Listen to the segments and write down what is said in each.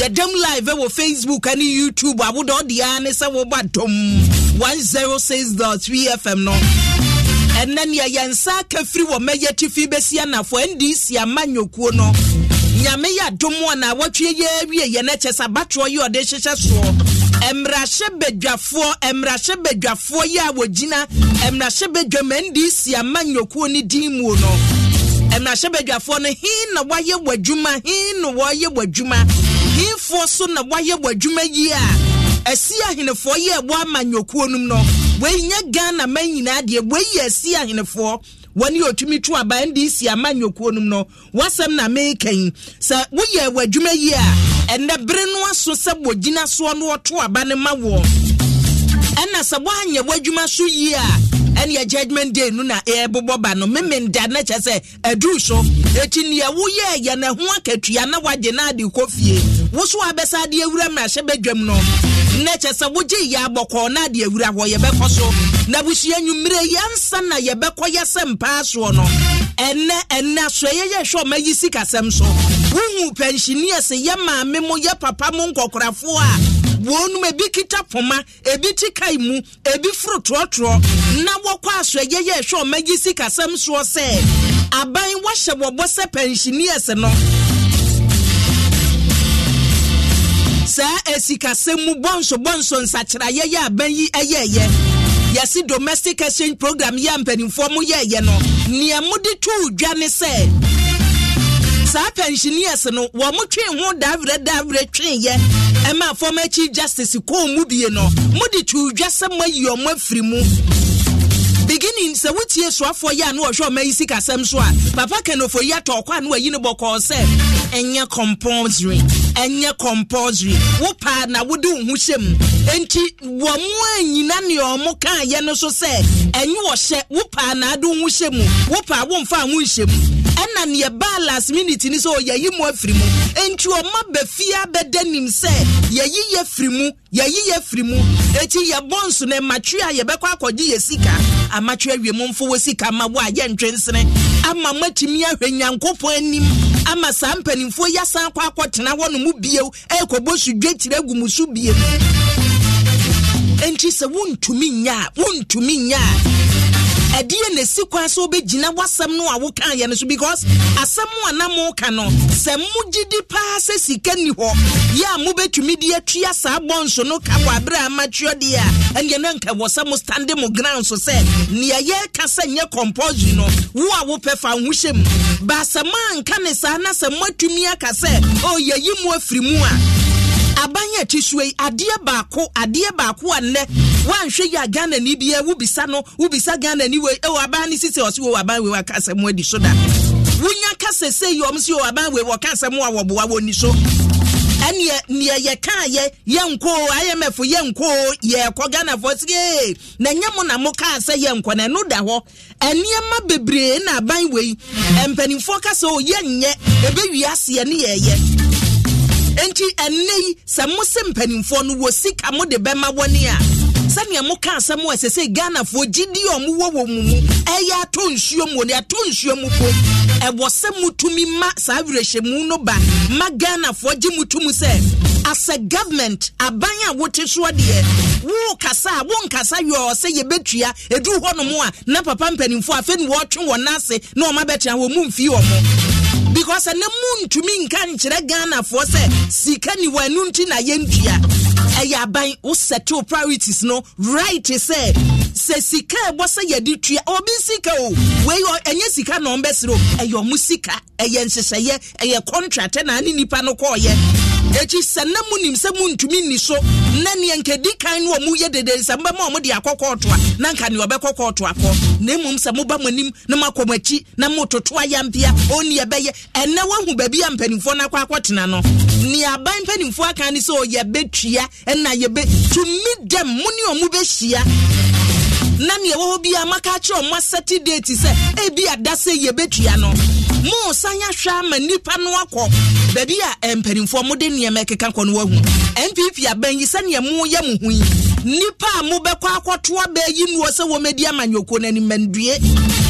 yɛdam live wɔ facebook ne youtube aboda ɔde ara ne sɛ woba dɔm 106.3 fm no ɛnɛ nea yɛn nsa aka firi wɔ mɛyɛ tifi bɛsi anafo ndc ama nnwokuo no nyame yɛ adom a na wɔtwe yɛ awie yɛn ɛkyɛ sɛ abatoɔ yi ɔde hyehyɛ soɔ mmarahyɛ badwafoɔ mmarahyɛ badwafoɔ yi a wɔgyina mmarahyɛ badwa ma ndc ama nnwokuo ne din muo no mmarahyɛ badwafoɔ no hee na wɔayɛ wɔ adwuma hee na wɔayɛ wɔ adwuma ahenfoɔ so na wayɛ wɔ adwuma yi a ɛsi ahenfoɔ yɛ ɛbɔ ama nyokuo nom no wɔyi nyɛ ghana ma nyinaa deɛ wɔyi ɛsi ahenfoɔ wɔne otumi tu aba ndc ama nyokuo nom no wasɛm na meekɛn sɛ woyɛ wɔ adwuma yi a ɛnɛ bere no aso sɛ wɔgyina soɔ no wɔto aba ne ma wɔ ɛna sɛ woanyɛ w'adwuma so yie a ɛne judgment day no na ɛbobɔ ba no memenda na kyɛ sɛ aduru so ɛti neɛ woyɛɛ yɛ ne akatua na wagye na ade kɔ fie woso abɛsa adeɛ awura mmarahyɛ badwam no na kyɛ sɛ wogye yɛ abɔkɔɔ na adeɛ awura hɔ yɛbɛkɔ so na busua nwummerɛ yɛnsa na yɛbɛkɔ yɛ sɛ mpaa soɔ no ɛnɛ ɛnɛ asoɛyɛ yɛ hwɛ ɔma yi sikasɛm so wohu pɛnhyini ɛsɛ yɛ maame mo yɛ papa mo nkɔkorafoɔ a wɔnom ebi kita poma ebi ti kae mu ebi foro toɔtoɔ na wɔkɔ asɔɛyɛ yɛ ɛhwɛ ɔma yi sikasɛm soɔ sɛ aban wahyɛ wɔbɔ sɛ pɛnhyini ɛsɛ no saa esikasɛm mu bɔnso bɔnso nsakyerɛeɛ yɛ abɛn yi ɛyɛɛyɛ yɛsi domestic exchange program yɛ mpanimfoɔ mu yɛɛyɛ no nea mode too dwa ne sɛ saa pensioners no wɔn twe ho davre davre twe yɛ ɛma former chief justice kɔn mu bie no mo de twi dwa sɛ mo ayi ɔmo afiri mu beginning sɛ wotie soafoɔ yi a na wɔhwɛ ɔma yi sikasɛm so a papa kanofo yi atɔ ɔkɔ a na wayi no bɔkɔɔ sɛ ɛnyɛ compulsory ɛnyɛ compulsory wo paa na wode wo ho hyɛ mu enti wɔ mo a nyina ne ɔmo kaayɛ no so sɛ ɛnyɛ wɔhyɛ wo paa na ade wo ho hyɛ mu wo paa womfa a wo nhyɛ mu ɛna neɛ baa last minute ni sɛ yɛyi mu afiri mu enti ɔma bɛfia bɛda nim sɛ yɛyi yɛ firi mu yɛyi yɛ firi mu eti yɛbɔ nso na matwe a yɛbɛkɔ akɔgye yɛ sika amatwe awiemu mfo wɔ sika ma wo a yɛntwe nsene ama matumi ahwɛ nyankopɔn anim ama saa mpanimfoɔ yi asan akɔtena hɔ nom bio ɛrekɔbɔ sudwe tire gu mu so bio enti sɛ wontumi nyɛ a wontumi nyɛ a ɛdeɛ na ɛsi kwan sɛ wobɛgyina w'asɛm no a wokaa yɛ no so because asɛm a na moka no sɛ mogyedi paa sɛ sika nni hɔ yɛ a mobɛtumi de atua saa bɔnso no ka wɔ aberɛ a matuo deɛ a ɛneɛ no anka wɔ sɛ mo stande mo ground so sɛ nea yɛreka sɛ nyɛ compulsory no wo a wopɛ fa ho mu baasɛm a nka ne saa na sɛ moatumi aka sɛ o oh, yɛyi mu afiri mu a aban a ɛti so yi adeɛ baako adeɛ baako a nnɛ wanhwɛ yi a ghana ni bi yɛ wubisa no wubisa ghana ni wei ɛwɔ aban ne sisi ɔsi wɔ aban wei waka asɛm adi so da wunya kasa se yi ɔmo si wɔ aban wei wɔka asɛm a wɔboa wɔ ni so ɛneɛ neɛ yɛka yɛ yɛnkoo imf yɛnkoo yɛkɔ ghanafoɔ sie na ɛnyɛ mo na mo kaa sɛ yɛnkɔ na ɛno da hɔ ɛnneɛma bebree na aban wei mpanimfoɔ ka sɛ o yɛnyɛ ɛbɛwie aseɛ ne yɛyɛ nti ɛnɛ yi sɛ mo se mpanimfoɔ no wɔ sika mo de bɛma wɔne a sɛnea moka asɛm a ɛsɛ sɛ ghanafoɔ gyidi a ɔmowɔ wɔ mu mu ɛyɛ ato nsuo mu ɔde ato nsuo mu po ɛwɔ sɛ motumi ma saa werɛhyɛmu no ba ma ghanafoɔ gye mo tom sɛ asɛ government aban a wote soɔ deɛ wo kasa a wonkasa yɔɔ sɛ yɛbɛtua ɛduru hɔ a na papa mpanimfoɔ afei ne wɔtwe wɔn ase na ɔma bɛtua wɔ mu mfii wɔ mo because ɛnɛ mu ntumi nka nkyerɛ ghanafoɔ sɛ sika ni wɔn ɛnu nti na yɛntua ɛyɛ aban wosɛtew priorities no right sɛ sɛ sika ɛbɔ sɛ yɛde tua obi sika o wei ɛnyɛ sika na ɔmbɛsere o ɛyɛ ɔmo sika ɛyɛ nhyehyɛeɛ ɛyɛ contract na ne nipa no kɔɔyɛ ekyi sɛ na mu nim sɛ mu ntumi nni so na neɛ nkɛdi kan no a mu yɛ dedensɛm bɛma ɔmo de akɔ kɔɔto a na nka neɛ ɔbɛkɔ kɔɔto akɔ na mmom sɛ moba mo anim na moakɔ mo akyi na mototo ayampea ɔnni ɛbɛyɛ ɛnɛ woahu baabi a mpanimfoɔ no akɔ akɔtena no nea aban mpanimfoɔ aka ne sɛ ɔyɛbɛtua ɛna yɛbɛ tumi dɛm mo ne ɔmo bɛhyia na nea ɛwɔ hɔ biara maka akyerɛ ɔmo asɛte date sɛ ebi adasɛ yɛbɛtua no mo san ahwɛ ama nipa no akɔ baabi a eh, mpanimfoɔ mo de nneɛma ɛkeka kɔ no wahu npp abɛn sɛnea mo yɛ mo ho yi nipa a mo bɛkɔ akɔtoa bɛɛyi nuo sɛ wɔn adi ama nyɔkuo n'anim mandue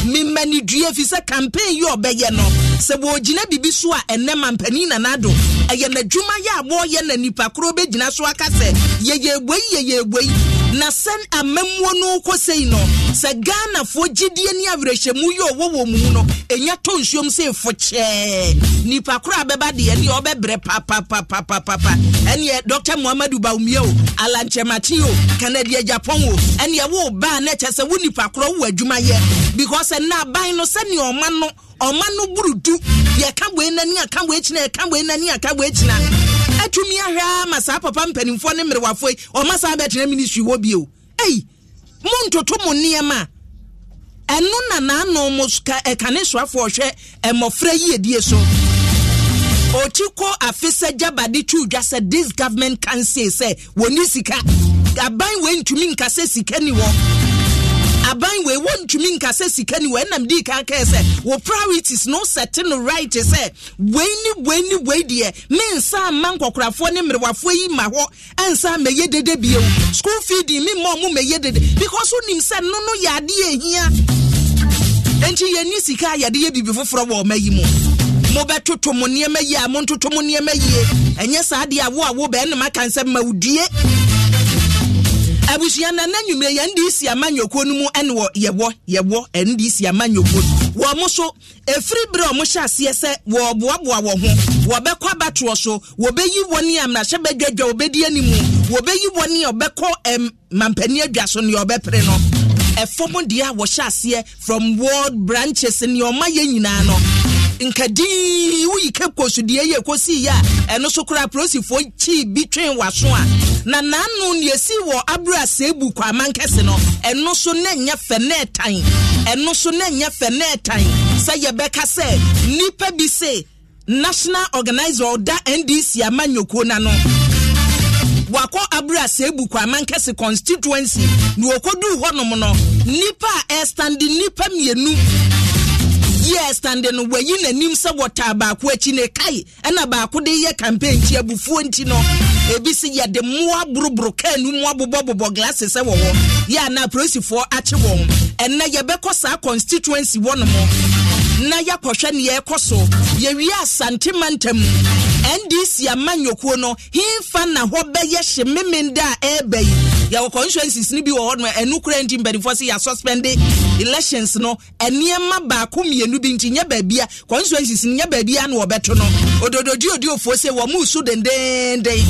mimani dua fi sɛ campaign yi ɔbɛyɛ no sɛ wɔgyina biribi so a ɛnɛ ma mpanin nanado ɛyɛ n'adwuma yɛ a wɔreyɛ na nipa korɔ bɛgyina so aka sɛ yɛyɛ ebue yɛyɛ ebue na sɛ amammuo no kɔsɛi no sɛ ghanafoɔ gyidie ne awerɛhyɛmu yɛ ɔwɔ wɔ mu no ɛnya tɔ nsuom sɛ ɛfo kyɛɛ nipa koro a bɛba deɛ ne ɔbɛbrɛ papapapapapa ɛneɛ dr mohamadu baumia o alankyɛmakye o kanadi agyapɔn o ɛneɛ wo baa na ɛkyɛ sɛ wo nipa korɔ wo adwumayɛ because ɛnna aban no sɛneɛ ɔma no ɔma no burudu yɛka wei n'ani aka wei kyina yɛka wei n'ani aka wei kyina atumi ahwɛ ama saa papa mpanimfoɔ ne mmerewafo yi ɔma saa bɛtena ministry wɔ bio ei montoto mo nneɛma a ɛno na naano mo ɛkane soafoɔ hwɛ mmɔfra yiedie so ɔtikɔ afe sɛ gyabade twi dwa sɛ this government council sɛ wɔni sika aban wei ntumi nka sika ni wɔ aban wei wɔntumi nkasɛ sika ni wei nam dii kan kɛɛ sɛ wɔ priorities no sɛte no right sɛ wei ni wei ni wei deɛ mensa ama nkɔkorafoɔ ne mmerewafoɔ yi ma hɔ ɛnsa mɛyɛ dede bio school feeding mi mɔ ɔmo mɛyɛ dede because wonim sɛ no no yɛ adeɛ ehia nti yɛn ni sika yɛde yɛ bibi foforɔ wɔ ɔma yi mu mobɛtoto mo nneɛma yie a montoto mo nneɛma yie ɛnyɛ saa deɛ awo awo bɛɛ nnum aka nsɛm ma odue abusua nana nwumire yɛn de si amanyɔkuo no mu ɛne wɔ yɛwɔ yɛwɔ ɛne de si amanyɔkuo wɔn mo so efiri bere a wɔn hyɛ aseɛ sɛ wɔɔboaboa wɔn ho wɔbɛkɔ abatoɔ so wɔbɛyi wɔn a mmarahyɛ bɛdwadwa wɔbɛdi anim wɔbɛyi wɔn a ɔbɛkɔ ɛm mampanin adwa so ne ɔbɛpere no ɛfɔm deɛ a wɔhyɛ aseɛ from world branches ni ɔma yɛ nyinaa no nkadii woyi cape coast deɛ yɛ kɔsi yɛ a ɛno so koraa polisifoɔ kyii bi twɛn waso a na n'ano ne esi wɔ abura seebu kɔ aman no ɛno so ne nyɛ fɛ ne ɛtan ɛno so ne nyɛ fɛ ne ɛtan sɛ yɛbɛka sɛ nipa bi se national organizer ɔda ndc ama nyɔkuo n'ano wakɔ abura seebu kɔ aman kɛse constituency na okodu hɔnom no nipa a ɛstandi nipa mmienu year standing no wɔyi n'anim sɛ wɔtaa baako akyi ne kae ɛna baako de yɛ campaign nti abufuo nti no ebi si yɛde mmoa boroboro kaa nu mu abobɔbobɔ glaase sɛ wɔwɔ yɛ ana apolisifoɔ akye wɔn ɛnna yɛbɛkɔ saa constituency hɔ na yɛakɔhwɛ ne yɛrekɔ so yɛwie asante mantam ndc amanyɔkuo no hemfa na hɔ bɛyɛ hye memenda a ɛɛbɛ yi yɛwɔ constituencies no bi wɔ hɔ no ɛno kora nti mpanimfoɔ sɛ yɛasuspende elections no ɛnneɛma baako mmienu bi nti nyɛ baabi a constituencies no nyɛ baabi a na wɔbɛto no odododiofoɔ sɛ wɔ muusu dendenden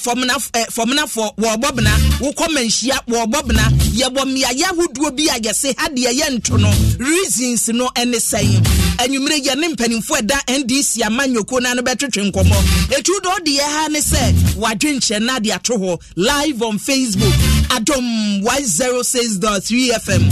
fɔmnafoɔ wɔɔbɔ bena wokɔ manhyia wɔɔbɔ bena yɛwɔ mmeayɛ ahodoɔ bi a yɛse hadeɛ yɛnto no reasons no ɛne sɛn anwummerɛ yɛ ne mpanimfoɔ ɛda ndc ama nyoko no ano bɛtwetwe nkɔmmɔ ɛtu dɔ ɔde yɛ ha ne sɛ wadwenkyɛ no ade ato hɔ live on facebook adom 106.3 fm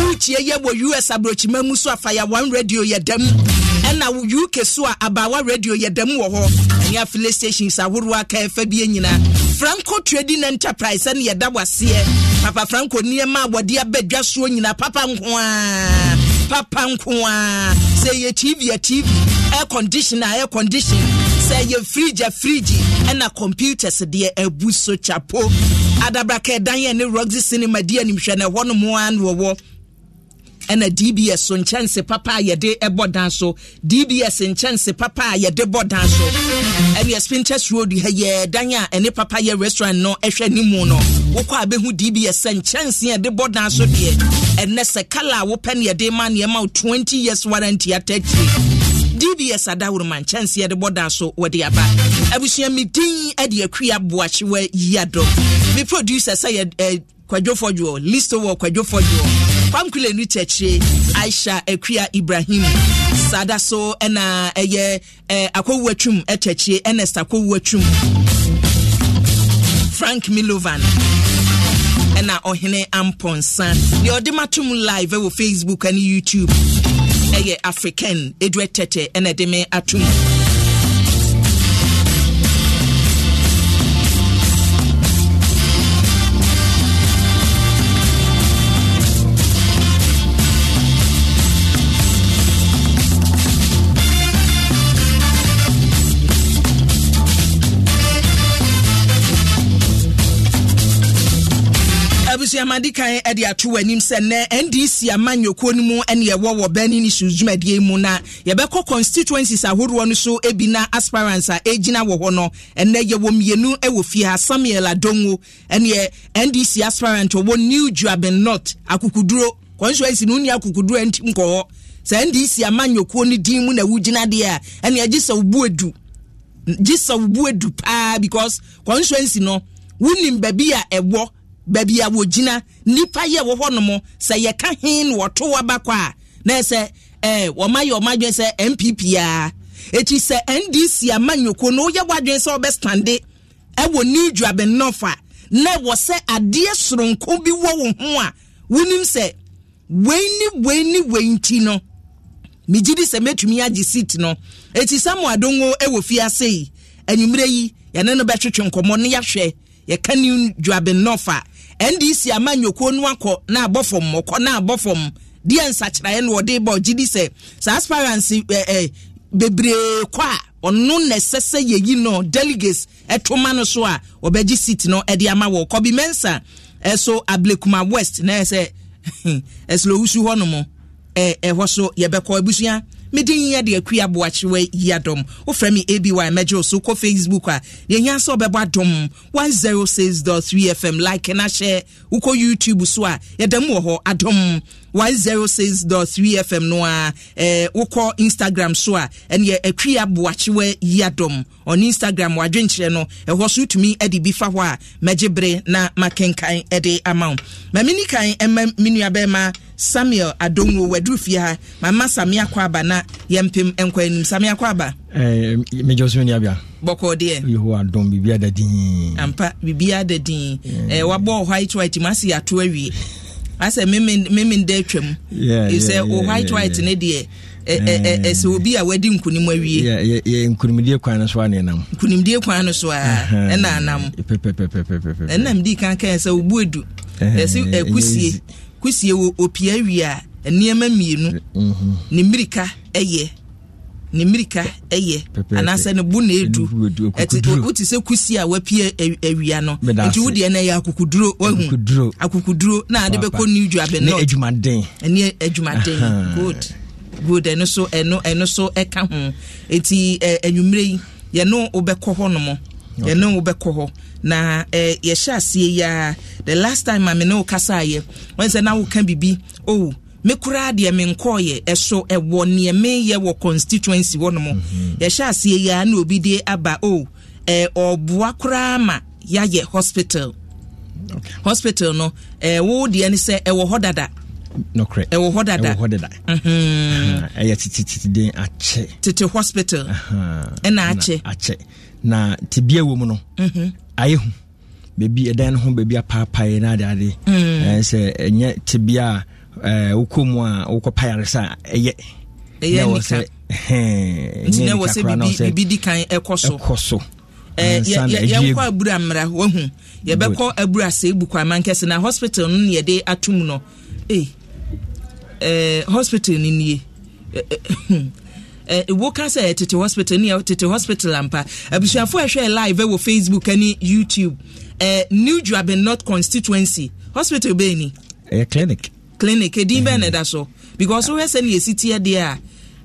wokyie yɛ wɔ us aborɔkyima mu so afaya 1 radio yɛ dam ɛna uk so a abawa radio yɛ dɛm wɔ hɔ ɛnyɛ afile stations ahorow aka ɛfɛ bie nyinaa franco trading enterprise ɛne yɛda waseɛ papa franco nneɛma a wɔde abɛdwa soɔ nyinaa papa nko papa nko a sɛ yɛ tv yɛ tv air condition a air condition sɛ yɛ fridge a fridge ɛna computers deɛ abu so chapo adabra ka ɛdan yɛ ne roxy cinema di animhwɛ na ɛhɔ nom a na wɔwɔ ɛna dbs so nkyɛnse papa a yɛde bɔ dan so dbs nkyɛnse papa a yɛde bɔ dan so ɛne spintex road ha yɛ dan a ɛne papa yɛ restaurant no ɛhwɛ ne mu no wokɔ a dbs sɛ nkyɛnse a yɛde bɔ dan so deɛ ɛnɛ sɛ kala a wopɛ ne yɛde ma nneɛma o 20 years warranty atɛkyire dbs adaworoma nkyɛnse yɛde bɔ dan so wɔde aba abusua me din de akua boakyewa yiadɔ me producer sɛ yɛ kwadwofoɔ dwoɔ listo wɔ kwadwofoɔ kwamkulenu kyɛkyire aisha akua ibrahim saada so ɛna ɛyɛ eh, akɔwu atwum kyɛkyire ernest frank milovan ɛna ɔhene amponsa deɛ ɔde matom live ɛwɔ facebook ne youtube ɛyɛ african edua tɛtɛ ɛna ɛde me nti amadi kan de ato w'anim sɛ nnɛ ndc amanyokuo no mu ne ɛwɔ wɔ bɛni ne so mu na yɛbɛkɔ constituencies ahodoɔ no so bi na aspirants a ɛgyina wɔ hɔ no ɛnnɛ yɛwɔ mmienu wɔ fie ha samuel adongo ɛneɛ ndc aspirant ɔwɔ new duaben north akukuduro constituency no wonni akukuduro ntim kɔ sɛ ndc amanyokuo no din mu na wogyina deɛ a ɛneɛ gye sɛ wobu edu gye sɛ wobu edu paa because constituency no wonim baabi a ɛwɔ baabi a wɔgyina nnipa yɛ wɔ hɔ nom sɛ yɛka he no wɔto waba kɔ a na ɛsɛ eh, wɔma yɛ ɔma adwene sɛ npp a ɛkyi sɛ ndc ama nyoko no woyɛ w'adwene sɛ wobɛstande ɛwɔ new dwaben a na ɛwɔ sɛ adeɛ soronko bi wɔ wo ho a wonim sɛ wei ne wei ne wei nti no megye di sɛ mɛtumi agye seat no ɛti samuel adongo ɛwɔ fiase yi anwummerɛ yi yɛne no bɛtwetwe nkɔmmɔ no yɛahwɛ yɛka ne dwaben a ndc ama nyokuo no akɔ na abɔ fam ɔkɔ na abɔ fam deɛ nsakyerɛeɛ no wɔde bɔ gye di sɛ saa aspirants eh, bebree kɔ a ɔno na ɛsɛ sɛ yɛyi no delegates ɛto ma no so a ɔbɛgye seat no ɛde ama wɔ kɔbi mensa ɛso ablekuma west na ɛsɛ ɛsɛ owusu hɔ nom ɛhɔ so yɛbɛkɔ abusua medin yɛ de akua aboakyewa yi adɔm wofrɛ me aby mɛgye wo so kɔ facebook a yɛhia sɛ wobɛbɔ adɔm 106.3 fm like na hyɛ wokɔ youtube so a yɛda mu wɔ hɔ adɔm 106.3 fm no a eh, wokɔ instagram so a ɛneɛ atwi aboakyewa yiadɔm ɔne instagram wadwenkyerɛ no ɛhɔ so tumi de bi fa hɔ a mɛgye bere na makenkan de ama wo ma meni kan ɛma me nuabɛma samuel adonwo waduru fie ha mama samia kɔ aba na yɛmpem nkɔ anim samia kɔ aba mejɔ ampa biribia da din eh. Eh, wabɔ ɔhɔ ayi to ayi awie asɛ memen da atwam sɛ wo white white ne deɛ mm. ɛsɛ obi a wadi nkonim awie nkonimdie kwan no so a nenam nkonimdie kwan no so a uh-huh. ɛna anam ɛnam dii kan kae sɛ wobu adu uh-huh. ɛsɛ kusie kusie wɔ opia awie a nneɛma mmienu mm-hmm. ne mmirika ɛyɛ ne mmirika ɛyɛ anaasɛ ne bo na ɛdu wote sɛ kusi a wapie awia no nti wodeɛ no ɛyɛ akokuduro wahu akokuduro na ade bɛkɔ new dwabe no ɛne adwumaden good good ɛno so ɛno ɛno so ɛka ho nti anwummerɛ yi yɛno wobɛkɔ hɔ no mo yɛne hɔ na yɛhyɛ aseɛ yi the last time a me ne wo kasaayɛ wɔn sɛ na woka biribi o oh, me koraa deɛ menkɔɔyɛ ɛso ɛwɔ neɛ meyɛ wɔ constituency hɔ nom mhm. yɛhyɛ aseɛ yia na obi de aba o oh, ɛɛ ɔboa koraa ma yɛayɛ hospital hospital no ɛɛ wo deɛ ne sɛ ɛwɔ hɔ dada nokorɛ ɛwɔ hɔ dada ɛwɔ hɔ dada mhm. ɛyɛ tete tete den akyɛ tete hospital ɛna akyɛ akyɛ na tibia wɔ mu no mhm. ayɛ hu beebi ɛdan no ho beebi apaapae na adeade ɛɛ ɛnyɛ tibia a wokɔ mu a wokɔ payare sɛ ɛyɛ ɛyɛntinɛwɔsɛbibi di kan ɛkɔ so ɛkɔ so eh, yɛnkɔ abura mmara wahu nkɛse na hospital no ne yɛde atom no eh, eh hospital no nie eh, hmm. woka sɛ tete hospital ne tete hospital ampa abusuafoɔ ɛhwɛ live wɔ facebook ne youtube eh, new draben north constituency hospital bɛɛ ni clinic clinic ɛdin mhm. bɛɛ na ɛda so because wohɛ sɛ ne yɛsi teɛ deɛ a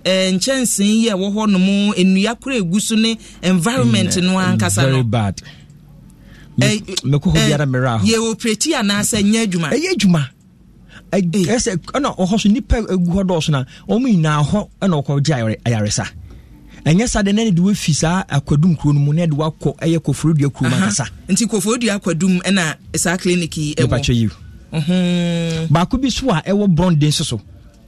eh, nkyɛnsee yɛ ɛwɔ hɔ no mu nnua kora ɛgu so ne environment mm, no ankasa no eh, eh, yɛwɔprɛti anaasɛ nyɛ adwuma ɛyɛ adwuma ɛsɛ ɛna ɔhɔ so nipa egu hɔ dɔɔso na wɔn nyinaa hɔ ɛna ɔkɔ gye ayaresa ɛnyɛ sa de na de wafi saa akwadum kuro no mu na de wakɔ ɛyɛ koforodua kuro mu ankasa nti koforodua akwadum ɛna saa clinic yi ɛwɔ baako bi so a ɛwɔ brɔnden so so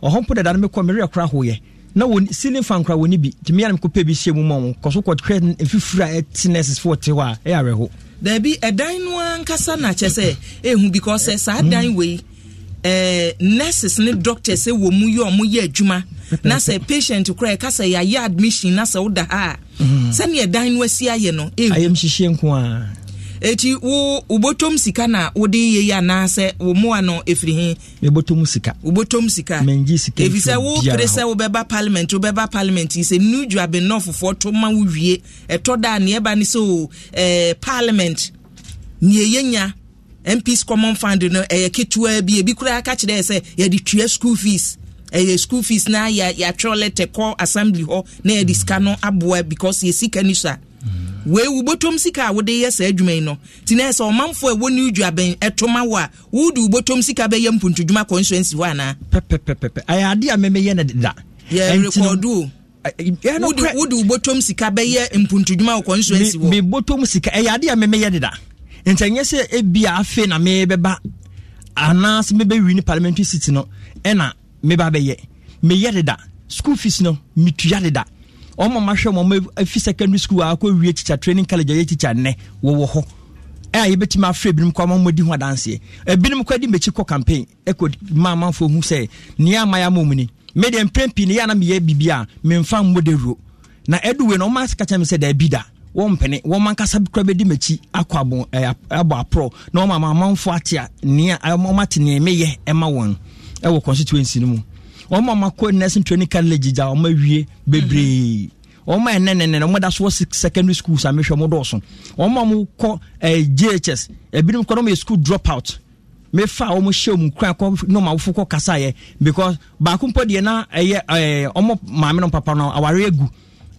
ɔhɔ mpo dada no mekɔ mereɛ kora hoyɛ na wɔn ceiling fan kora wɔn bi tumi yɛn kɔ pɛ bi hyɛ mu ma wɔn kɔ so kɔ hwɛ efifiri a ɛte nurses fo te hɔ a ɛyɛ awerɛho. dabi ɛdan no ankasa na kyɛ sɛ ehu because eh, saa dan wei ɛɛ eh, nurses ne doctors eh, wɔ mu yɛ ɔmo yɛ adwuma na sɛ patient kora ɛka sɛ yɛayɛ admission na sɛ woda ha a mhm. sɛnea no asi ayɛ no ayɛ mu hyehyɛ nko ara eti wo ubotom sika na wode yɛ yi anaasɛ wo mmoa no ɛfiri he mebɔtɔm sika wobɔtɔm sika mengye sika ɛfiri sɛ wopere sɛ wobɛba parliament wobɛba parliament i sɛ new dwabe nɔfofoɔ to ma wo wie ɛtɔ da a neɛba ne sɛ o eh, parliament neɛyɛnya mps common fund no ɛyɛ eh, ketewa bi ebi koraa ka kyerɛ sɛ yɛde tua school fees ɛyɛ eh, school fees na yɛatwerɛ lɛtɛ kɔ assembly hɔ na yɛde sika no aboa because yɛ sika ni so a wei wobɔtɔm sika a wode yɛ saa adwuma yi no nti na sɛ ɔmanfoɔ ɛwɔ ne dwabɛn ɛtoma wo a wode wobɔtɔm sika bɛyɛ mpontodwuma consuency hɔ anaa pɛpɛpɛpɛ ɛyɛ adeɛ a memeyɛ no da yɛrekɔdo wode wobɔtɔm sika bɛyɛ mpontodwuma wɔ consuency hɔ mebɔtɔm sika ɛyɛ adeɛ a memeyɛ deda nti ɛnyɛ sɛ ebia afei na mebɛba anaasɛ mebɛwi ne parliamentary seat no ɛna meba bɛyɛ meyɛ deda school fees no metua deda ɔma ma hwɛ mɔma afi secondary school a akɔwie teacher training college a yɛ teacher nnɛ wɔwɔ hɔ a yɛbɛtumi afrɛ binom kɔ ama mɔdi ho adanseɛ ebinom kɔ de mɛkyi kɔ campaign ɛkɔ ma fo hu sɛ nea ama yɛ ama mu ni mɛdeɛ mprɛn pii ne yɛ ana meyɛ biribi a memfa mmɔde wuro na ɛdu wei no ɔma asika kyɛ me sɛ daabi da wɔmpene wɔn ankasa kura di m'akyi akɔ abɔ ɛɛ abɔ aporɔ na wɔn ama amanfoɔ atia nea ɔmo ate nea meyɛ ɛma wɔn ɛwɔ e constituency no mu wɔn a wɔakɔ nursing training college gya wɔn awie bebree wɔn a ɛnɛnɛnɛ wɔn da so secondary schools a mehwɛ wɔn dɔɔso wɔn a wɔkɔ ɛɛ ghs ebinom kɔ wɔn yɛ school drop out mefa a wɔn hyɛ mu kura kɔ nɔɔma awofo kɔ kasa yɛ because baako mpɔ deɛ na ɛyɛ ɛɛ wɔn maame no papa no aware egu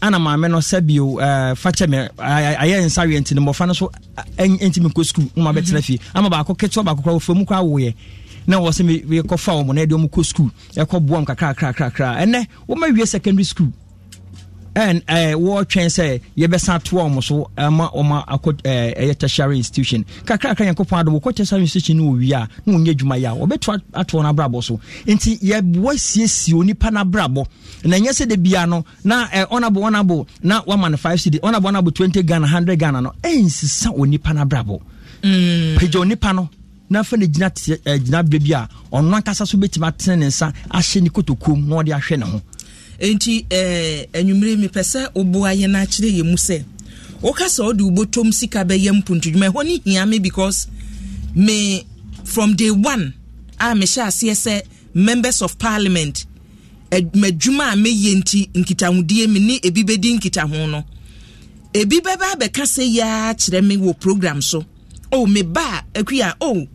ana maame no sɛbio ɛɛ eh, fakyɛ mɛ ayɛ nsa wiɛ nti ne no so ɛntimi eh, nkɔ school wɔn a mhm. bɛtena fie ama baako ketewa baako kora wɔfɛ mu kora awoyɛ. na wɔ sɛ yɛkɔfa wɔ m na ɛde ɔm kɔ school ɛkɔboa m kakrakrakrakra ɛnɛ wɔma wie secondary school ɛn ɛɛ eh, wɔɔtwɛn sɛ yɛbɛsa to wɔn so ɛma eh, wɔn akɔ ɛɛ eh, ɛyɛ tertiary institution kakrakra yɛn adɔ adum wɔkɔ tertiary institution no wi a na wɔn nyɛ adwuma yɛ a wɔbɛto ato wɔn abrabɔ so nti yɛbɔ siesie onipa n'abrabɔ na nyɛ sɛ de bia no na ɛɛ ɔnabɔ ɔnabɔ na wɔama no five cd ɔnabɔ ɔnabɔ 20 ghana 100 ghana no ɛnsisa onipa n'abrabɔ mm. pagya onipa no na afei na gyina teɛ ɛɛ eh, gyinabea bi a ɔno ankasa so bɛtumi atene ne nsa ahyɛ ne kotokuo mu na ɔde ahwɛ ne ho. nti ɛɛ eh, enyimire mi pɛ sɛ oboa yɛn akyerɛ yɛn mu sɛ wokasa ɔde wobɔtɔm sika bɛyɛ mpuntudwuma ɛhɔ ne hia me because me from day one a mehyɛ aseɛ sɛ members of parliament eh, madwuma a meyɛ nti nkitahodie me ne ebi bɛdi nkitaho no ebi bɛba abɛka sɛ yia kyerɛ me wɔ program so o oh, me ba akuya o oh,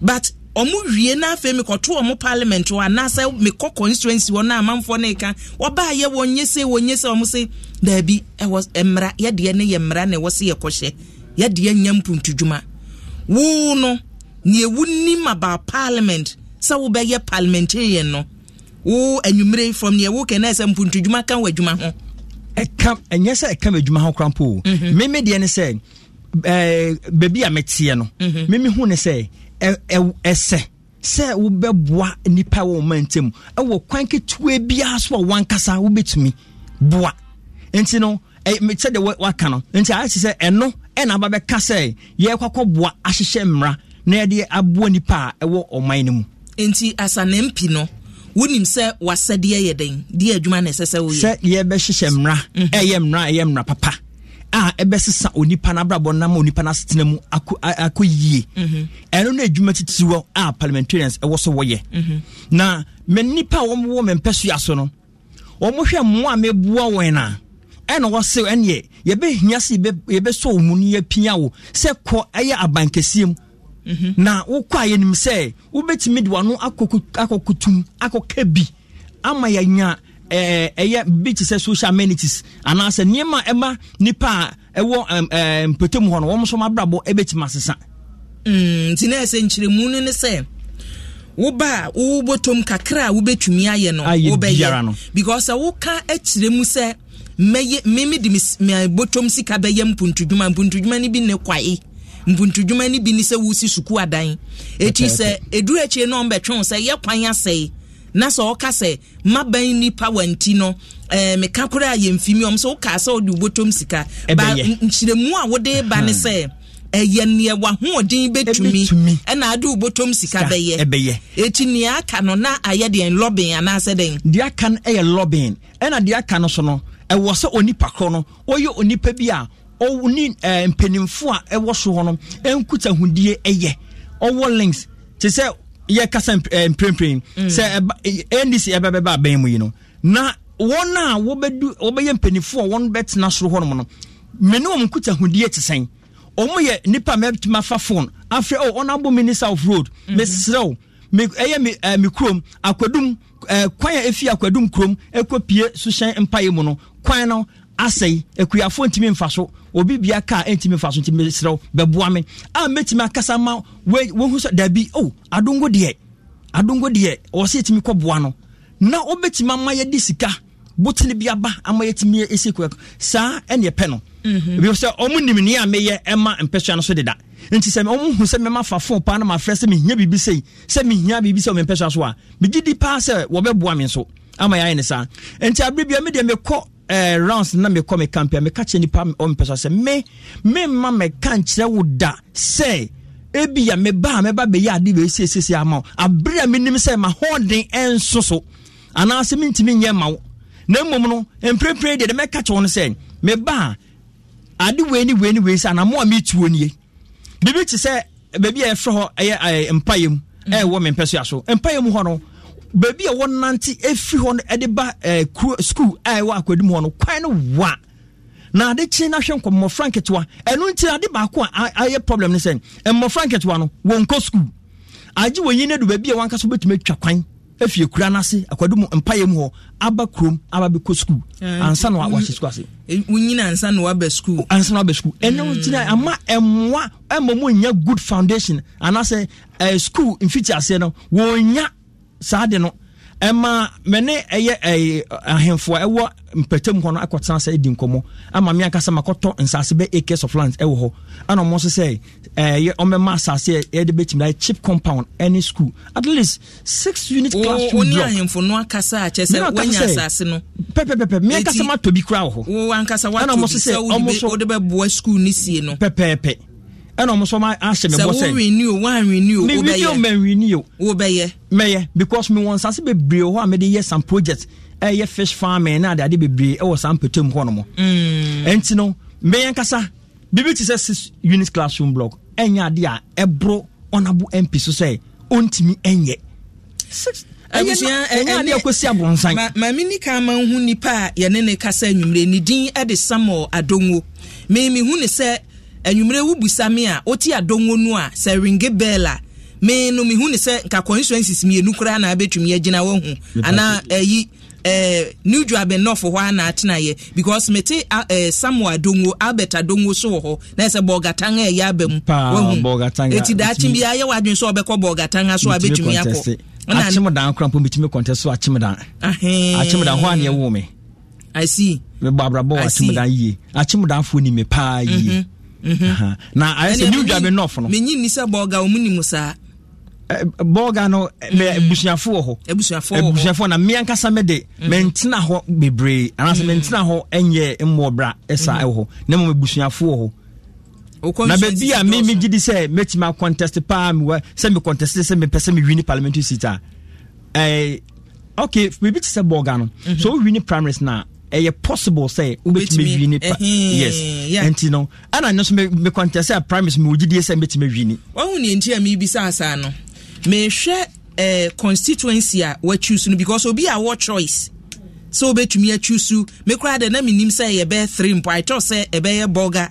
but ɔmo wie na afei mekɔto ɔmo parliament hɔ anaasɛ mekɔ constituency hɔ na amanfoɔ no ɛka wɔbaa yɛ wɔn nye se wɔn nye se ɔmo se daabi ɛwɔ mmara yɛdeɛ ne yɛ mmara na ɛwɔ se yɛkɔhyɛ yɛdeɛ nyɛ mpuntudwuma woo no nea ewu nim about parliament sɛ wobɛyɛ parliamentarian no woo anwummere from nea ewu kɛnɛ sɛ mpuntudwuma ka wɔ adwuma ho. ɛka ɛnyɛ sɛ ɛka wɔ adwuma ho koraa mpo o mhm. mmemme deɛ ne sɛ ɛɛ beebi a mɛteɛ no Mimi ho ne sɛ ɛsɛ sɛ wobɛboa nipa wɔ ɔma ntam ɛwɔ kwan ketewa biara so a wankasa wobɛtumi boa nti no sɛdeɛ waka no nti ayɛ sɛ ɛno ɛna aba bɛka sɛ yɛkɔ akɔboa ahyehyɛ mmara na yɛde aboa nipa a ɛwɔ ɔman no mu nti asanampi no wonim sɛ wasɛdeɛ yɛ den deɛ adwuma na ɛsɛ sɛ woyɛ sɛ yɛbɛhyehyɛ mmara mhm. ɛyɛ mmara ɛyɛ mmara papa a ɛbɛsesa onipa no abrabɔ nam onipa no asetena mu akɔ yie mhm. ɛno no adwuma titiri wɔ a parliamentarians ɛwɔ so wɔyɛ mhm. na me nnipa a wɔmwɔ me mpɛ so yɛ so no wɔmohwɛ mmoa a meboa wɔn no a ɛna wɔse ɛneɛ yɛbɛhia sɛ yɛbɛsɔ wo mu no yɛapia wo sɛ kɔ ɛyɛ abankɛseɛ mhm. na wokɔ a yɛnim sɛ wobɛtumi de wano akɔkotum akɔka bi ama yɛanya ɛyɛ bi te sɛ social amenities anaasɛ nneɛma ɛma nipa a ɛwɔ mu hɔ no wɔn nso abrabɔ ɛbɛtumi asesa. Mm, nti na ɛsɛ nkyerɛmu no ne sɛ woba a wobɔtɔm kakra a wobɛtumi ayɛ no wobɛyɛ because woka akyerɛ mu sɛ mɛyɛ de sika bɛyɛ mpuntudwuma mpuntudwuma no bi ne kwae mpuntudwuma no bi ne sɛ wosi sukuu adan na sɛ ɔka sɛ mmaban nipa wanti no eh, meka koraa yɛmfimi ɔm sɛ wokaa sɛ wode wobɔtɔm sika ba nkyerɛmu a wode ba ne hmm. sɛ ɛyɛ neɛ wahoɔden bɛtumi ɛna ade wobɔtɔm sika bɛyɛ ɛti nea aka no na ayɛ deɛn lɔben anaasɛ dɛn deɛ aka no ɛyɛ lɔben ɛna deɛ aka no so no ɛwɔ sɛ onipa korɔ no ɔyɛ onipa bi a ɔne eh, mpanimfo a ɛwɔ so hɔ no ɛnkuta ɛyɛ ɔwɔ links te sɛ yɛkasa eh, mprempren mm. sɛ eh, ndc ɛbɛbɛba abɛn mu yi no na wɔn a wɔbɛdu wɔbɛyɛ mpanimfoɔ a wɔn bɛtena soro hɔ nom no mene wɔn kuta hodie te sɛn wɔn yɛ nipa mɛtuma afa phone afei oh honourable minister of road mhm. mesrɛw me ɛyɛ me ɛɛ eh, me kurom akwadum ɛɛ kwan a efi akwadum kurom ekɔ pie so hyɛn mpaeɛ mu no kwan no asɛe akuafoɔ ntumi mfa so obi bia kaa ntumi mfa so nti meserɛ bɛboa me a mɛtumi akasa ma wɔhu sɛ daabi o oh, adongo deɛ adongo deɛ ɔwɔ sɛ yɛtumi kɔboa no na wobɛtumi ama yɛde sika botene bi aba ama yɛtumi ɛsi kɔ saa ɛne ɛpɛ no mhm. bio sɛ ɔmo nim ne a meyɛ ɛma mpɛsoa no so deda nti sɛ ɔmo hu sɛ mɛma fa fon paa na mafrɛ sɛ mehia biribi sei sɛ mehia biribi sɛ ɔme so a megye di paa sɛ wɔbɛboa me nso ama yɛayɛ ne saa nti aberɛ bia medeɛ mekɔ eh, rounds na mekɔ me camp a meka kyerɛ nipa ɔmpɛ so sɛ me memma meka nkyerɛ wo da sɛ ebi a meba a mɛba bɛyɛ ade bɛsiesiesie ama wo abere a menim sɛ mahɔden ɛnso so anaasɛ mentumi nyɛ ma wo na mmom no mprempren deɛ de mɛka kyerɛ wo no sɛ meba a ade wei ne wei ne wei sɛ anamo a metuo nie biribi te sɛ baabi a yɛfrɛ hɔ ɛyɛ eh, mpayɛ mu mm. ɛwɔ me mpɛ so aso mpayɛ mu hɔ no baabi a wɔnante ɛfiri hɔ no de ba eh, school a ɛwɔ akwadim hɔ no kwan no wa na ade kye na ahwɛ nkɔ mmɔfra nketewa ɛno nti ade baako a ayɛ problem no sɛ mmɔfra nketewa no wɔnkɔ school agye wɔyi no adu baabi a wankasa wobɛtumi atwa kwan afie kura n'ase akwado mu mpaeɛ mu hɔ aba kurom aba bɛkɔ skul eh, ansa na wahyɛ skul ase eh, wonyina ansa na waba skul ansa na waba skul ɛno hmm. ntina ama ɛmmoa ɛma mu nya good foundation anaasɛ skul mfiti aseɛ no wɔnya saa de no ɛma mene ɛyɛ ɛyɛ ahemfo a ɛwɔ mpɛtam hɔ no akɔtena sɛ edi nkɔmɔ ama me ankasa makɔtɔ nsaase bɛ acres of land ɛwɔ hɔ ɛna ɔmo sɛ ɛyɛ ɔmɛma asase yɛde bɛtumi ayɛ cheap compound ɛne school at least six unit class two block. wɔn ni ahemfo no akasa akyɛ sɛ wɔnya asase no pɛpɛpɛpɛ me ankasa ma tɔ bi kura wɔ hɔ ɛna ɔmo nso sɛ ɔmo nso pɛpɛpɛ ɛna ɔmo sɔn ma ahyɛ mi bɔ sɛ. sɛ wo renew wa renew o bɛyɛ mi renew mɛ renew. wo bɛyɛ. mɛyɛ because mi wɔn nsase bebree wɔ hɔ a mi de yɛ some project ɛyɛ fish farming na adeade bebree ɛwɔ san pete mu hɔnom. ɛnti mm. no mbɛyɛ nkasa bibi ti sɛ six unit classroom block ɛnyɛ ade a ɛboro ɔnabo mp so sɛ ɔntumi ɛnyɛ. six abusua ɛnyɛ adeɛ kɔsi abonsan. maame nika ma ho nipa a yɛne ne kasa nwumire ne din ɛde samuel adongo mɛmi hu ne sɛ anwummerɛ wo busa me a wote adɔngo no a sɛ ringe bell a me no mehu ne sɛ nka constituencies mmienu koraa na abɛtumi agyina woahu anaa ayi eh, new job enough hɔ a atena yɛ because mete uh, eh, samuel adongo albert adongo so wɔ hɔ na ɛsɛ bɔɔgatan a ɛyɛ aba mu eti daakye bi ayɛ wadwene sɛ ɔbɛkɔ bɔɔgatan so a bɛtumi akɔ akyemedan kora mpo metumi kɔntɛ so akyemedan akyemedan hɔ a neɛ wo i see mebɔ abrabɔ wɔ akyemedan yie akyemedanfoɔ ni me paa yie mm -hmm. Mm-hmm. na ayɛ sɛ new dwabe nɔf no menyi ni sɛ bɔɔga ɔmu ni mu saa bɔɔga no mm-hmm. abusuafoɔ hɔ abusuafoɔ na mmea nkasa mɛde mentena mm-hmm. hɔ bebree anaasɛ mentena hɔ ɛnyɛ mmɔ ɛsa ɛwɔ hɔ na mmom abusuafoɔ hɔ na baabi a me megye di sɛ mɛtumi acontest paa mewɔ sɛ mecontest sɛ mepɛ sɛ mewini parliamentary seat a okay biribi te sɛ bɔɔga no so wowini primaries no a ɛyɛ possible sɛ wobɛtumi awi nipa yes ɛnti no ɛna no so mekwantea sɛ primis mewɔgyidie sɛ mɛtumi awi ni wahu neɛ nti a merebisa asaa no mehwɛ eh, constituency a wɔachusu no because obi a wɔ choice sɛ wobɛtumi achusu mekora dɛ na menim sɛ yɛbɛyɛ three mpo atɔ sɛ ɛbɛyɛ bɔga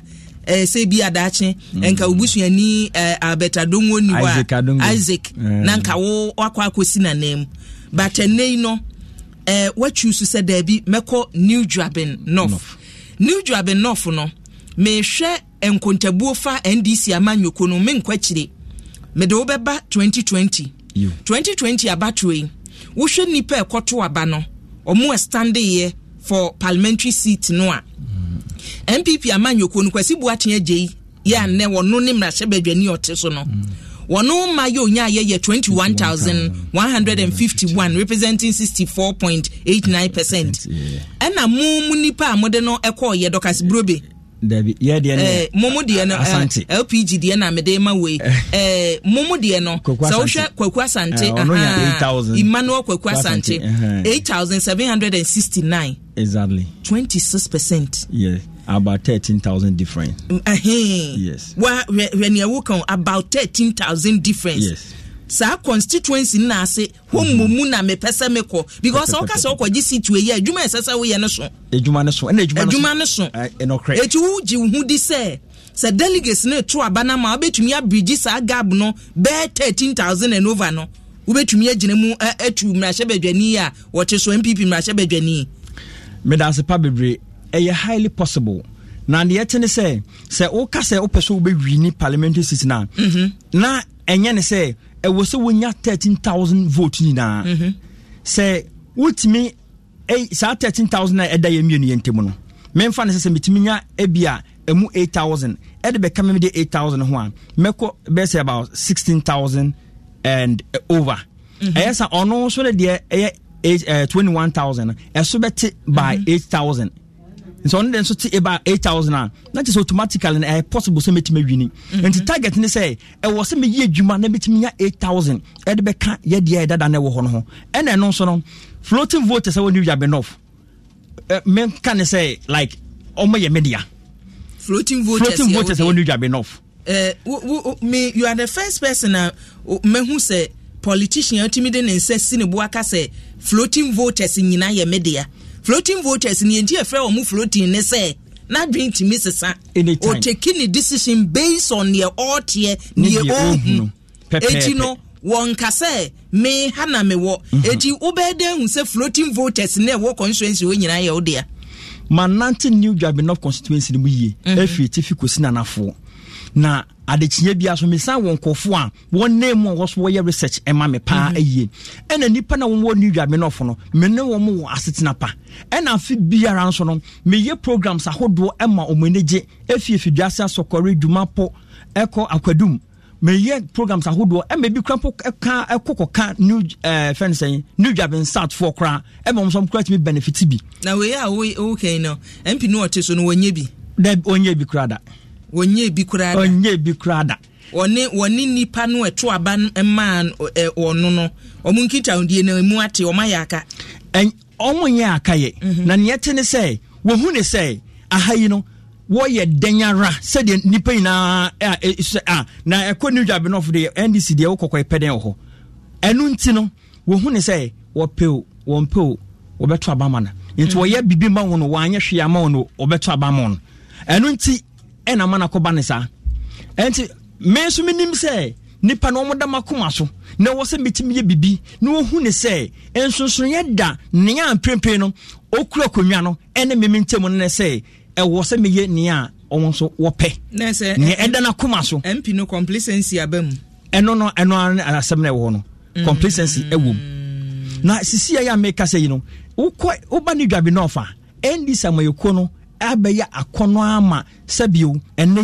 eh, sɛ bi adakye mm. nka wobusuani eh, abetadongo niwa isaac, ah. isaac mm. na nka wo wakɔ akɔsi nanam but ɛnɛi eh, no uh, wɔatwi so sɛ daabi mɛkɔ new draben north new draben north no mehwɛ nkontabuo fa ndc amanyɔko no menkɔ akyire mede wobɛba 2020 2020 abatoɔ yi wohwɛ nnipa ɛkɔto aba no ɔmo ɛstandeeɛ for parliamentary seat no a mm. npp amanyɔko no kwasi boateɛ gye yi yɛ anɛ wɔno ne mmarahyɛbadwani ɔte so no mm. wɔn mma yɛ onya ayɛ yɛ twenty one thousand one hundred and fifty one representing sixty four point eight nine percent ɛna mu mu nipa a mo de no ɛkɔɔ yɛ dɔkasi burobe. dabi yɛ deɛ no eh, mumu deɛ no asante eh, lpg deɛ na mede ma wei eh. eh, mumu deɛ no sɛ wohwɛ kwaku asante uh, emmanuel kwaku asante 8769 exactly six percent yeah about thirteen thousand difference. Mm, Ahin. yes. wa wẹni ẹwọ kan about thirteen thousand difference. yes. saa constituency na ase home mm -hmm. mu na mepɛ sɛ mekɔ because ɔka sɛ ɔkɔgye situ yi a adwuma ɛsɛ sɛ woyɛ no so. adwuma no so ɛna adwuma no so. adwuma no so. eti wo gye wo di sɛ sɛ delegates no etu aba na ma wobɛtumi abirigi sa gap no bɛɛ thirteen thousand and over no wobɛtumi agyina mu etu mmarahyɛbadwani a wɔte so npp mmarahyɛbadwani. medase pa bebree ɛyɛ highly possible na deɛ ɛte ne sɛ sɛ woka sɛ wopɛ sɛ wobɛwi ne parliamentary seat no a mhm. na ɛnyɛ ne sɛ ɛwɔ sɛ wonya 13000 vote nyinaa mhm. sɛ wotumi saa 13000 a ɛda yɛ mmienu yɛ ntam no memfa ne sɛ sɛ metumi nya bi a ɛmu 8000 ɛde bɛka me mede 8000 ho a mɛkɔ bɛsɛ about 16000 and uh, over mhm. ɛyɛ sa ɔno so no deɛ ɛyɛ 21000 eh, ɛso bɛte by 8000 nti ɔno deɛ nso te ɛba eight thousand a na kyerɛ sɛ automatically na ɛyɛ possible sɛ mɛtumi awini mhm. nti target ne sɛ ɛwɔ sɛ mɛyi adwuma na mɛtumi nya eight thousand ɛde bɛka yɛdeɛ ɛdada no ɛwɔ hɔ no ho ɛna ɛno nso no floating voters vote sɛ wɔne wia benof menka ne sɛ like ɔmo yɛ media floating voters. floating voters vote sɛ wɔne wia benof me you are the first person a mɛhu sɛ politician tumi de ne nsa si ne bo aka sɛ floating voters nyinaa yɛ media floating voters ni enti efrɛ wɔn floating ne sɛ n'adwene tumi sisa oteki ne decision based on neɛ ɔɔteɛ neɛ ɔɔhunu eti no wɔn nkasa me ha na me wɔ mm-hmm. eti wobɛɛ dɛ ehun sɛ floating voters ne ɛwɔ constituency wɔn nyinaa yɛ ɔdea. manante new jabinop constituency ni mu yie mm-hmm. efiri tifi kosi nanafoɔ na adekyea bia so mesan wɔ nkɔfoɔ a wɔn nan a wɔso wɔyɛ research ɛma me paa mhm. ayie ɛna nipa na wɔn wɔ new york menɔfo no me ne wɔn wɔ asetena pa ɛna afi biara nso no meyɛ programs ahodoɔ ɛma wɔn ani gye efi efiduase asɔkɔre dwumapɔ ɛkɔ akwadum meyɛ programs ahodoɔ ɛma ebi kura mpo ɛka ɛkɔ kɔka new ɛɛ fɛn sɛn new york nsat foɔ kora ɛma wɔn nso kura tumi benefit bi. na wei a wɔn kɛn no mp no ɔte so wɔnyɛ bi koraa da wɔnyɛ bi koraa da wɔne wɔne nipa no ɛto aba mmaa ɛ wɔno no wɔn nkitahodie na mu ate wɔn ayɛ aka. ɛn wɔn nyɛ aka yɛ mhm. na neɛ te ne sɛ wɔhu ne sɛ aha yi no wɔyɛ dɛn ara sɛdeɛ nipa nyinaa a ɛsɛ e, a na ɛkɔ new job nɔfo deɛ ndc deɛ wɔkɔkɔ ɛpɛ dɛn wɔ hɔ ɛnu nti no wɔhu ne sɛ wɔpɛ o wɔmpɛ o wɔbɛto aba ma no nti mhm. wɔyɛ bibi ma wɔn no wɔanyɛ hwee ama wɔn no wɔbɛto aba ma wɔn ɛnu nti ɛna ma nakɔba ne saa ɛnti me nso menim sɛ nipa na ɔmoda makoma so na ɛwɔ sɛ metumi yɛ bibi na wɔhu ne sɛ nsonsonoyɛ da nea mprempren no ɔkura akonnwa no ɛne meme ntam no ne sɛ ɛwɔ sɛ meyɛ nea a ɔmo nso wɔpɛ nea ɛda no akoma so mp no complacency aba mu ɛno no ɛno asɛm no ɛwɔ hɔ no mm. complacency ɛwɔ mu na sisi a a meka sɛ yi no wokɔ woba ne dwabe no ɔfa ɛndi no abɛyɛ akɔnɔ ama sɛbio ɛnɛ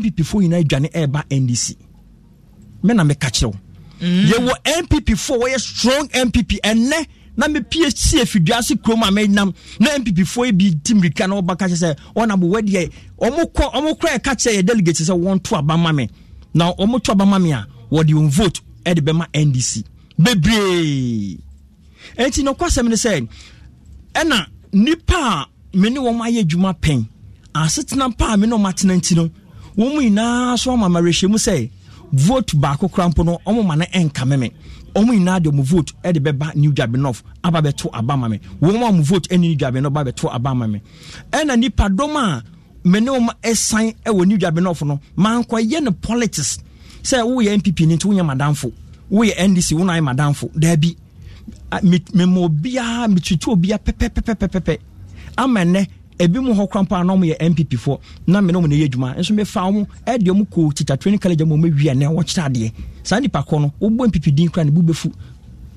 npp foɔ nyinaa adwane ɛreba ndc mena meka kyerɛ wo mm. yɛwɔ npp foɔ wɔyɛ strong npp ɛnɛ na mepie si afidua se kurom a nam na npp foɔ yi bi ti mirika na wɔba ka kyɛ sɛ ɔnabo wadeɛ ɔmo kɔ ɔmo kora ɛka kyerɛ yɛ delegate sɛ wɔnto aba ma me na ɔmo to aba ma me a wɔde wɔn vote ɛde bɛma ndc bebree ɛnti na ɔkɔ asɛm ne sɛ ɛna nipa a me ne wɔn ayɛ adwuma pɛn asetena paa me ne wɔn atena nti no wɔn mu nyinaa so ama amarehyɛ mu sɛ vote baako kora mpo no wɔn ma no nkame me wɔn nyinaa de wɔn vote de bɛba new dwabe north aba bɛto aba ma me wɔn a wɔn vote ne new dwabe north ba bɛto aba ma me ɛna nipadɔm a me ne wɔn ɛsan wɔ new dwabe north no mankɔyɛ no politics sɛ woyɛ npp ni nti woyɛ madamfo woyɛ ndc wɔn ayɛ madamfo daabi mɛmɔ obiara mɛtutu obiara pɛpɛpɛpɛpɛ ama nnɛ ebi mu hɔ krampa anam yɛ npp foɔ na mene mu ne yɛ adwuma nso mefa wo ɛdeɛ mu kɔ tita training college mu mɛwi anɛ wɔkyerɛ adeɛ saa nipa kɔ no wobɔ npp din kora ne bu bɛfu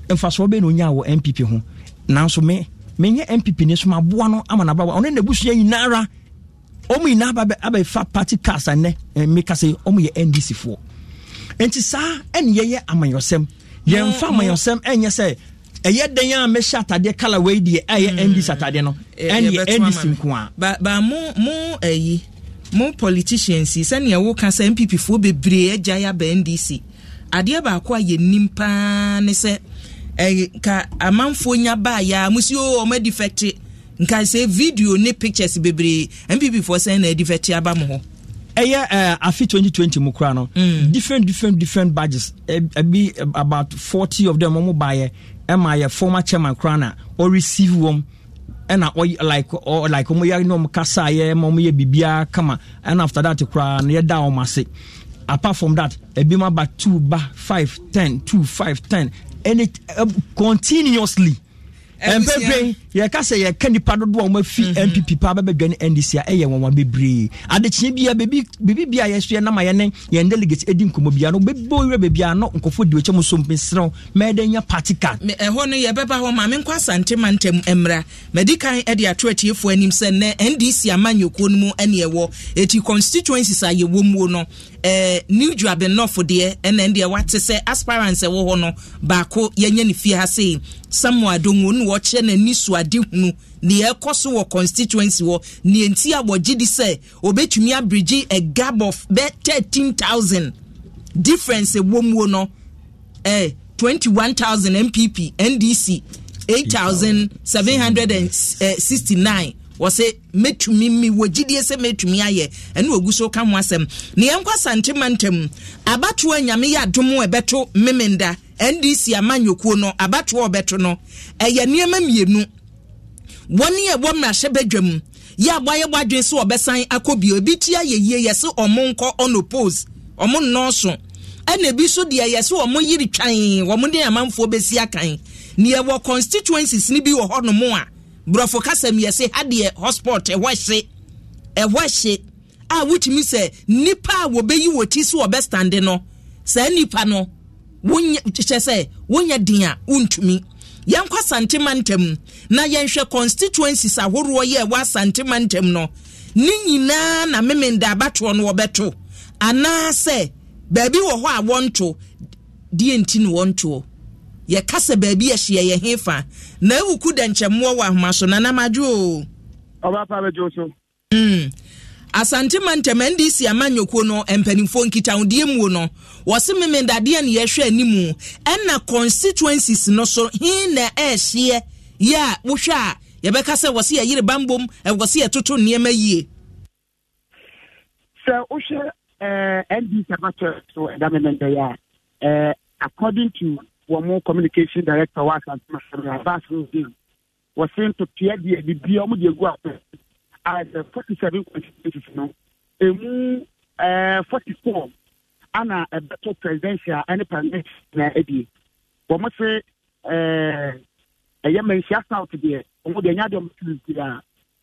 mfasoɔ bɛɛ na ɔnya wɔ npp ho nanso me menyɛ npp ne so maboa no ama nabawa ɔno na abusua nyinara ɔmu nyinaa aba abɛfa party cars anɛ eh, mekasɛ ɔmu yɛ ndc foɔ nti saa ɛne yɛyɛ amanyɔsɛm yɛmfa mm, mm. amanyɔsɛm ɛnyɛ sɛ ɛyɛ den a mɛhyɛ atadeɛ colour wei deɛ ɛyɛ hmm. ndc atadeɛ no ɛne ndc nko ba ba mu mo ɛyi mu politicians yi sɛnea woka sɛ npp foɔ bebree agya yɛ aba ndc adeɛ baako a yɛnim paa ne sɛ ɛyɛ ka amanfoɔ nya baa yɛ a si oh, o wɔn adi nka sɛ video ne pictures bebree npp foɔ sɛn na adi aba mo hɔ. ɛyɛ uh, afi 2020 mu kora no mm. different different different badges ɛbi about 40 of them ɔmo baayɛ ɛma yɛ former chairman koraa na ɔreceive wɔm ɛna like ɔ like ɔmo yɛ ne ɔmo kasa yɛ ma ɔmo yɛ biribiara kama ɛna after that koraa na yɛda ɔmo ase apart from that ebi mu aba two ba five ten two five ten ɛne uh, continuously mpɛpɛ yɛka sɛ yɛka nipa dodoɔ a afi npp mhm. paa bɛbɛdwa ndc a ɛyɛ wɔn wa bebree adekyeɛ bia biribi bia yɛso nam a yɛne yɛn delegate edi nkɔmɔ bia no bɛbɔ owurɛ baabi a no nkɔfo di okyɛ mu so mpɛsirɛw mɛɛdɛ nya party card. ɛhɔ no yɛbɛba hɔ maame nkɔ asante ma ntɛm mmra mɛdi kan eh, de ato atiefoɔ anim sɛ nɛ ndc amanyɔkuo no mu ɛne eh, ɛwɔ eti constituencies a yɛwɔ mu no ɛɛ eh, new joab north deɛ ɛna ɛdeɛ wate sɛ aspirants ɛwɔ hɔ no baako yɛnyɛ ne fie ha sei samuel adongo no wɔkyerɛ n'ani so ade hunu nea ɛkɔ so wɔ constituency wɔ nea nti a wɔgye di sɛ obetumi abirigye a gab of bɛ thirteen thousand difference ɛwɔ mu no ɛɛ twenty one thousand npp ndc eight thousand seven hundred and sixty nine wɔsɛ mɛtumi mi wɔgyidie sɛ mɛtumi ayɛ ɛne wɔgu so ka ho asɛm ne yɛnkɔ asantema ntam abatoa nyame yɛ adom ɛbɛto memenda ndc amanyɔkuo no abatoa ɔbɛto no ɛyɛ nneɛma mmienu wɔne ɛwɔ mmarahyɛ badwa mu yɛ aboayɛbɔ adwene sɛ ɔbɛsan akɔ bio ebi ti ayɛ yie yɛ sɛ ɔmo nkɔ ɔno pose ɔmo nnɔɔso ɛna ebi nso deɛ yɛ sɛ ɔmo yiri twan wɔn de amanfoɔ besi akan neɛ wɔ constituencies ni bi wɔ hɔnom a borɔfo kasa mmiɛ se adeɛ hotspot ɛhɔ hye ɛhɔ hye a eh, wotumi sɛ nipa a wɔbɛyi wɔ ti so ɔbɛstande no saa nipa no wonyɛ kyɛ sɛ wonyɛ den a wontumi yɛnkɔ asantema ntam na yɛnhwɛ constituencies ahoroɔ yɛ ɛwɔ asantema ntam no ne nyinaa na memenda abatoɔ no wɔbɛto anaasɛ baabi wɔ hɔ a wɔnto deɛ nti ne wɔntoɔ yɛka sɛ baabi ahyia yɛ he fa na awuku da nkyɛmmoɔ wɔ ahoma so nanam adwo ɔbapa bɛdwo so mm. asante ma ntɛma ndc ama nnwokuo no mpanimfoɔ nkitahodeɛ muo no wɔse memedadeɛ ne yɛhwɛ animu ɛna constituencies no so he na ɛɛhyeɛ yɛ a wohwɛ a yɛbɛka sɛ wɔse yɛyere bambom ɛwɔ se yɛtoto nneɛma yie sɛ wohwɛ ndc abatɔ so ɛda memɛndɛyɛ a according to wɔn mo communication director wa asantuma abaasa odin wɔsi ntotoa deɛ bibi a wɔn e eh, eh, e de egu apɛ a ɛsɛ forty seven constituencies no emu ɛɛ forty four ana ɛbɛtɔ presidential ɛne parliament na ɛdie wɔn se ɛɛ ɛyɛ mɛnhyia south deɛ wɔn deɛ nyadeɛ wɔn ti di bi a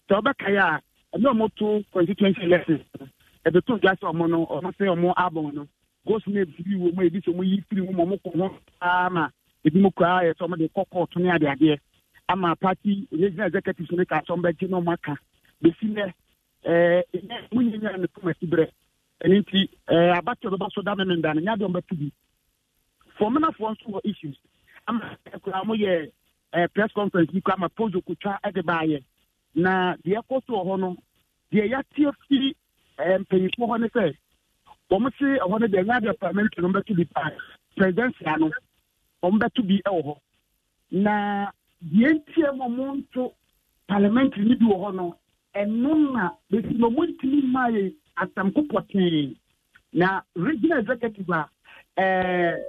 sɛ ɔbɛka yɛ a ɛna wɔn to constituency elections ɛbɛtɔ dwa sɛ wɔn no wɔn se wɔn abɔn no. gosnab bi wɔ mu ebi sɛ yi firi mu ma ɔmo kɔ ho paa ebi sɛ ɔmo de kɔ kɔɔto ne adeadeɛ ama regional ne ka sɛ ɔmo aka besi nɛ ɛɛ nyɛ nyɛ ne brɛ ɛɛ so da mɛmɛ da ne nyaade ɔmo nso wɔ issues ama ɛkura mo yɛ ɛɛ press conference bi kɔ ama pozo kutwa ɛde baayɛ na deɛ kɔ so wɔ hɔ no deɛ yɛatie fi ɛɛ hɔ ne sɛ wɔn ti ɛhɔ no deɛ ɛnyɛ adeɛ parliament no bɛto bi paa presidensia no wɔn bɛto bi ɛwɔ hɔ na deɛ ntia mu ɔmo nto parliament ni bi wɔ hɔ no ɛno na bɛsi na ɔmo ntumi mmaa yɛ atamko pɔtee na regional executive a ɛɛ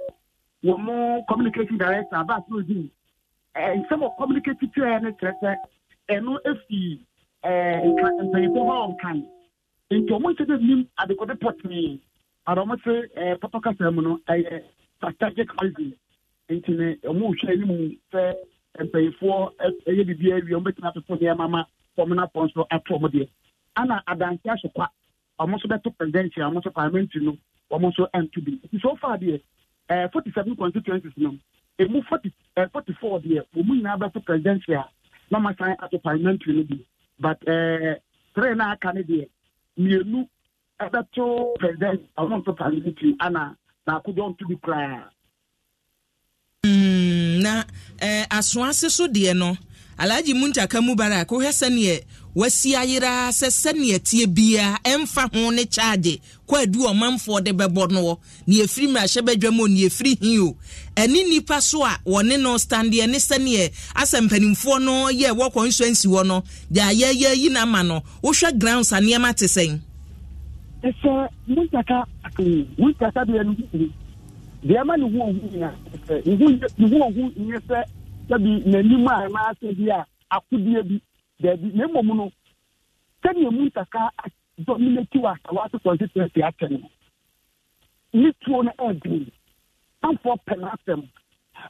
wɔn communication director abaa so di ɛɛ nsɛm a communicate tiɛ ne kyerɛ sɛ ɛno efi nti ɔmo nkyɛn dɛ nim adekɔde adɔmɔte ɛɛ eh, papa kasa mu no ɛyɛ eh, strategic eh, reason nti ne ɔmo hwɛ anim sɛ mpanyinfoɔ ɛyɛ bibi awie ɔmo bɛtumi atoto nneɛma ma fɔm na pɔn so ato ɔmo deɛ ɛna adansi aso kwa ɔmo nso bɛto presidential ɔmo nso parliamentary no ɔmo nso ɛntu bi nti so far deɛ ɛɛ forty seven constituencies no emu forty ɛɛ forty four deɛ ɔmo nyinaa bɛto presidential na ɔmo asan ato parliamentary no bi but ɛɛ three na aka ne deɛ mmienu ɛbɛto president ɔnonto parliamentary ana n'akodɔ nto bi koraa. na eh, asoase so deɛ no alhaji muntaka mubarak wohɛ sɛneɛ wasi ayeraa sɛ sɛneɛ tie biara ɛmfa ho ne kyaagye kɔ adu ɔmanfoɔ de bɛbɔ no wɔ ne ɛfiri mmarahyɛ bɛdwa mu o ne ɛfiri hi o ɛne nnipa so a wɔne no standeɛ ne sɛneɛ asɛ mpanimfoɔ no yɛ wɔ constituency hɔ no de yi no ama no wohwɛ grounds a nneɛma te sɛn ɛsɛ muntaka muntaka bi ɛnu bi deɛ ma ne ho ohu nyina ɛsɛ ne ho ne ohu nyɛ n'anim a ɛma asɛ bi a akodeɛ bi na emom no sɛdeɛ muntaka dominati wa asawa asosɔ no ne tuo no pɛ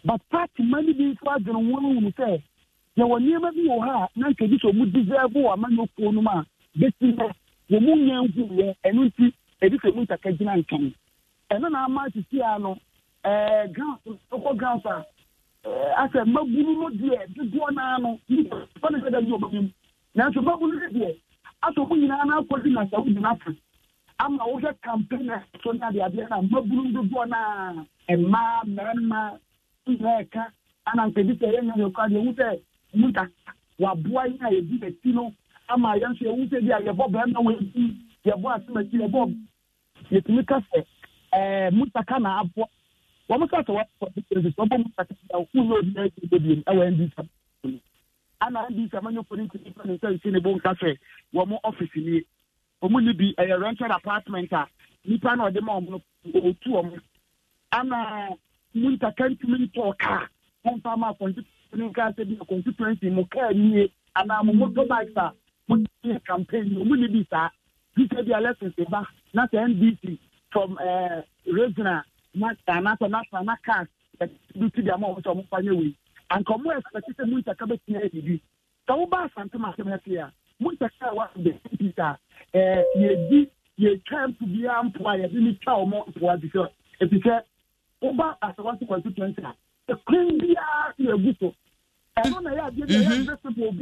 but party mani bi nso adwene sɛ yɛwɔ nneɛma bi wɔ ha a na nkɛgye sɛ ɔmo deserve wɔ amanyɔkuo no mu a wɔn mu nya nhuuɛ ɛno nti ebi sɛ mu ntaka gyina nkan ɛno na ama sisi ano no ɛɛ ground ɛkɔ ground a ɛɛ asɛ mmabunu no deɛ dodoɔ naa no nipa fɛn fɛn dɛ bi ɔbɛbi mu nanso mmabunu no deɛ asɛ ɔmo nyinaa n'akɔ di na sɛ ɔmo nyinaa fa ama wohwɛ campaign ɛso ne adeadeɛ na mmabunu dodoɔ naa mmaa mmarima nyinaa ɛka ana nkɛbi sɛ ɛyɛ nyɛ nyɛ kɔ adeɛ wusɛ mu ntaka waboa yi a yɛdi ama yɛn nso yɛwu sɛ bi a yɛbɔ bɛrima wɔ ebi yɛbɔ asemaki yɛbɔ yɛtumi kasa ɛɛ mutaka na aboa wɔn kasa wɔ akɔ ɛsɛ wɔbɔ mutaka na ɔkun yɛ obi ɛyɛ ɛyɛ bi ɛwɔ ɛndi sa ana ɛndi sa mɛnyɛ kɔni nkiri fɛn nsa nsi ne bo nkasa wɔn ɔfisi nie wɔn ni bi ɛyɛ rented apartment a nipa na ɔde ma wɔn otu wɔn ana mutaka ntumi ntɔ kaa wɔn fa ma kɔntu ne nkasa bi na kɔntu pɛnti mu kaa ana mo motorbikes a wọ́n yẹ campaign ọmọ ní bí sáà bíkẹ́ bí alẹ́sìn ṣe bá náà sẹ́ ndc from regional anaasẹ national na cars ẹ̀ẹ́dì ti di àmọ́ ọ̀hún sọ ọmọ fún ayé wei ànkà ọmọ sẹ́ mú ìtàkà bẹ́ẹ̀ tiẹ̀ ẹ̀dì bí sọ bá asantuma asẹ́mi ẹ̀sẹ̀ yà mú ìtàkà wà bẹ̀ pípìtà ẹ̀ẹ́ yẹ di yẹ kẹ́ẹ̀mpù bí yà mpọ̀ à yẹ di ni twa ọmọ mpọ̀ à bí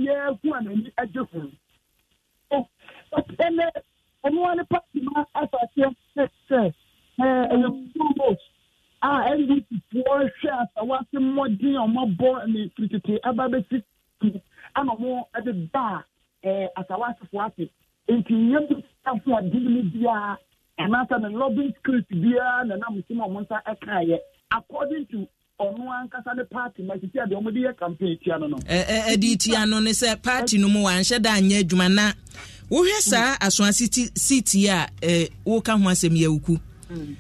yà yẹ ɛnɛ ɛnua ne pati ma afa aseɛ sɛ sɛ ɛyɛ full vote a ndc foɔ hwɛ asawase mmɔden a wɔn abɔ ne tete aba bɛsi tu ana wɔn ɛde ba ɛɛ asawase foɔ ase nti nyɛ bi afɔ adi ne biara anaasɛ ne lobbying script biara na nam si ma wɔn nsa ɛka yɛ according to ɔno ankasa ne party ma sisi adeɛ ɔmo de yɛ campaign tia no no. ɛɛ ɛdi tia no ne sɛ party no mu wanhyɛ da anyɛ adwuma na wohwɛ saa asoasi siiti a ɛɛ woka ho asɛm yɛ oku. Mm.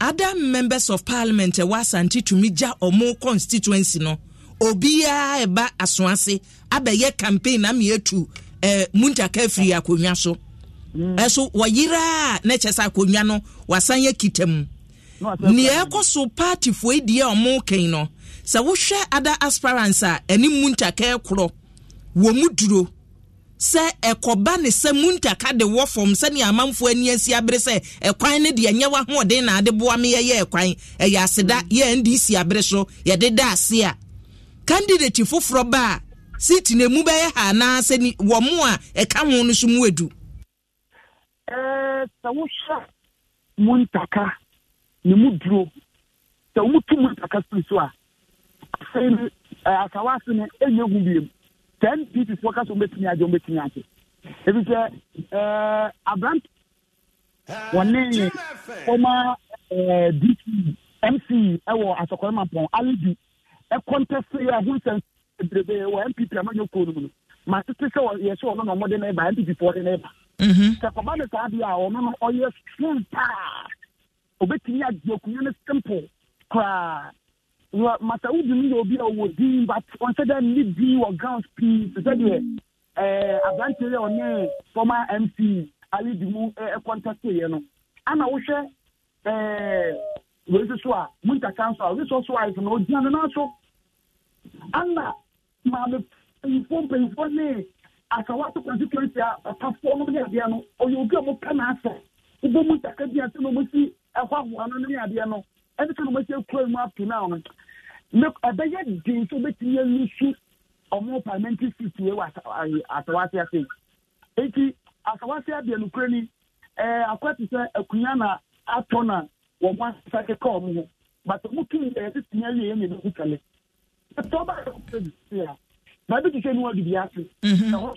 other members of parliament ɛwɔ asante tumi gya ɔmo constituency no obiara ɛba asoase abɛyɛ campaign na mmiɛtu ɛɛ muntaka afiri akonnwa so mm. ɛso wɔyera a na sɛ akonnwa no wasan yɛ kita mu nea ɛkɔ so partyfoɔ adie a ɔmo kɛn no sɛ wohwɛ ada aspirants a ɛne mu ntaka ɛkorɔ wɔ mu duro sɛ ɛkɔba ne sɛ mu ntaka de wɔ fam sɛnea amanfoɔ ani asi abere sɛ ɛkwan ne deɛ nyɛ wahoɔden na ade boa me yɛyɛ ɛkwan ɛyɛ aseda mm. yɛ ndc abere so yɛde da ase a candidate foforɔ ba a siiti na emu bɛyɛ ha anaasɛ ni wɔn a ɛka ho no so mu edu. ɛɛ eh, sɛ wohwɛ mu ntaka ne mu duro sɛ wotu mu ntaka firi so a afei no asawa ase no ɛnyɛ hu biem sɛ npp foɔ ka sɛ ɔmbɛtumi agye ɔmbɛtumi agye ebi sɛ aberant wɔne fɔma dc mc ɛwɔ asɔkɔrɔma pɔn alibi ɛkɔntɛsi ɛho nsɛm bebrebe wɔ npp amanyɔ kuo no mu no ma tete sɛ yɛhyɛ ɔno na ɔmɔde no ɛba npp foɔ de no ɛba mhm. sɛ kɔba ne saa deɛ a ɔno no ɔyɛ strong paa obetumi agye akonnwa no simple koraa masawudu no yɛ obi a ɔwɔ din but ɔnsɛ dɛ ne din wɔ grounds pii te sɛ deɛ ɛɛ aberanteɛ ɔne former mc ali dimu ɛɛ eh, eh, kɔntɛteeɛ no ana wohwɛ ɛɛ eh, wei soso a munta council a wei soso a ɛfɛ na ogyina no n'aso ana maame mpanyinfoɔ mpanyinfoɔ ne asawa to constituency a ɔtafoɔ no ne adeɛ no ɔyɛ obi a mo pɛ n'asɛ wobɛmu saka bi ase na ɔmasi ɛhɔ ahoa no ne adeɛ no ɛne sɛ na ɔmasi akura mu ato no a no ɛbɛyɛ den sɛ wobɛtumi alusu ɔmo parliamentary seat wei wɔ asawase ase enti asawase adeɛ nokorɛ ni akora te sɛ akonnwa na atɔ na wɔn asesa keka wɔn ho but wɔn tu yɛ titun awie yɛ nyina kutale ɛtɔ na ebi ti sɛ nua dubi ase mhm. na wɔn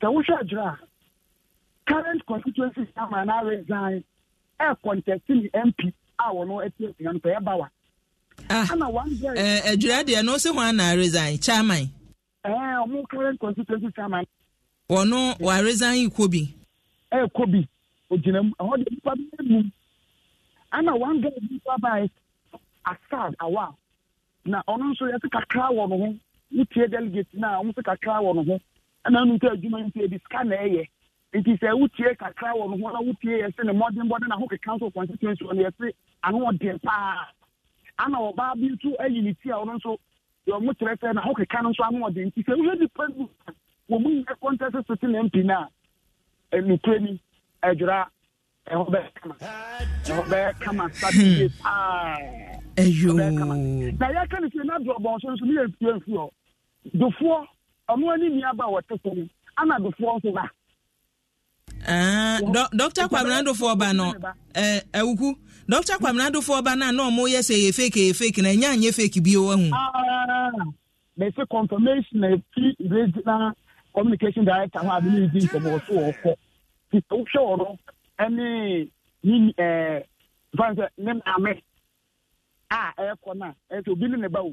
ka wohwɛ e a current e e ah, constituency chairman na resign contest mp a wɔn ati atua no pɛyɛ bawa. ana one day. no si na resign chairman. ɛɛ ɔmo current constituency chairman. wɔn wa resign bi. ɛɛ bi ogyina mu de nipa bi mu one day nipa asad na ɔno nso yɛte kakra wɔ ho wotie kakra ɛna nu sɛ adwuma nti ebi sika na ɛyɛ nti sɛ wotie kakra wɔ no ho na wotie yɛ sɛ ne mmɔdenbɔden na ho keka nso constituency wɔ no yɛse ano ɔdeɛ paa ana ɔbaa bi nso ayi ne ti a ɔno nso deɛ ɔmo kyerɛ sɛ na ho keka no nso ano ɔdeɛ nti sɛ woyɛ nipa nu wɔ mu nyɛ kɔntɛsɛ sete na mpi no a nukure ni adwira ɛhɔ bɛyɛ kama ɛhɔ bɛyɛ kama sadie hmm. paa ɛyoo na yɛka ne sɛ na adorɔbɔn so nso ne yɛ nfuo nfuo dofoɔ ọmụ onye yaba a wɔte so no ana dofoɔ nso ba. dɔkta kwamina ba no ɛwuku dɔkta kwamina na ɔmo yɛ sɛ yɛ fake yɛ fake na enye nyɛ fake bi o ɛhu. confirmation na efi regional communication director ho e, ne nkɔmɔ e, e, so ɛne ne a na obi ne ne ba o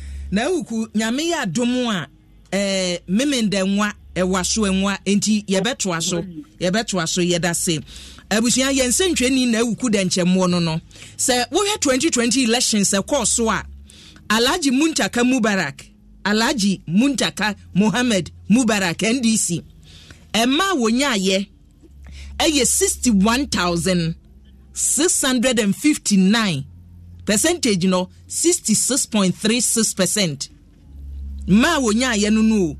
na ewuku nyame yɛ adom a ɛɛ eh, memenda nwa ɛwa so nwa nti yɛbɛtoa so yɛbɛtoa so yɛda se abusua yɛn ni na ewuku dɛnkyɛmmoɔ no no sɛ wohwɛ 2020 election sɛ kɔɔ so a alhaji muntaka mubarak alhaji muntaka muhammed mubarak ndc ɛma a wɔnyaayɛ ɛyɛ 61659 percentage no six percent mmaa wonyaayɛ no no o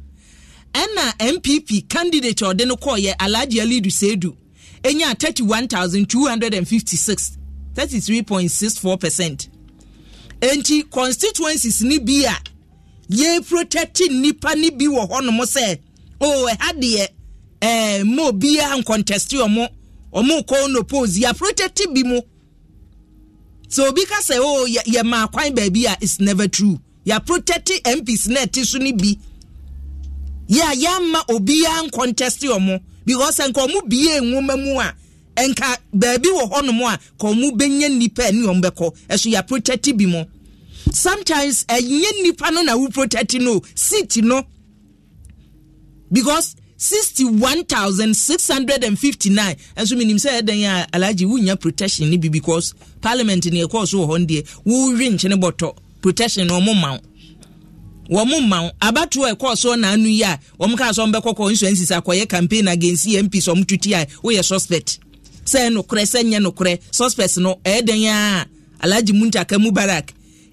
ɛna npp candidate ɔde no kɔɔyɛ alagye alidu seedu ɛnya 31256 33.64 percent enti constituencies ne bi a yɛ protect nnipa ne bi wɔ hɔnom sɛ o ɛha deɛ ɛɛ mma obiara nkontɛste ɔmo ɔmo kɔn no pose yɛ protect bi mu So obi ka sɛ o oh, yɛ maa kwan baabi a it's never true yɛ protect mps na ɛte so no bi yɛ a yɛama obiara ncontest ɔmo because nka ɔmo bie nwoma mu a nka baabi wɔ hɔnom a ka ɔmo bɛnya nnipa ani ɔmo bɛkɔ ɛso yɛ protect bi mo sometimes ɛnyɛ nnipa no na wo protect no seat no because sixty one thousand six hundred and fifty nine ɛnso mi nim sɛ ɛdan yɛ alhaji wunya protection ni bi because parliament ni ɛkɔɔ so wɔ hɔ ndeɛ wɔɔwe nkyɛn bɔtɔ protection na wɔn ma wo wɔn ma wo abatoɔ ɛkɔɔ so n'anu yi a wɔn kaa so wɔn bɛkɔ kɔ insurances akɔyɛ campaign against e mp so wɔn tuti a wɔyɛ suspect sɛ ɛnukorɛ sɛ nyɛ nukorɛ suspect no ɛdan yɛ alhaji muntaka mubarak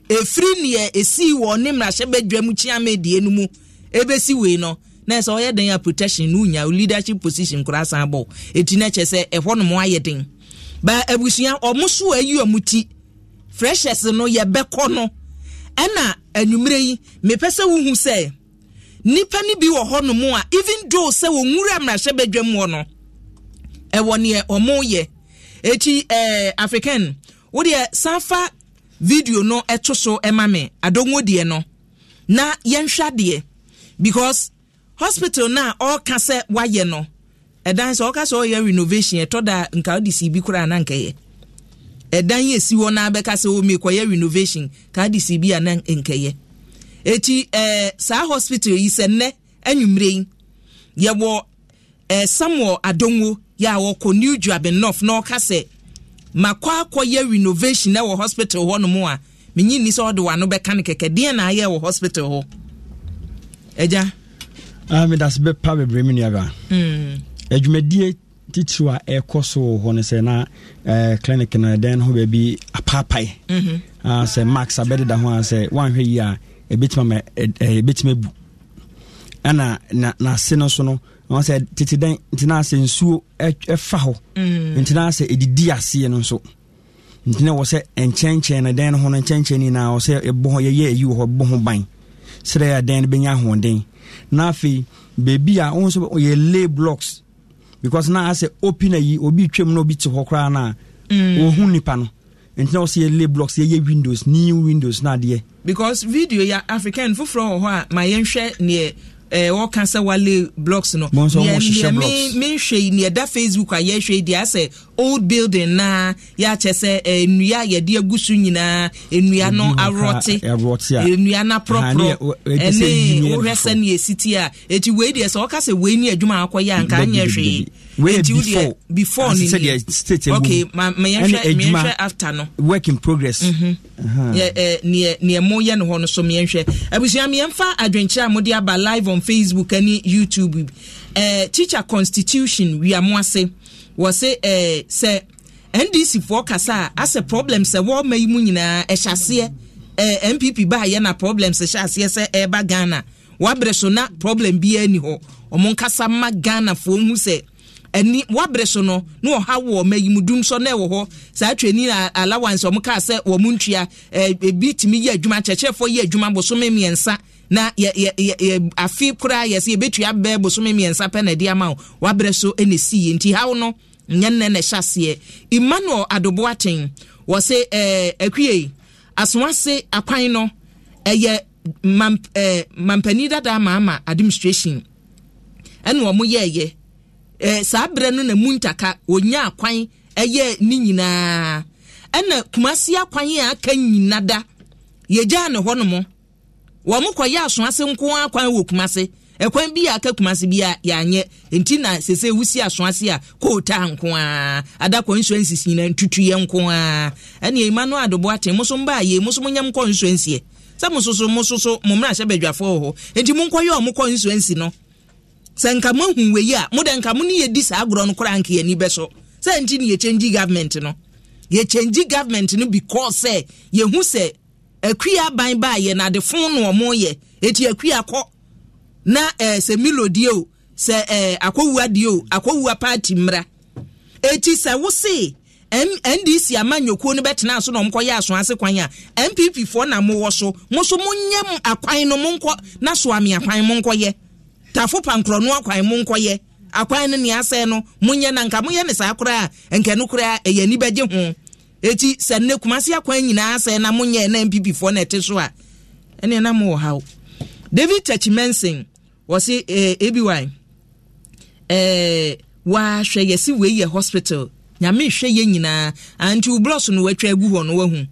efiri neɛ esi wɔ ne mmarahyɛ bɛdwa mu kyiame die no mu ebesi wei no na ɛsɛ ɔyɛ den a protection no nya leadership position koraa san bɔ ɛti no kyɛ sɛ ɛhɔ nom ayɛ den ba abusua ɔmo so ayi ɔmo ti freshers no yɛbɛkɔ no ɛna anwummerɛ yi mepɛ sɛ wohu sɛ nnipa no bi wɔ hɔ nom a even though sɛ wɔnwura mmarahyɛ badwam hɔ no ɛwɔ neɛ ɔmo yɛ eti ɛɛ eh, african wodeɛ sanfa video no ɛto so ɛma me adongo deɛ no na yɛnhwɛ adeɛ because hospital na ɔka sɛ wayɛ no ɛdan sɛ ɔka sɛ ɔyɛ renovation da nka ɔde si bi koraa na nkɛyɛ ɛdan yɛ si hɔ na abɛka oh, mee ɔmi kɔyɛ renovation ka ɔde si bi a na eh, saa hospital yi sɛ nnɛ yi yɛwɔ ɛɛ eh, samuel adongo a new north na ɔka ɛwɔ hospital hɔ nom a menyi medase ah, bɛpa bebree me nuaba adwumadie hmm. titiriw a ɛkɔ so hɔ no sɛ na eh, clinic no ɛdɛn no ho baabi apaapae mhm. ah, sɛ max abɛdeda ho a sɛ woanhwɛ yi a ɛbɛtumi eh, eh, abu ɛna n'ase no so no wọn sɛ tete dɛn ntina sɛ nsuo ɛfa hɔ hmm. ntina sɛ edidi aseɛ no nso ntina wɔ sɛ nkyɛnkyɛn na dɛn no ho no nkyɛnkyɛn nyinaa wɔ sɛ ɛbɔ ho yɛyɛ ayi wɔ hɔ ɛbɔ ho ban sɛdeɛ dɛn no bɛnya ahoɔden na afei beebi a wọn nso yɛ lay blocks because na asɛ opi na yi obi twam na obi te hɔ koraa na mm. ohun nipa no nti na wɔsɛ yɛ lay blocks yɛ yɛ windows new windows na adeɛ. because video yɛ african foforɔ wɔ hɔ a ma yɛn hwɛ neɛ. Eh, wɔka sɛ wale blocks no menhwɛ yi neɛda facebook a yɛhwɛ yi deɛ asɛ old building naa yɛakyɛ sɛ eh, nnua a yɛde agu so nyinaa nnua no aworɔte nnua no aprɔporɔ ɛne wohwɛ sɛ ne yɛsiti a ɛti wei deɛ sɛ wɔka sɛ wei ne adwuma akɔyɛ anka anyɛ hwee wey before before ni okay ma ma yɛn hwɛ ma yɛn hwɛ after no work in progress mhm. yɛ ɛ neɛ neɛ mo yɛ no hɔ no so ma yɛn hwɛ abusua mi yɛn fa adwenkyerɛ a mo de aba live on facebook ɛne youtube ɛɛ teacher constitution wia mo ase wɔ se ɛɛ sɛ ndc foɔ kasa a asɛ problem sɛ wɔn ma yi mu nyinaa ɛhyɛ aseɛ ɛɛ npp ba yɛ na problems ɛhyɛ aseɛ sɛ ɛɛba ghana wabrɛ so na problem biara ni hɔ ɔmo nkasa ma ghana foɔ mu sɛ ɛni wabrɛ so no na ɔha wɔ mayimudum sɔ na ɛwɔ hɔ saa twɛni na allowance wɔn kaa sɛ wɔn ntua ebi tumi yɛ adwuma kyerɛkyerɛfoɔ yɛ adwuma bosome mmiɛnsa na yɛ yɛ yɛ yɛ afi koraa yɛ sɛ yɛbɛtua bɛɛ bosome mmiɛnsa pɛ na ɛde ama wo wabrɛ so na esi yɛ nti haw no nyɛ nnɛ na ɛhyɛ aseɛ emmanuel adoboaten wɔsɛ ɛɛ akuye asomase akwan no ɛyɛ mam ɛɛ mampanin dada amaama administration ɛna wɔn yɛɛyɛ Eh, saa berɛ no na mu ntaka ɔnya akwan ɛyɛ ne nyinaa ɛna kumasi akwan a aka nyina da yɛgyaa ne hɔnom wɔn kɔyɛ asoase nko akwan wɔ kumasi ɛkwan bi a aka kumase bi a yɛanyɛ nti na sese wusi asoase a kootaa nko ara adakɔ nsuansi nyina ntutuyɛ nko ara ɛna ema no adobo ate mo so mba yie mo so mo nyɛ mo kɔ nsuansiɛ sɛ mo soso mo soso mo mmerɛ ahyɛ badwafoɔ wɔ hɔ nti mo nkɔyɛ ɔmo kɔ nsuansi no. sɛ nka moahu wei a modɛ nka mo ne yɛdi saa agorɔ no koraa nka yɛni bɛsɔ sɛ nti ne yɛkyɛngyi government no yɛkyɛngyi government no because sɛ yɛhu sɛ akua aban ba yɛ na adefo no ɔmo yɛ eti akua kɔ na ɛɛ eh, sɛ milo die o sɛ ɛɛ eh, akɔwua die o akɔwua paati mmra eti sɛ wose NDC ama nyokuo no bɛtena so na ɔmo kɔ yɛ aso ase kwan a MPP foɔ na mo wɔ so mo so mo akwan no mo nkɔ na so ami akwan mo nkɔ yɛ. tafo pankorɔ no akwan mu nkɔyɛ akwan no ne asɛe no monyɛ na nka moyɛ ne saa koraa a nkɛ no koraa ɛyɛ ani bɛgye ho ɛti sɛ nnɛ kumase akwan nyinaa asɛe na monyɛ na mpipifoɔ na ɛte so a ɛne na mowɔ haw david tachimenson wɔse eh, ebiwa eh, wahwɛ yɛsi wei yɛ hospital nyame hwɛ yɛ nyinaa anti wo blɔs no watwa agu hɔ no wahu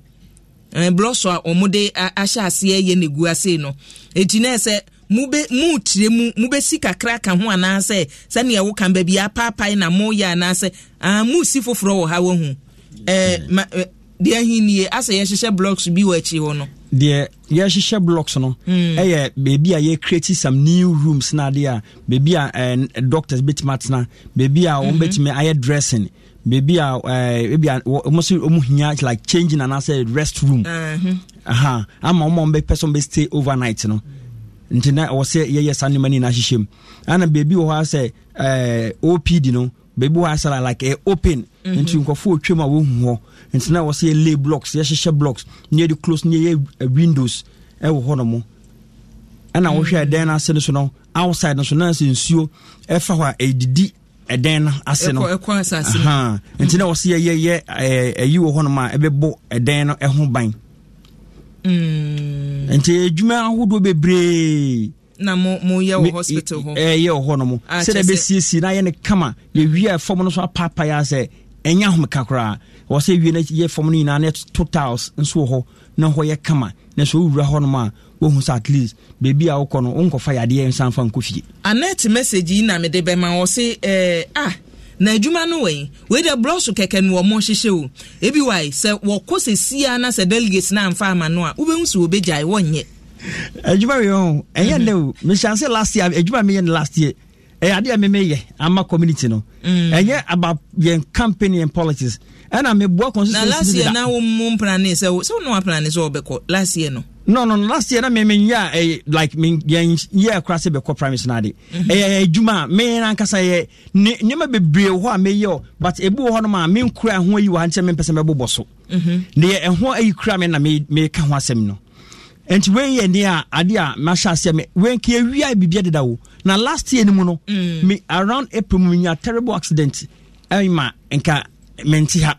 eh, blɔs a ahyɛ aseɛ yɛ ase no ɛti na ɛsɛ Mube mutire mu sika kakra ka ho anaasɛ sɛnea woka baabi apaapae na moyɛ anaasɛ uh, musi foforɔ wɔ ha wahu deɛ eh, ahennie eh, asɛ yɛhyehyɛ blocks bi wɔ akyi hɔ no deɛ yɛhyehyɛ blocks no ɛyɛ baabi a create some new rooms na adeɛ a baabi a eh, doctors bɛtumi atena baabi a wɔn mm-hmm. bɛtumi aye dressing baabi a ebi a wɔn so wɔn hia like changing anaasɛ rest room uh-huh. ama wɔn a wɔn bɛpɛ so wɔn bɛ stay overnight no. Mm nti na ɛwɔ sɛ yɛyɛ saa nneɛma nyinaa hyehyɛ mu ana baabi wɔ hɔ a sɛ eh, opd no baabi wɔ hɔ a like eh, open mm-hmm. nti nkɔfoɔ ɔtwam a wɔhu hɔ nti na ɛwɔ sɛ yɛlay blocks yɛhyehyɛ blocks ne yɛde close ne yɛyɛ windows ɛwɔ hɔ nom ɛna wɔhwɛ mhm. ɛdan no ase no so no outside no so na sɛ nsuo ɛfa hɔ a ɛdidi ɛdan no ase no nti na ɛwɔ sɛ yɛyɛyɛ ɛyi wɔ hɔ nom a ɛbɛbɔ ɛdan no ɛho ban Mm. nti adwuma ahodoɔ bebree na moyɛ wɔ hospital hɔ ɛyɛ eh, wɔ hɔ no ah, sɛdeɛ bɛsiesie na yɛ no kama yɛwie a fam no so apaapae a sɛ ɛnyɛ ahomeka koraa wɔ sɛ wie no yɛ fam no nyinaa na ɛto tiles nso wɔ hɔ na hɔ yɛ kama na sɛ wowura hɔ nom a wohu sɛ at least baabi a wokɔ no wonkɔfa yadeɛ nsa mfa nkɔ fie anet message yi na mede bɛma wɔ se eh, ah na adwuma no wɔ wei de borɔ so kɛkɛ no wɔn hyehyɛ o ebi wa yi sɛ wɔkɔ sɛsia na sɛ delegates na amfa ama no a wobɛhu sɛ wɔbɛgyae wɔnyɛ adwuma wei ho ɛyɛ nnɛ mhm. o mehyɛ last year adwuma meyɛ no last year ɛyɛ adeɛ a memeyɛ ama community no mm. ɛnyɛ about yɛn campaign and politics ɛna meboa constituency na last year na wo mu mprane sɛ sɛ wo na waprane sɛ wɔbɛkɔ last year no no no last year na me me nya eh, like me nya kura se be kɔ primaries na de mm-hmm. eh adwuma eh, me na nkasa ye eh, ne ne ma ho a me ye but ebu ho no ma me nkura ho yi wa nche me pese me bobɔ so ne ye ho ayi kura me na me me ka ho asɛm no And wei yɛ ne a ade a mahyɛ aseɛ me wei nka awia biribia deda wo na last year no mu no mm. me around april mu nya terrible accident mm-hmm. ɛma nka mente ha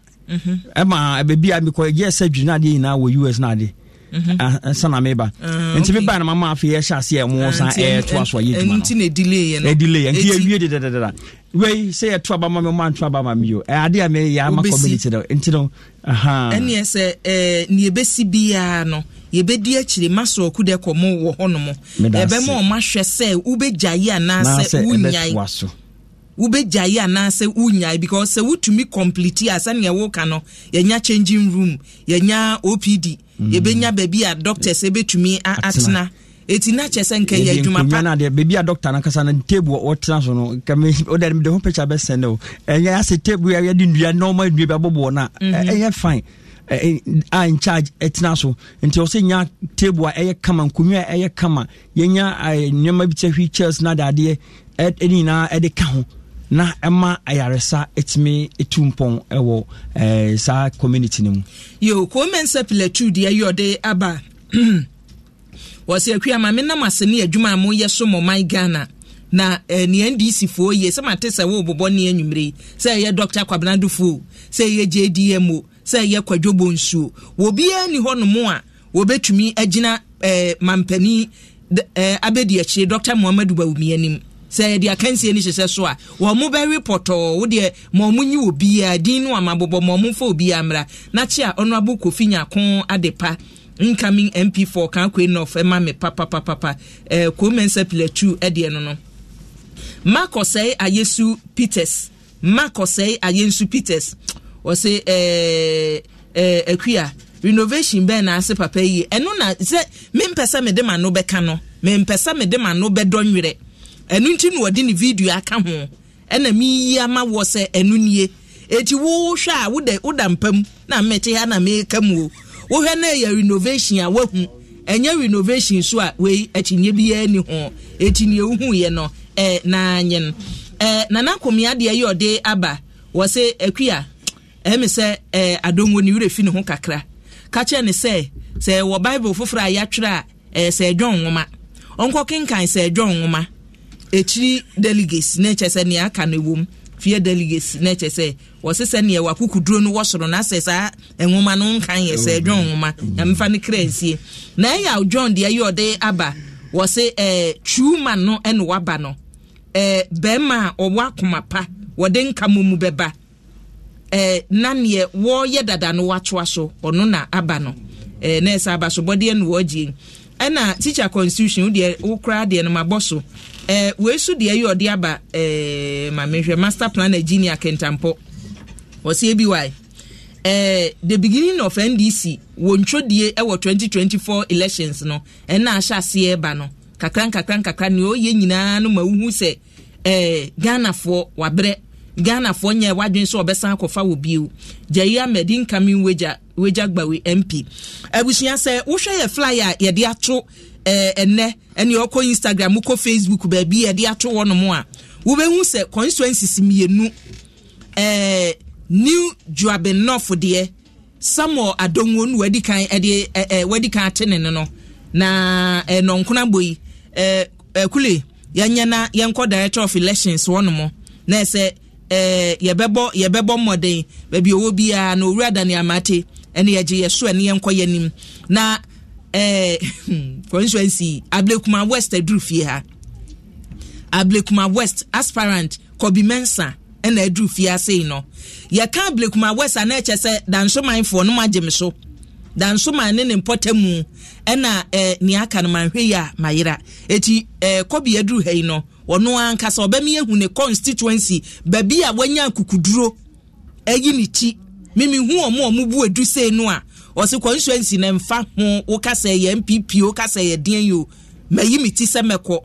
ɛma baabi a mekɔ gye sɛ dwene adeɛ nyinaa wɔ us no ade Mm-hmm. Ah, eh, sana meba ah, nti meba na mama afei yɛhyɛ aseɛ ɛmo sa ɛɛtoa so a yɛ dwuma nodɛdilei eh, nti yɛwie dedadada wei sɛ yɛto aba ma me ma nto aba ma me yo eh, ade a meyɛ ama community no nti no ɛneɛ sɛ ne yɛbɛsi biaa no yɛbɛdi akyire ma sɛ ɔko dɛ kɔmɔ wɔ hɔ nom ɛbɛma ɔma hwɛ sɛ wobɛgyae anaasɛ wonyae wobɛgya yi anaasɛ wonyae because sɛ wotumi complete a sɛneɛ woka no yɛnya changing room yɛnya opd mm. yɛbɛnya baabi a doctors ɛbɛtumi atena ɛti na kyɛ sɛ nkɛ yɛ adwuma padeɛ a doctor no kasa no table wɔtena so no wode mede ho picture bɛsɛne o ɛnyɛ asɛ table yɛde nnua nɔma nnua bi abɔbɔɔ no a ɛyɛ mhm. fine a in charge ɛtena so nti ɔsɛ nya table a ɛyɛ kama nkonnwa a ɛyɛ kama yɛnya nneɛma bi sɛ wheelchairs na dadeɛ ɛne nyinaa ɛde ka ho na ɛma ayaresa ɛtumi ɛtu mpɔn ɛwɔ eh, saa community no mu yo komensa pilatu deɛ yɛ ɔde aba wɔsɛ akwi ama menam ase ne adwuma a moyɛ so mmɔman ghana na eh, nea ndc foɔ yie sɛ mate sɛ wɔrebɔbɔ ne anwummere sɛ ɛyɛ dr kwabena dofoɔ sɛ ɛyɛ jdmo sɛ ɛyɛ kwadwobɔ nsuo wɔbiara ni hɔ nom a wɔbɛtumi agyina eh, mampani eh, abɛdi akyire dr mohamadu bawumi anim sɛ yɛde akansie no hyehyɛ so a wɔn mo bɛwe pɔtɔɔ wodeɛ ma ɔmo nyi obiara din no ama bobɔ ma ɔmo mfa obiara mmra n'akyi a ɔnoabo kofi nyako adepa incoming mp4 kankwe north ɛma me papapapapa ɛɛ komensa pilatu ɛdeɛ no no makɔsɛe ayesu peters makɔsɛe ayesu peters wɔsi ɛɛ ɛɛ akuya renovation bɛɛ na ase papa yie ɛno na sɛ mempɛ sɛ mede ma no bɛka no mempɛ sɛ mede ma no bɛdɔ nwerɛ ɛno nti na wɔde ne video aka ho ɛna meyi ama wɔ sɛ ɛno nie eti wohwɛ a woda woda mpam na mmete ha na meka mu o wohwɛ na ɛyɛ renovation a wahu ɛnyɛ renovation so a wei akyinnye biara ni ho eti nea ohu yɛ no ɛɛ naanyi no ɛɛ nana komia deɛ yɛ ɔde aba wɔsɛ akuya ɛmi sɛ ɛɛ adongo ne werɛ fi ne ho kakra kakyɛ ne sɛ sɛ wɔ bible foforɔ a yɛatwerɛ a ɛɛ sɛ ɛdwɔn nwoma ɔnkɔ kenkan sɛ ɛdwɔn nwoma ekyiri delegates na ɛkyɛ sɛ nea aka no wɔm fie delegates na ɛkyɛ sɛ wɔsi sɛ nea wakukuduro no wɔsoro na sɛ saa nwoma no nka yɛ sɛ john nwoma nyamefa no kra nsie na ɛyɛ john deɛ yɛ ɔde aba wɔsi ɛɛ twuma no ɛna waba no ɛɛ e, bɛrima a ɔwɔ akoma pa wɔde nka mu mu bɛba ɛɛ e, na neɛ wɔɔyɛ dada na watoa so ɔno na aba no ɛɛ na ɛsɛ aba so bɔdeɛ no wɔɔgye ɛna teacher constitution deɛ wokora deɛ no mabɔ so eh, wei so deɛ yɛ ɔde aba eh, mamehwɛ master plan agenia kentampɔ wɔseɛ bi wae eh, the beginning of ndc wɔntwodie ɛwɔ 2024 elections no ɛna ahyɛ aseɛ ba no kakra nkakra nkakra neɛ ɔyɛ nyinaa no ma wohu sɛ eh, ghanafoɔ wabrɛ ghanafoɔ nyɛ wadwen sɛ ɔbɛsan akɔfa wɔ bio gyayi ahmed nkame wagya wagya gbawe mp abusua sɛ wohwɛ yɛ flyer a yɛde ato eh, ɛnɛ ɛne ɔkɔ instagram wokɔ facebook baabi yɛde ato hɔ nom a wobɛhu sɛ constituencies mmienu ɛɛ eh, new juabin north deɛ samuel adongo no wadi kan ɛde ɛɛ wadi kan ate ne no na ɛɛ eh, nɔnkonabo yi ɛɛ ɛkule yɛnyɛ na yɛnkɔ director of elections hɔ nom na ɛsɛ. yɛbɛbɔ eh, yɛbɛbɔ mmɔden baabi owó biara na owura da nneɛma te ɛne yɛgye yɛ so ɛne yɛn nim na ɛɛ eh, constituency ablekuma west aduru fie ha ablekuma west aspirant kobi mensa ɛna aduru fie ase yi no yɛka ablekuma west a na ɛkyɛ sɛ dansomanfoɔ no mu agye me so dansoman ne ne mpɔtɛ mu ɛna ɛɛ eh, nea aka no ma nhwɛ yi a ma eti ɛɛ kobi aduru ha yi no. ɔno ankasa ɔbɛmi ehu ne constituency baabi a wanya akukuduro ɛyi ne ti mimi hu ɔmo ɔmo bu edu sei no a ɔsi constituency na nfa ho wokasa yɛ npp wokasa yɛ den yi o mɛyi mi ti sɛ mɛkɔ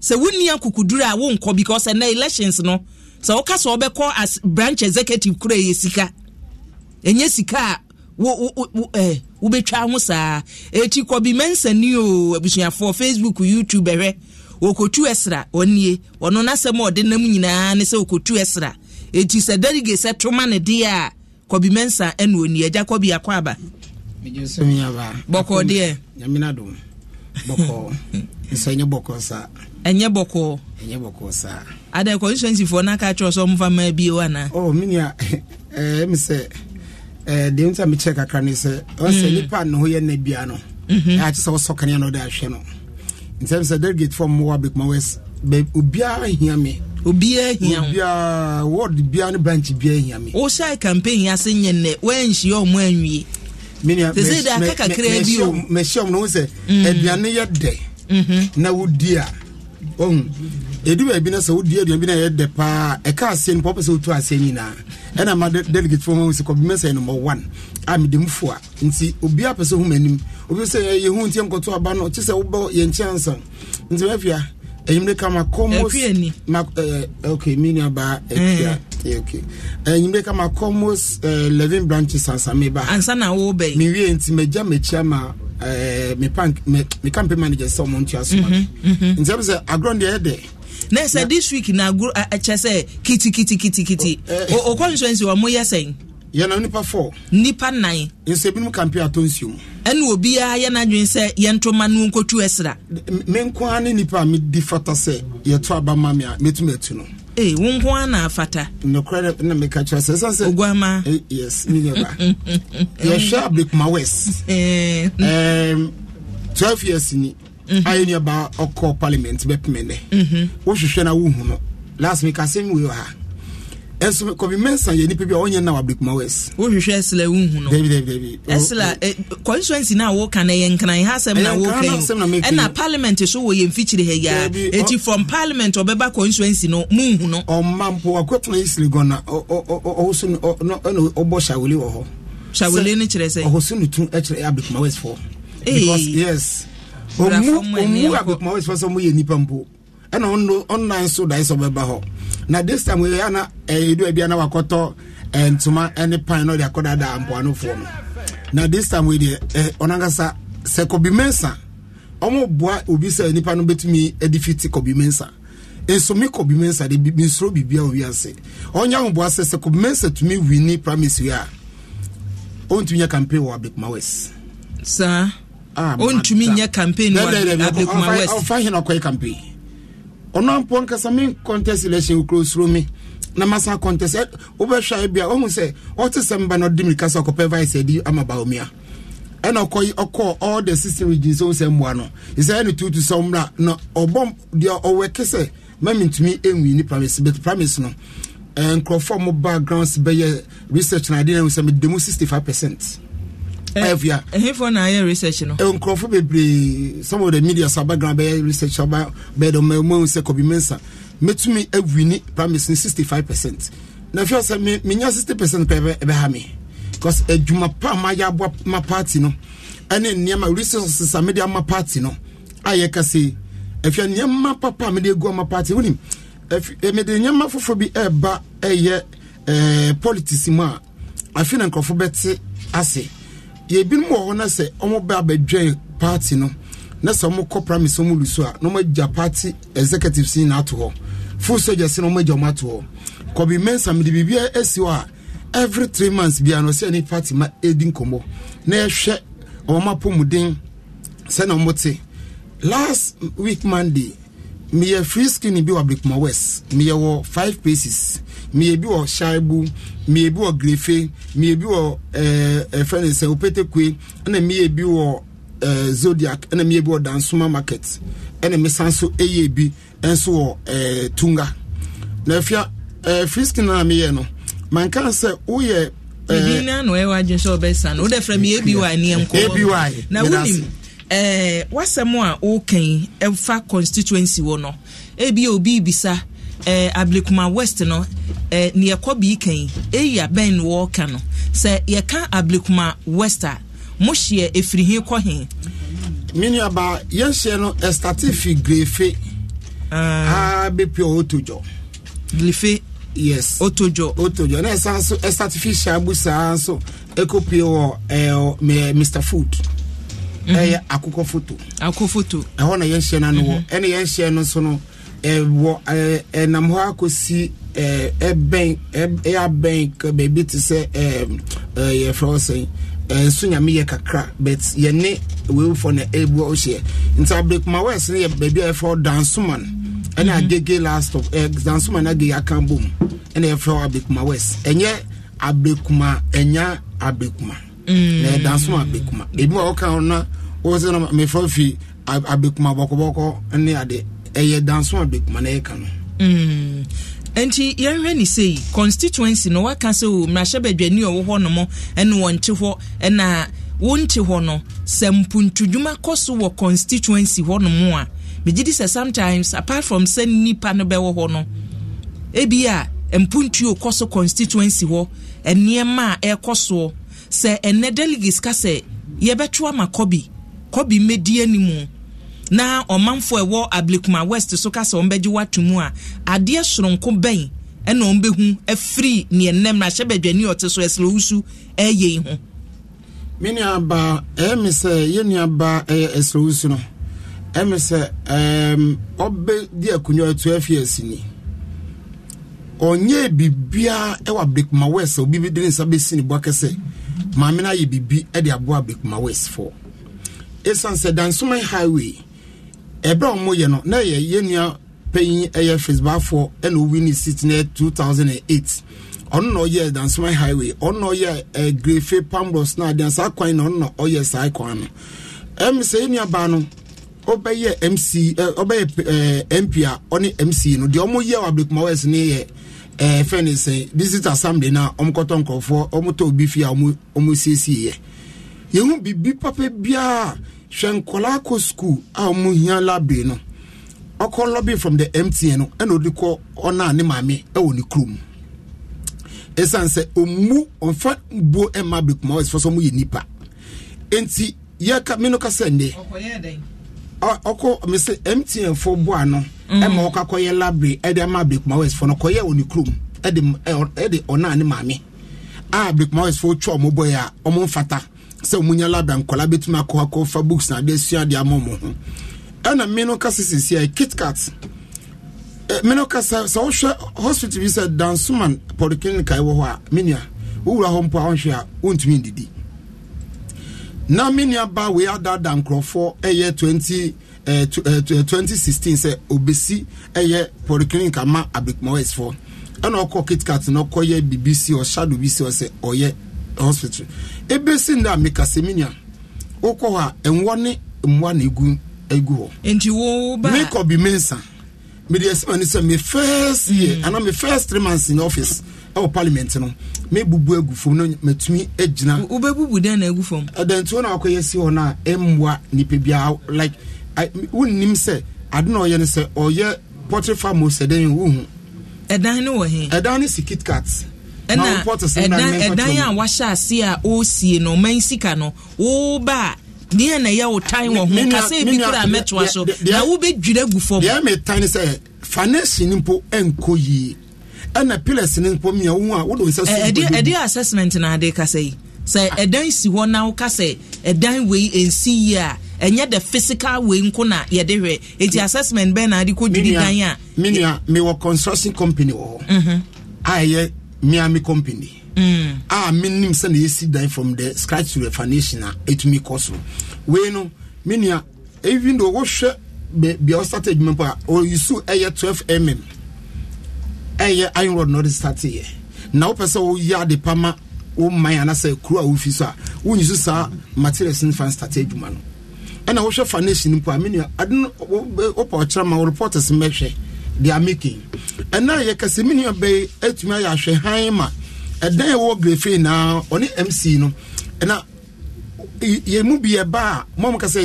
sɛ wunni akukuduro a wonkɔ because ɛnɛ elections no sɛ wokasa ɔbɛkɔ as branch executive kura yɛ sika ɛnyɛ sika a wo wo wo ɛɛ wobɛtwa eh, ho saa eti kɔbi mɛnsa ni o abusuafoɔ facebook youtube ɛhwɛ. wɔkɔtu ɛsra ɔnie ɔno n'asɛm a ɔde nam nyinaa ne sɛ wɔkɔtu ɛsra eti sɛ delegate sɛ toma ne deɛ a kɔbi mɛnsa ɛna oni agya kɔbi akɔ aba. bɔkɔ deɛ. nyamina dum bɔkɔ nso ɛnyɛ bɔkɔ sa. ɛnyɛ bɔkɔ. ɛnyɛ bɔkɔ sa. ada constituency fo n'aka atwere sɛ ɔmo fa mmaa bi o ana. ɔ minia ɛɛ mi sɛ ɛɛ eh, deɛ n mi kyerɛ kakra ne sɛ ɔn sɛ mm. nipa ne ho yɛ nna bia no. Mhm. ɛyà kyerɛ sɛ ɔsɔ kanea na ɔde ahwɛ no terms of delegate from wɔ Mawes, Ubia, hear me obiara hia wo obiara ward ne branch biara hia me wohyɛ campaign ase nyɛ nnɛ woanhyia ɔmo anwie sɛsɛ de aka kakraa bi o mɛhyia ɔmo no ho sɛ aduane yɛ dɛ na wodi a ɔhu ɛdu baabi no sɛ wodi aduane bi no ɛyɛ dɛ paa ɛka aseɛ nipa wopɛ sɛ wotu aseɛ nyinaa ɛna ma delegate fɔm ho sɛ kɔbimɛ sɛ number one a mede mu fo a nti obia pɛ sɛ ho m'anim obi sɛ yɛhu ntiɛ nkɔto aba no ɔkye sɛ wobɛ yɛ nkyɛ nsa nti mafia enyimire kama kɔmos ma ɛɛ kama kɔmos ɛɛ branches ansame ba ansa na wo bɛ yi mi wie nti mɛ gya ma ɛɛ eh, campaign manager sɛ ɔmo ntua so ma mi mhm, mhm. sɛ agorɔ deɛ ɛdɛ na sɛ this week na agorɔ ɛkyɛ sɛ kitikitikitikiti o o constituency wa mo yɛ sɛn yɛna nipa four. nipa nan. nse binom kampe ato nsuo mu. ɛna obiara yɛn adwene sɛ yɛn to ma no nkotu ɛsra. me nko ara ne nipa a medi fata sɛ yɛto aba ma a metumi atu no. ee wo nko na afata. nokura de na meka kyerɛ sɛ sisan sɛ. oguama. ee eh, yes ne yɛ ba yɛhwɛ abirikuma west. ɛɛ eh. twelve years ni. Mhm. ayɛ ni ɛba ɔkɔ parliament bɛ pɛmɛ mhm. wohwehwɛ na wohu no last week asɛm wei wɔ ha ɛnso kɔbi mɛnsa yɛ nipa bi a ɔnyɛ na wabere kuma wɛs. wohwehwɛ ɛsla wuhu no. dabi dabi dabi. ɛsla eh, constituency na awoka na yɛ nkran ha asɛm na awoka yi ɛna parliament so wɔ yɛn mfikyiri ha yaa eti oh. from parliament ɔbɛba constituency no mu nhu no. ɔma mpo akɔtena yi siri gɔn na ɔwoso no ɛna ɔbɔ shawele wɔ hɔ. shawele ne kyerɛ sɛ. ɔhoso no tun ɛkyerɛ abere wɛs fɔ. because yes ɔmu ɔmu abere kuma wɛs fɔ sɛ ɔmu yɛ nipa mpo ɛna ɔnnan so da na this time wɔyɛ ana ɛyɛdu ebi ana wakɔtɔ ntoma ɛne pan na ɔde akɔdada mpoanofoɔ no na this time wɔyɛ deɛ ɛ eh, ɔnankasa sɛ kɔbi mɛnsa wɔn boa obi sɛ nipa no betumi ɛde eh, fiti kɔbi mɛnsa nsomi eh, kɔbi mɛnsa de bi nsoro bibi a owi ase ɔnyɛ ahoboa sɛ sɛ kɔbi mɛnsa tumi wini promise yi a ɔntumi yɛ campaign wɔ abekuma west. saa ah, ɔntumi nyɛ campaign wɔ abekuma west. ɔfa hin ɔkɔyɛ campaign ɔno mpo nkasa me contest election wokuro suro me na masa contest wobɛhwɛ bia ɔhu sɛ ɔte sɛm ba no ɔde mirika sɛ ɔkɔpɛ vice adi ama baomia ɛna ɔkɔ ɔkɔ all the system regions so sɛ mmoa no ɛsɛ ɛne tutu sɛ ɔmmra na ɔbɔ deɛ ɔwɛke sɛ mamintumi ɛnwi ne promise but promise no eh, nkurɔfoɔ mo backgrounds bɛyɛ research na ade na ɛhu sɛ mede mu 65 percent ɛfia. ɛhinfo na ayɛ research no. Eh, nkurɔfo bebree some of the media sa background bɛyɛ research aba bɛyɛ dɔn mɛ mo n sɛ kɔbi mensa mɛtumi awi ni primaries ni sixty five percent na fi ɔsɛ mi mi nya sixty percent kura ɛbɛ ha mi because adwuma pa ma yɛ aboa ma party no ɛne nneɛma resources a media ma party no a yɛ kase ɛfia nneɛma papa a mɛde egu ama party wunim ɛfi ɛmɛde eh, nneɛma foforɔ bi ɛɛba ɛɛyɛ ɛɛ eh, politics mu a afi na nkurɔfo bɛte ase yɛ binom wɔ hɔ no sɛ ɔmo abɛdwɛn party no na sɛ ɔmo kɔ primaries ɔmo lu a na ɔmo party executive yi na ato hɔ full soldiers na ɔmo agya ato hɔ kɔbi mensa mede biribia asi hɔ a every three months bia no sɛ ne party ma ɛdi nkɔmmɔ na yɛhwɛ ɔmo apɔmuden sɛna ɔmo te last week monday meyɛ free skin bi wɔ abirikuma west meyɛ wɔ five places mmienu wɔ shaibu mmienu wɔ grefe mmienu wɔ ɛɛ eh, ɛfɛ eh, ne eh, sɛ opetekue ɛna mmienu wɔ ɛɛ zodiac ɛna mmienu wɔ dansoma market ɛna mmiɛnsa nso ɛyɛ ebi nso wɔ ɛɛ tunga na afia ɛɛ friskin na meyɛ no manka sɛ woyɛ. bibi na na ɛwɔ adwe sɛ ɔbɛsa no wodɛ fira mi ebi wa ni nkɔ ebi wa na wunim ɛɛ wasɛm a ɔɔkɛn ɛfa constituency wɔ no ebi obi bisa ɛɛ abilikuma west no eh, ne yɛkɔ bii kan ɛyia bɛn ne wɔreka no sɛ yɛka abilikuma west a mo hyeɛ ɛfiri he kɔ he menuaba yɛnhyɛ no ɛstate fi grefe ah. a bɛpia ɔtodwɔ grefe yes otojo otojo na ɛsan so ɛstate fi hyɛ abu saa nso wɔ ɛɛ eh, mr food mhm. ɛyɛ akokɔ foto akokɔ foto ɛhɔ na yɛnhyɛ no ano wɔ mhm. ɛna yɛnhyɛ no nso no ɛwɔ ɛɛ ɛnam hɔ akɔsi ɛɛ ɛbɛn ɛyɛ abɛn beebi te sɛ ɛɛ ɛɛ yɛfrɛ ɔsɛn nso nyame yɛ kakra but yɛne weewufoɔ na ɛbu ɔhyɛ nti abirikuma wɛs no yɛ beebi a yɛfrɛ dansoman ɛna mhm. agege last of ɛɛ dansoman agege aka bom ɛna yɛfrɛ abirikuma wɛs ɛnyɛ abirikuma ɛnya abirikuma ɛɛ mm. dansoman abirikuma ebi wɔ ɔka ɔna wɔsɛ na mɛfrɛ fi abirikuma bɔkɔbɔkɔ ɛne ɛyɛ danso a bekuma na ɛka no. Mm. nti yɛnhwɛ ne sei constituency no waka sɛ o oh, mmarahyɛ badwani a ɔwɔ hɔ nom ɛne wɔnte hɔ ɛna wɔnte hɔ no sɛ mpuntudwuma kɔ so wɔ constituency hɔ nom a megye di sɛ sometimes apart from sɛ nnipa no bɛwɔ hɔ no ebi a mpuntuo kɔ so constituency hɔ nneɛma a ɛrekɔ soɔ sɛ ɛnɛ delegates ka sɛ yɛbɛto ama kɔbi kɔbi mmedi anim na ɔmanfoɔ ɛwɔ ablikuma west so kasa wɔn bɛgye wato mu a adeɛ soronko bɛn ɛna wɔn bɛhu afiri neɛ nnɛm na ahyɛ badwani ɔte so ɛsrɛ wusu ɛyɛ yi ho. me nuaba ɛyɛ mi sɛ yɛ nuaba ɛyɛ ɛsrɛ wusu no ɛyɛ mi sɛ ɛɛm ɔbɛ di akonnwa ɛtu ɛfi ɛsi ni ɔnyɛ bibia ɛwɔ ablikuma west obi bi de ne nsa bɛsi ne bɔ akɛsɛ maame na ayɛ bibi ɛde aboa ablikuma west fɔ ɛsan sɛ dansoma highway. ɛberɛ ɔmo yɛ no na ɛyɛ yɛnua panyin ɛyɛ hwesbaafoɔ ɛna owi ne seat na 2008 ɔno na ɔyɛ dansoma highway ɔno na ɔyɛ ɛɛ grefe pambros na adeɛ saa kwan na ɔno na ɔyɛ saa kwan no ɛm sɛ yɛnua baa no ɔbɛyɛ mc ɛ ɔbɛyɛ ɛɛ mp a ɔne mc no deɛ ɔmo yɛ wɔ abirikuma west ne yɛ ɛɛ fɛn ne sɛ district assembly na ɔmo kɔtɔ nkɔfoɔ ɔmo tɔ obi fi a ɔmo ɔmo siesie yɛ yɛn ho bibi papa biara. hwɛ nkɔlaa kɔ sukuu a wɔn hia labe no ɔkɔ lɔbi from the mtn no ɛna ɔde kɔ ɔna ne maame ɛwɔ ne kurom ɛsan sɛ ɔmu ɔnfa buo ɛma bɛkuma ɔsɛ fɔsɔ ɔmo yɛ nipa nti yɛka mi no kasa nne ɔkɔ mɛsɛ mtn fo bo ano ɛma ɔkɔ akɔyɛ labe ɛde ama bɛkuma ɔsɛ fɔ no kɔyɛ wɔ ne kurom ɛde ɛde ɔna ne maame a bɛkuma ɔsɛ fɔ twɛ ɔmo bɔ yɛ a ɔmo mfata sɛ ɔmunya laba nkɔla bɛtumi akɔ akɔfa books na adeɛ sua adeɛ ama ɔmo ho ɛna mme kasa sisi a kitkat mme no kasa sɛ ɔhwɛ hospital bi sɛ dansoman polyclinic a ɛwɔ hɔ a menua wowura hɔ mpo a ɔnhwɛ a wɔntumi ndidi na menua ba wei adaadaa nkurɔfoɔ ɛyɛ twenty Uh, to, uh, to, uh, 2016 sɛ obesi ɛyɛ polyclinic ama abekuma ɛna ɔkɔ kitkat na ɔkɔyɛ bibi si ɔhyado bi si ɔsɛ ɔyɛ hospital ebe si ndị amika seminia ụkọ ha enwọ ne mmoa na egu egu hɔ. nti wo ba mekɔ bi mensa mede ɛsi ma ne sɛ me first year mm. anaa me first three months in office ɛwɔ parliament no mebubu agu fam na matumi agyina. wobɛbubu dɛn na agu fam. ɛdɛntuo na akɔyɛ si hɔ na ɛmmoa nipa biara like n'im sɛ ade na ɔyɛ no sɛ ɔyɛ poultry farm o sɛ dɛn wohu. ɛdan no wɔ he. ɛdan no si kitkat. ɛna ɛdan a wahyɛ ase a ɔresie no ɔman sika no woba a deɛ na ɛyɛ wo tan wɔ ho kasɛ bi kora mɛtoa so na wobɛdwira gu fam deɛ metan ne sɛ fanesi no mpo ɛnkɔ yie ɛna pillars no mpo mia wo a wode wo sɛ ɛdeɛ assessment na ade kasɛ yi sɛ ɛdan si hɔ na woka sɛ ɛdan wei ɛnsi yie a ɛnyɛ the physical way nko na yɛde hwɛ eti assessment bɛn na ade kɔ dwiri dan a menua mewɔ construction company wɔ hɔ mhm. a ɛyɛ miami company mm. a menim sɛna yɛsi dan from the scratch to refination a ɛtumi kɔ so wei no menua even though wohwɛ bia wostate adwuma mpo a ɔyusu ɛyɛ 12 mm ɛyɛ iron rod na ɔde stateɛ na wopɛ sɛ woyɛ ade pa ma wo man anasɛ kuro a wofi so a wonyusu saa materials no fa nstate adwuma no ɛna wohwɛ foundation mpo a menua ade no wopɛ ɔkyerɛ ma wo reporters mmɛhwɛ they are making na yɛ kɛse mi ni ɔbɛyi atumi ayɛ ahwɛ ma ɛwɔ grefe na ɔne mc no ɛna yɛn mu baa yɛ ba kasa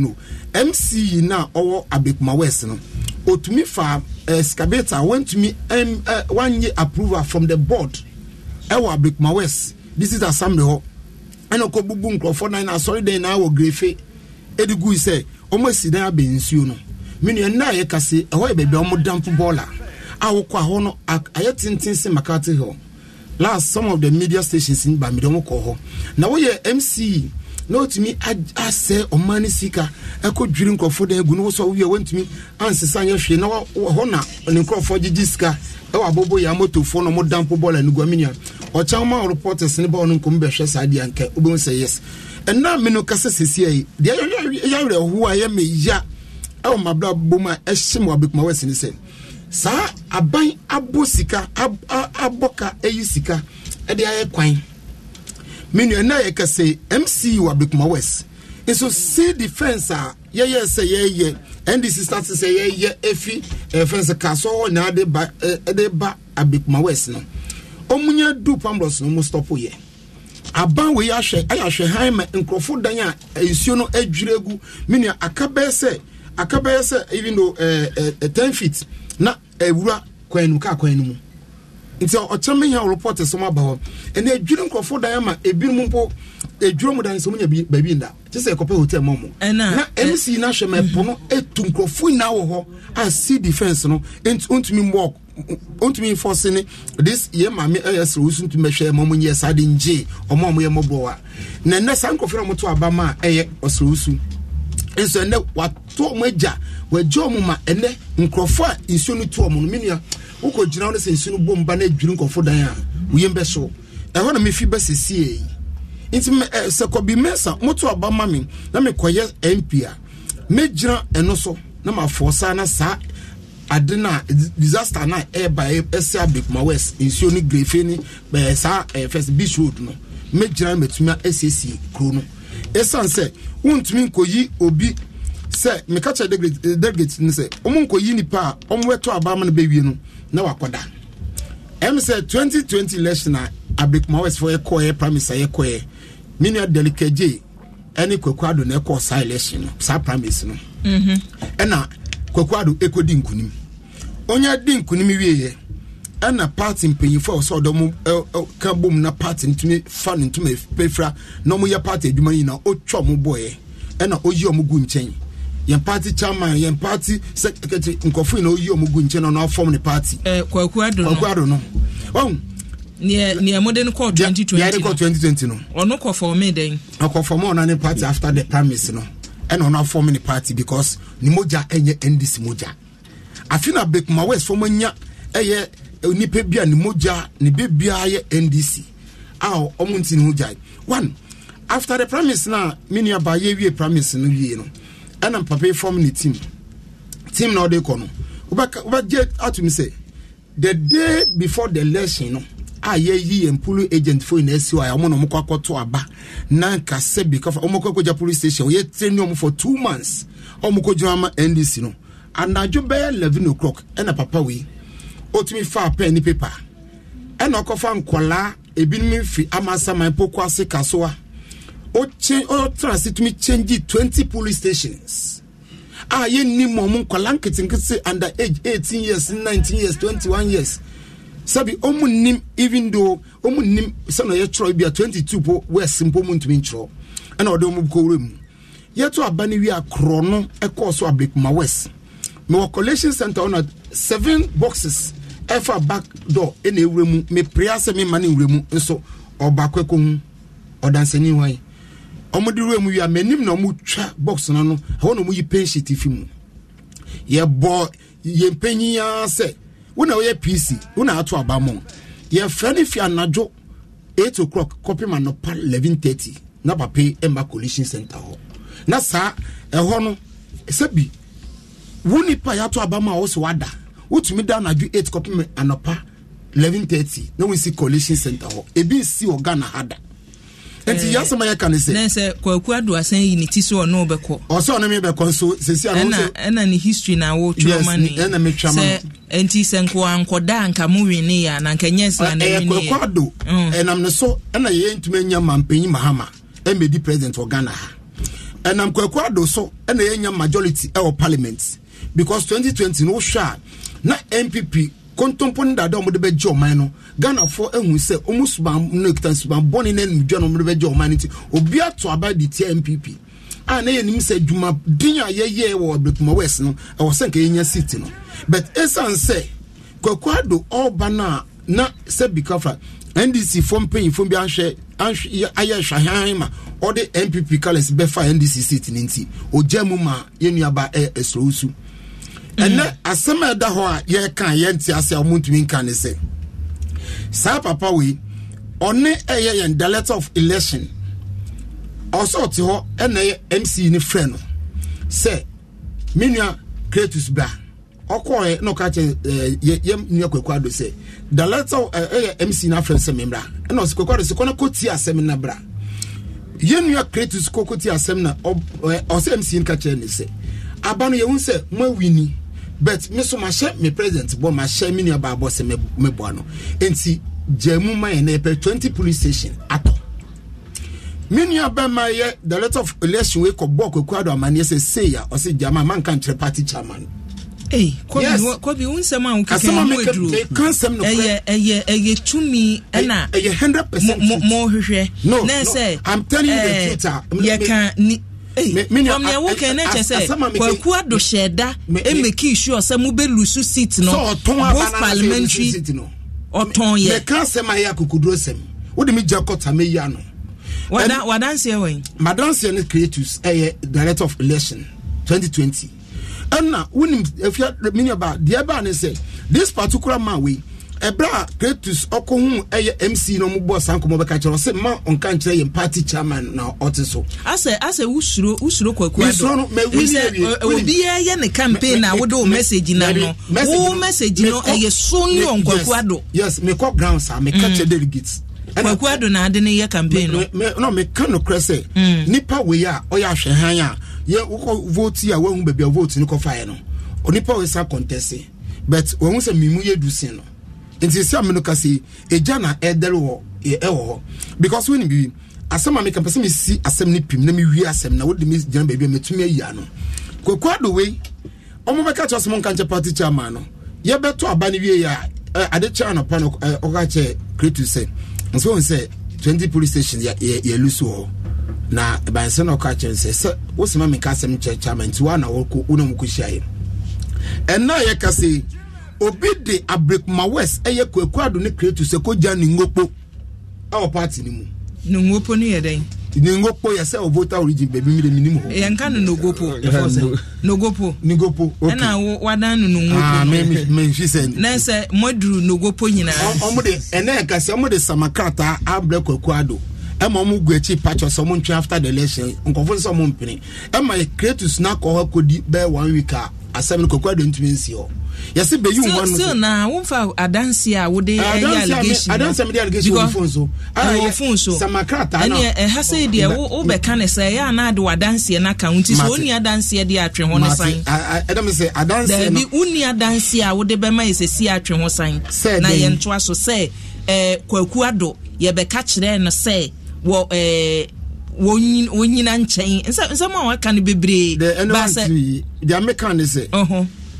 no mc na ɔwɔ abekuma west no otumi fa uh, excavator wɔntumi ɛm uh, approval from the board ɛwɔ abekuma west assembly hɔ bubu na na grefe gu sɛ na- nsuo no. menu ɛnna a yɛka se yɛ baabi a wɔn dampo bɔɔla a wɔkɔ ahɔ no ayɛ tenten sɛ makati hɔ last some of the media stations in bamidi wɔn kɔ hɔ na wɔyɛ MC, na wɔtumi asɛ ɔman ne sika ɛkɔ dwiri nkurɔfoɔ dan egu na wɔsɔ wɔyɛ wɔntumi ansesa nyɛ hwee na wɔhɔ na ne nkurɔfoɔ gyegye sika ɛwɔ abobo yɛ amotofoɔ na wɔn dampo bɔɔla ne guaminia ɔkyɛn wɔn a reporters ne bɔɔl no nkɔm bɛhwɛ saa deɛ nkɛ obɛn sɛ yes ɛnna menu kasa sisi yɛ deɛ yɛ yɛ yɛ yɛ yɛ ɛwɔ mabra bom a ɛhyɛ mu abɛkuma wɔasi ne sɛ saa aban abɔ sika abɔ ka ɛyi sika ɛde ayɛ kwan menua na yɛ kɛse mc wɔ abɛkuma wɔasi nso sea defence a yɛyɛ sɛ yɛyɛ ndc start sɛ yɛyɛ efi ɛfɛnse kaso hɔ na ɛde ba ɛde ba abɛkuma wɔasi no wɔn nyɛ du pambros no wɔn stɔpo yɛ aban wei ahwɛ ayɛ ahwɛ han ma nkurɔfo dan a nsuo no adwiri egu aka bɛɛ sɛ aka bɛyɛ sɛ even though ɛɛ eh, ɛɛ eh, eh, ten feet na ewura kwan no kaa kwan no mu nti ɔkyɛn mi yɛn report sɔm aba hɔ ɛnna edwiri nkorɔfo dan ama ebinom mpo edwiri mu dan sɛ ɔmo nya baabi nda kye sɛ ɛkɔpɛ hotel mɔ mo na mc na ahwɛ ma ɛpo no etu nkorɔfo nyinaa wɔ hɔ a sea defence no ntumi mbɔk ntumi nfɔsi ni dis yɛ maame ɛyɛ sɛ osu ntumi bɛhwɛ ɛma ɔmo nyɛ saa de ngye ɔmo a ɔmo yɛ mɔbɔ wa na nnɛ saa nkorɔfo na ɔmo to aba ma ɛyɛ ɔsɛ osu nso ɛnɛ wa to ɔmo agya wɔagya ɔmo ma ɛnɛ nkurɔfoɔ a nsuo no to ɔmo no menua wokɔ gyina wo no sɛ nsuo no bɔ mba no adwiri nkurɔfoɔ dan a woyam bɛhyew ɛhɔ na mefi bɛsesie yi nti sɛ kɔbi mɛsa moto aba ma me na mekɔyɛ mp a mɛgyina ɛno so na mafoɔ saa na saa ade no disaster na a ɛba ɛsɛ abekuma west nsuo no grefe ne bɛɛ saa ɛɛ fɛs beach road no mɛgyina mɛtumi asiesie kuro no ɛsiane sɛ wontumi nkɔyi obi sɛ meka kyerɛ delegate eh, no sɛ ɔmo nkɔyi nipa a ɔmo bɛtɔ abaama no bɛwie no na wakɔda ɛm sɛ 2020 election a ɛne kwaku ado na ɛkɔɔ saa election no saa primaries no mhm. ɛna kwaku ado ɛkɔdi nkunim onye di nkunim ɛna party mpanyinfo a wɔsɛ ɛ ka bom na party ntumi fa ne ntoma pefra na ɔmo yɛ party adwuma yi na ɔtwa yɛn party chairman yɛn party secretary nkɔfo yi na oyi ɔmo gu nkyɛn na ɔno afɔm ne party. ɛ kwaku ado no kwaku ado no ɔn. nìyɛ nìyɛ mo kɔ twenty twenty no kɔ twenty twenty no. ɔno ɔna ne party after the primaries no ɛna ɔno afɔm ndc mogya afi na bekuma west fɔm anya ɛyɛ nipa bi a ne mogya ne bebia yɛ ndc a ɔmo nti ne one after the primaries na mi yɛ wie primaries no wie ɛna mpape fam ne team team na ɔde kɔ no wobɛgye atom sɛ the day before the election no a yɛyi yɛn polo agent fo nyinaa si hɔ a ɔmo na ɔmo kɔ akɔto aba na nkasɛ bi kɔfa ɔmo kɔ akɔgya police station ɔyɛ train ɔmo for two months ɔmo kɔ gyina ama ndc no anadwo bɛyɛ eleven o'clock ɛna papa wei otumi fa pen ne paper ɛna ɔkɔfa nkɔlaa ebinom fi amasaman poko ase kasoa o change o transit me change twenty police stations a ye ni mu ɔmo nkɔla nketenkete under age eighteen years nineteen years twenty one years sabi ɔmo nim even though ɔmo nim sani ɔyɛ twerɛ bi a twenty two po wɛsi mpo mu ntumi ntwerɛ ɛna ɔde ɔmo kɔ wura mu yɛto aba ne wi akorɔ no ɛkɔɔ so abirikuma west mewɔ collation center ɔna seven boxes ɛfa back door ɛna ewura mu mepere asɛ mi ma ne nwura mu nso ɔbaako ɛkɔ mu ɔdansani wɔn yi ɔmo de wura mu wia mɛnim na ɔmo twa box na no ɛhɔ na ɔmo yi pension ti fi mu yɛbɔ yɛn panyin yaa sɛ wo na ɔyɛ pc wo na ato aba mo yɛfrɛ ne fi anadwo eight o'clock kɔpem anɔpa eleven thirty na pape ɛmba collision center hɔ na saa ɛhɔ no sɛbi wo nipa yɛato aba mo a wɔsɛ wada wotumi da anadwo eight kɔpem anɔpa eleven thirty na wɔn si collision center hɔ ebi nsi wɔ ghana ha da nti eh, yasɛm a yɛka ne sɛ ne sɛ kwaku ado asan yi ne ti sɛ ɔno bɛkɔ ɔsɛ ɔno me bɛkɔ nso sɛsi a ɛna ɛna ne history na wotwerɛ ma no ɛna metwa ma nti sɛ nkoa nkɔda anka mo wene na nka nyɛ sɛ eh, na ɛyɛ eh, kwaku ado ɛnam mm. ne so ɛna yɛntumi nya mampanyi mahama ɛmɛdi president wɔ ghana ha ɛnam kwaku ado so ɛna yɛnya majority ɛwɔ parliament because 2020 no wohwɛ a na npp kontompo ne dada a wɔde bɛgye ɔman no ghanafoɔ ehu sɛ wɔn suban no kita suban bɔnne ne nudua na wɔde bɛgye ɔman no ti obi ato aba de tia npp a ne yɛ nim sɛ dwuma din a yɛyɛ wɔ abirikuma west no ɛwɔ sɛ nka yɛnya seat no but esan sɛ kwakwado ɔba no na sɛ bikafa ndc fo mpanyinfo bi ahwɛ ayɛ ahwɛhan ma ɔde npp colours bɛfa ndc seat ne nti ogya mu ma yɛn nuaba ɛɛ esorosu. Mm. ɛnɛ asɛm a ɛda hɔ a yɛreka yɛnte ase a ɔmontumi nka ne sɛ saa papa wei ɔne ɛyɛ yɛn director of election ɔsɛ ɔte hɔ ɛna ɛyɛ mc ne frɛ no sɛ me nua kratus bra ɔkɔɔɛ na ɔka kyɛ eh, yɛ nua kwakuado sɛ director eh, ɛyɛ mc no afrɛ sɛ membra ɛna ɔsɛ do sɛ kɔne kɔtie asɛm na bra yɛn nua kratus kɔkɔtie asɛm na eh, ɔsɛ mc no ka kyerɛ ne sɛ aba no yɛhu sɛ moawini but me so mahyɛ me president bɔ mahyɛ me nua baabɔ sɛ meboa no nti gyamu ma yɛ na yɛpɛ 20 police station atɔ me nua bɛma yɛ director of election wei kɔbɔɔ kwakuado amanneɛ sɛ sei a ɔse man kan nkyerɛ party chairman Hey, kobi yes. kobi wo nsɛm a wokekɛmɔduro ɛyɛ ɛyɛ ɛyɛ tumi ɛna ɛyɛ hundred percent mo mo hwehwɛ na ɛsɛ yɛka ni ɔmeɛ wo kɛ ne kyɛ sɛ kwaku ado hyɛ da ɛmɛki sure sɛ mobɛlu so seat no both parliamentary ɔtɔn yɛ mɛka asɛm ayɛ akokoduro sɛm wode megya kɔta mɛyi ano wadanseɛ wɔ madanseɛ no creatives ɛyɛ eh, director of election 2020 ɛna wonim afia menuaba deɛ ɛbaa ne sɛ this particular man wei ɛberɛ a kratus ɔkɔ hu mc na ɔmobɔɔ saa nkɔmmɔ bɛka kyerɛ ɔse ma ɔnka nkyerɛ yɛ party chairman na ɔte so asɛ Usoro eh, ne campaign na wode wo message na no wo message no ɛyɛ sonli ɔnkwakuado yes mekɔ ground saa meka kyerɛ delegates kwakuado na ade ne yɛ campaign no no meka nokorɛ sɛ mm. nipa wei a ɔyɛ ahwɛhan a yɛ wokɔ vote a woahu a vote no kɔfaeɛ no onipa wei sa contest but wɔhu sɛ yɛ du nti sɛ ameno kasa yi na ɛdɛre wɔ e, ɛwɔ hɔ because wo ne biribi asɛm a meka pɛ sɛ mesi asɛm no pim na mewie asɛm na wode me gyina baabi a matumi ayi ano kwaku adowei ɔmo bɛka kyerɛ sɛ mo party chairman no yɛbɛtɔ aba no wie a ade kyɛ anɔpa no ɔka kyɛ kretu sɛ nso wɔn sɛ twenty police station yɛlu so hɔ na bansɛn na ɔka kyerɛ sɛ sɛ wosoma meka asɛm kyerɛ chairman nti wɔn a na wɔn na wɔn kɔ hyia yɛ ɛnna yɛka sɛ obi de abirikuma west ɛyɛ kwaku ado ne kretu sɛ ko gya ne ngokpo ɛwɔ paati ne mu. ne ngokpo ne yɛ dɛ. ne ngokpo yɛ sɛ o voter origin baabi mi de mi nim hɔ. yɛn ka no nogopo ɛfɔsɛ nogopo. nogopo ok ɛna wadan no nogopo. aa ah, mɛ mi mɛ nfi sɛ. nɛsɛ mɔduru nogopo nyinaa. ɔmo de ɛnɛ kasi ɔmo de sama krataa abirɛ kwaku ado ɛma ɔmo gu akyi patch ɔsɛ ɔmo ntwe after the election nkɔfo nsɛ ɔmo mpene ɛma kretu snack ɔhɔ kodi bɛɛ one week a. asɛm no kɔkɔ ado ntumi nsi hɔ yɛsɛ bɛyi wɔn no still na womfa adanse a wode ɛyɛ allegation adansi a mede allegation wɔ so ɛna ah, wɔ phone so samakrataa na ɛne ɛha sɛ deɛ wo bɛka ne sɛ ɛyɛ ana ade wadanseɛ no aka wo nti sɛ wonni adanseɛ de atwe ho no san ɛdam sɛ adanseɛ no daabi wonni adanseɛ a wode bɛma yɛ sɛsi atwe ho san na yɛntoa so sɛ eh, kwaku ado yɛbɛka kyerɛ no sɛ wɔ eh, wɔnyina nkyɛn nsɛm a wɔaka no bebree basɛ deɛ meka ne sɛ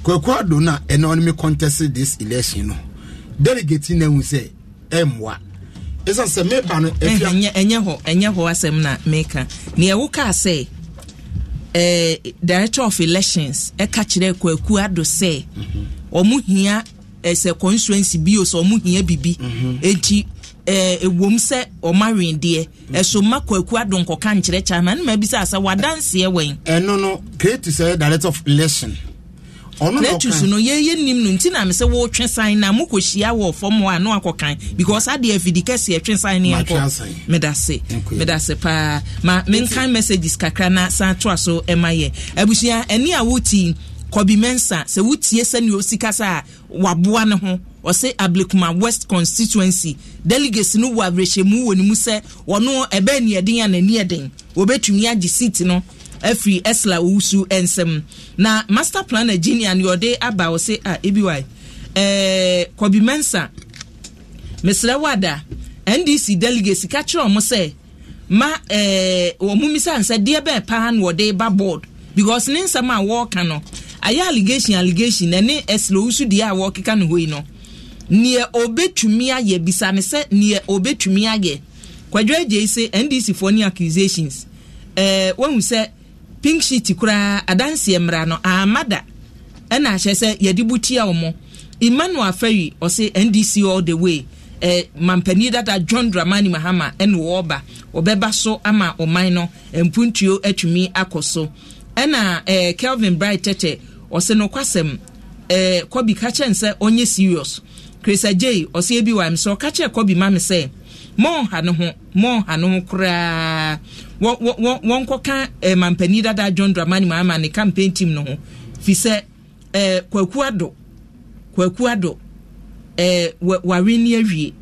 kwakuado no a ɛna ɔno me contest this election no delegate no ahu sɛ ɛmmoa ɛsɛ sɛ meba no eh, ɛnyɛ hɔ ɛnyɛ hɔ asɛm na meka neɛ wokaa sɛ eh, director of elections ɛka kyerɛ kwakuado sɛ mhm. ɔmo hia ɛsɛ eh, constituency bio sɛ ɔmo hia bibi mhm. enti mm -hmm. ɛwom eh, sɛ ɔma wendeɛ ɛso ma kwaku adonkɔka nkyerɛ chairman ne ma bi sɛ asɛ wadanseɛ wɛn ɛno no kretu sɛ direct of election kretus no yɛyɛ nim no nti na me sɛ wotwe san na mokɔhyia wɔ fam hɔ a na wakɔkan because adeɛ afidi kɛseɛ twe san ne yɛkɔ medase medase paa ma menkan messages kakra na san toa so ma yɛ abusua ɛne a wotii kɔbi mensa sɛ wotie sɛnea osika a waboa ne ho ɔsɛ ablekuma west constituency delegates no wɔ awerɛhyɛmu wɔ ne mu sɛ ɔno ɛbɛn ni ɛden a n'ani ɛden wɔbɛtumi agye seat no afiri ɛsla owusu nsɛm na master plan agenia ne ɔde aba ɔsɛ a ah, ebi wa ɛɛ kɔbi mensa mesrɛ wada ndc delegates ka ɔmo sɛ ma ɛɛ wɔn mu misa nsɛ deɛ bɛɛ paa na wɔde ba board because ne nsɛm a wɔreka no ayɛ allegation allegation na ne ɛsla owusu deɛ a wɔrekeka ne hɔ yi no neɛ obetumi ayɛ bisa ne sɛ neɛ obetumi ayɛ kwadwo agye sɛ ndc foɔ ne accusations ɛɛ eh, wɔn sɛ pink sheet koraa adanseɛ mmra no amada ɛna ahyɛ sɛ yɛde bu tia wɔn emmanuel afɛyi ɔsɛ ndc all the way ɛɛ eh, mampanin dada john dramani mahama ɛna wɔɔba ɔbɛba so ama ɔman no mpuntuo atumi akɔ so ɛna ɛɛ eh, kelvin bright tɛtɛ ɔsɛ no kwasɛm ɛɛ kɔbi kakyɛn ɔnyɛ serious krista j ɔsɛ bi wa msɛ ɔka kyerɛ kɔbi ma me sɛ mɔnha no ho mɔnha no ho koraa wɔnkɔka eh, mampani dada john dramani maama ne campaign team no ho fi sɛ eh, kwaku ado kwaku ado eh, ware ne awie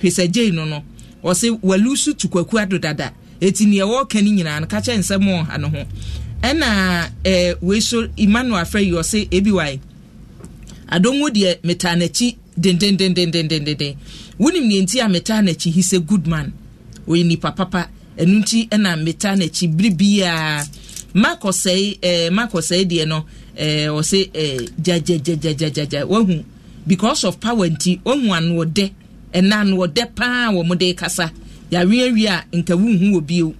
krista j no no ɔsɛ walusu tu kwaku ado dada ɛti neɛ wɔɔka no nyinaa no ka kyerɛ nsɛ mɔnha no ho ɛna eh, wei so emmanuel afrɛ yi ɔsɛ ebi wae adɔnwo deɛ metaa n'akyi dendendendendendenden wonim ne nti a metaa n'akyi he sɛ good man ɔyɛ nipa papa ɛno nti ɛna metaa n'akyi bere biara marko sɛe eh, ɛɛ marko sɛe deɛ no ɛɛ ɔsɛ ɛɛ gyagyagyagyagyagya wahu because of power nti wahu anoɔdɛ ɛna anoɔdɛ paa wɔn de kasa yawiewie a nka wuhu wɔ bio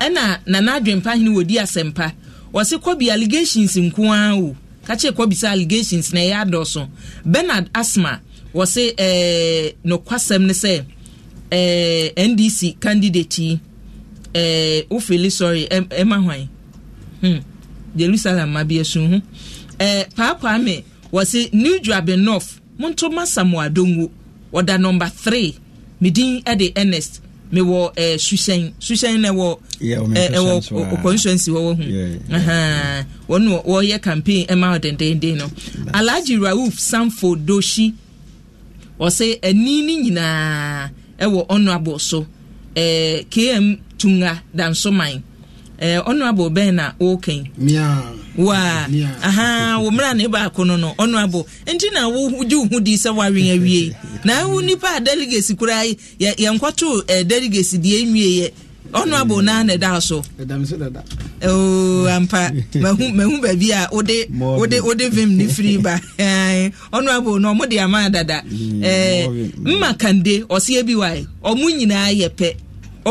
ɛna nana adwempa hene wɔ di asɛmpa wɔsɛ kɔbi allegations nko ara o kakyɛ kɔbi sɛ allegations na ɛyɛ adɔso bernard asma wɔse eh, nokwasɛm no sɛ eh, ndc candidate yi eh, wofili sorry ɛma hwan hmm. jerusalem ma bi asu ho hmm. eh, paapaa me wɔse new dwabe north monto masamoa dongo wɔda number three medin de ernest mewɔ eh, suhyɛn suhyɛn na ɛwɔ ɛwɔ constituency wɔwɔ ho hmm. wɔn wɔyɛ campaign ɛma ɔdendenden no alhaji rauf sanfo doshi ɔsɛ ani no nyinaa ɛwɔ so eh, km tunga dansoman eh, honorable bɛn na wɔkan waa aha wo mmerɛ baako no no honorable nti na wogye di ho di sɛ woawen awie na wo nipa a delegate ya yɛnkɔto eh, delegate deɛ ɔno abɔ naa na ɛda so ampa mahu baabi a wode wode vim ne firi ba ɔno abɔ no ɔmo de ama dada mm, mma kande ɔseɛ bi wae ɔmo nyinaa yɛ pɛ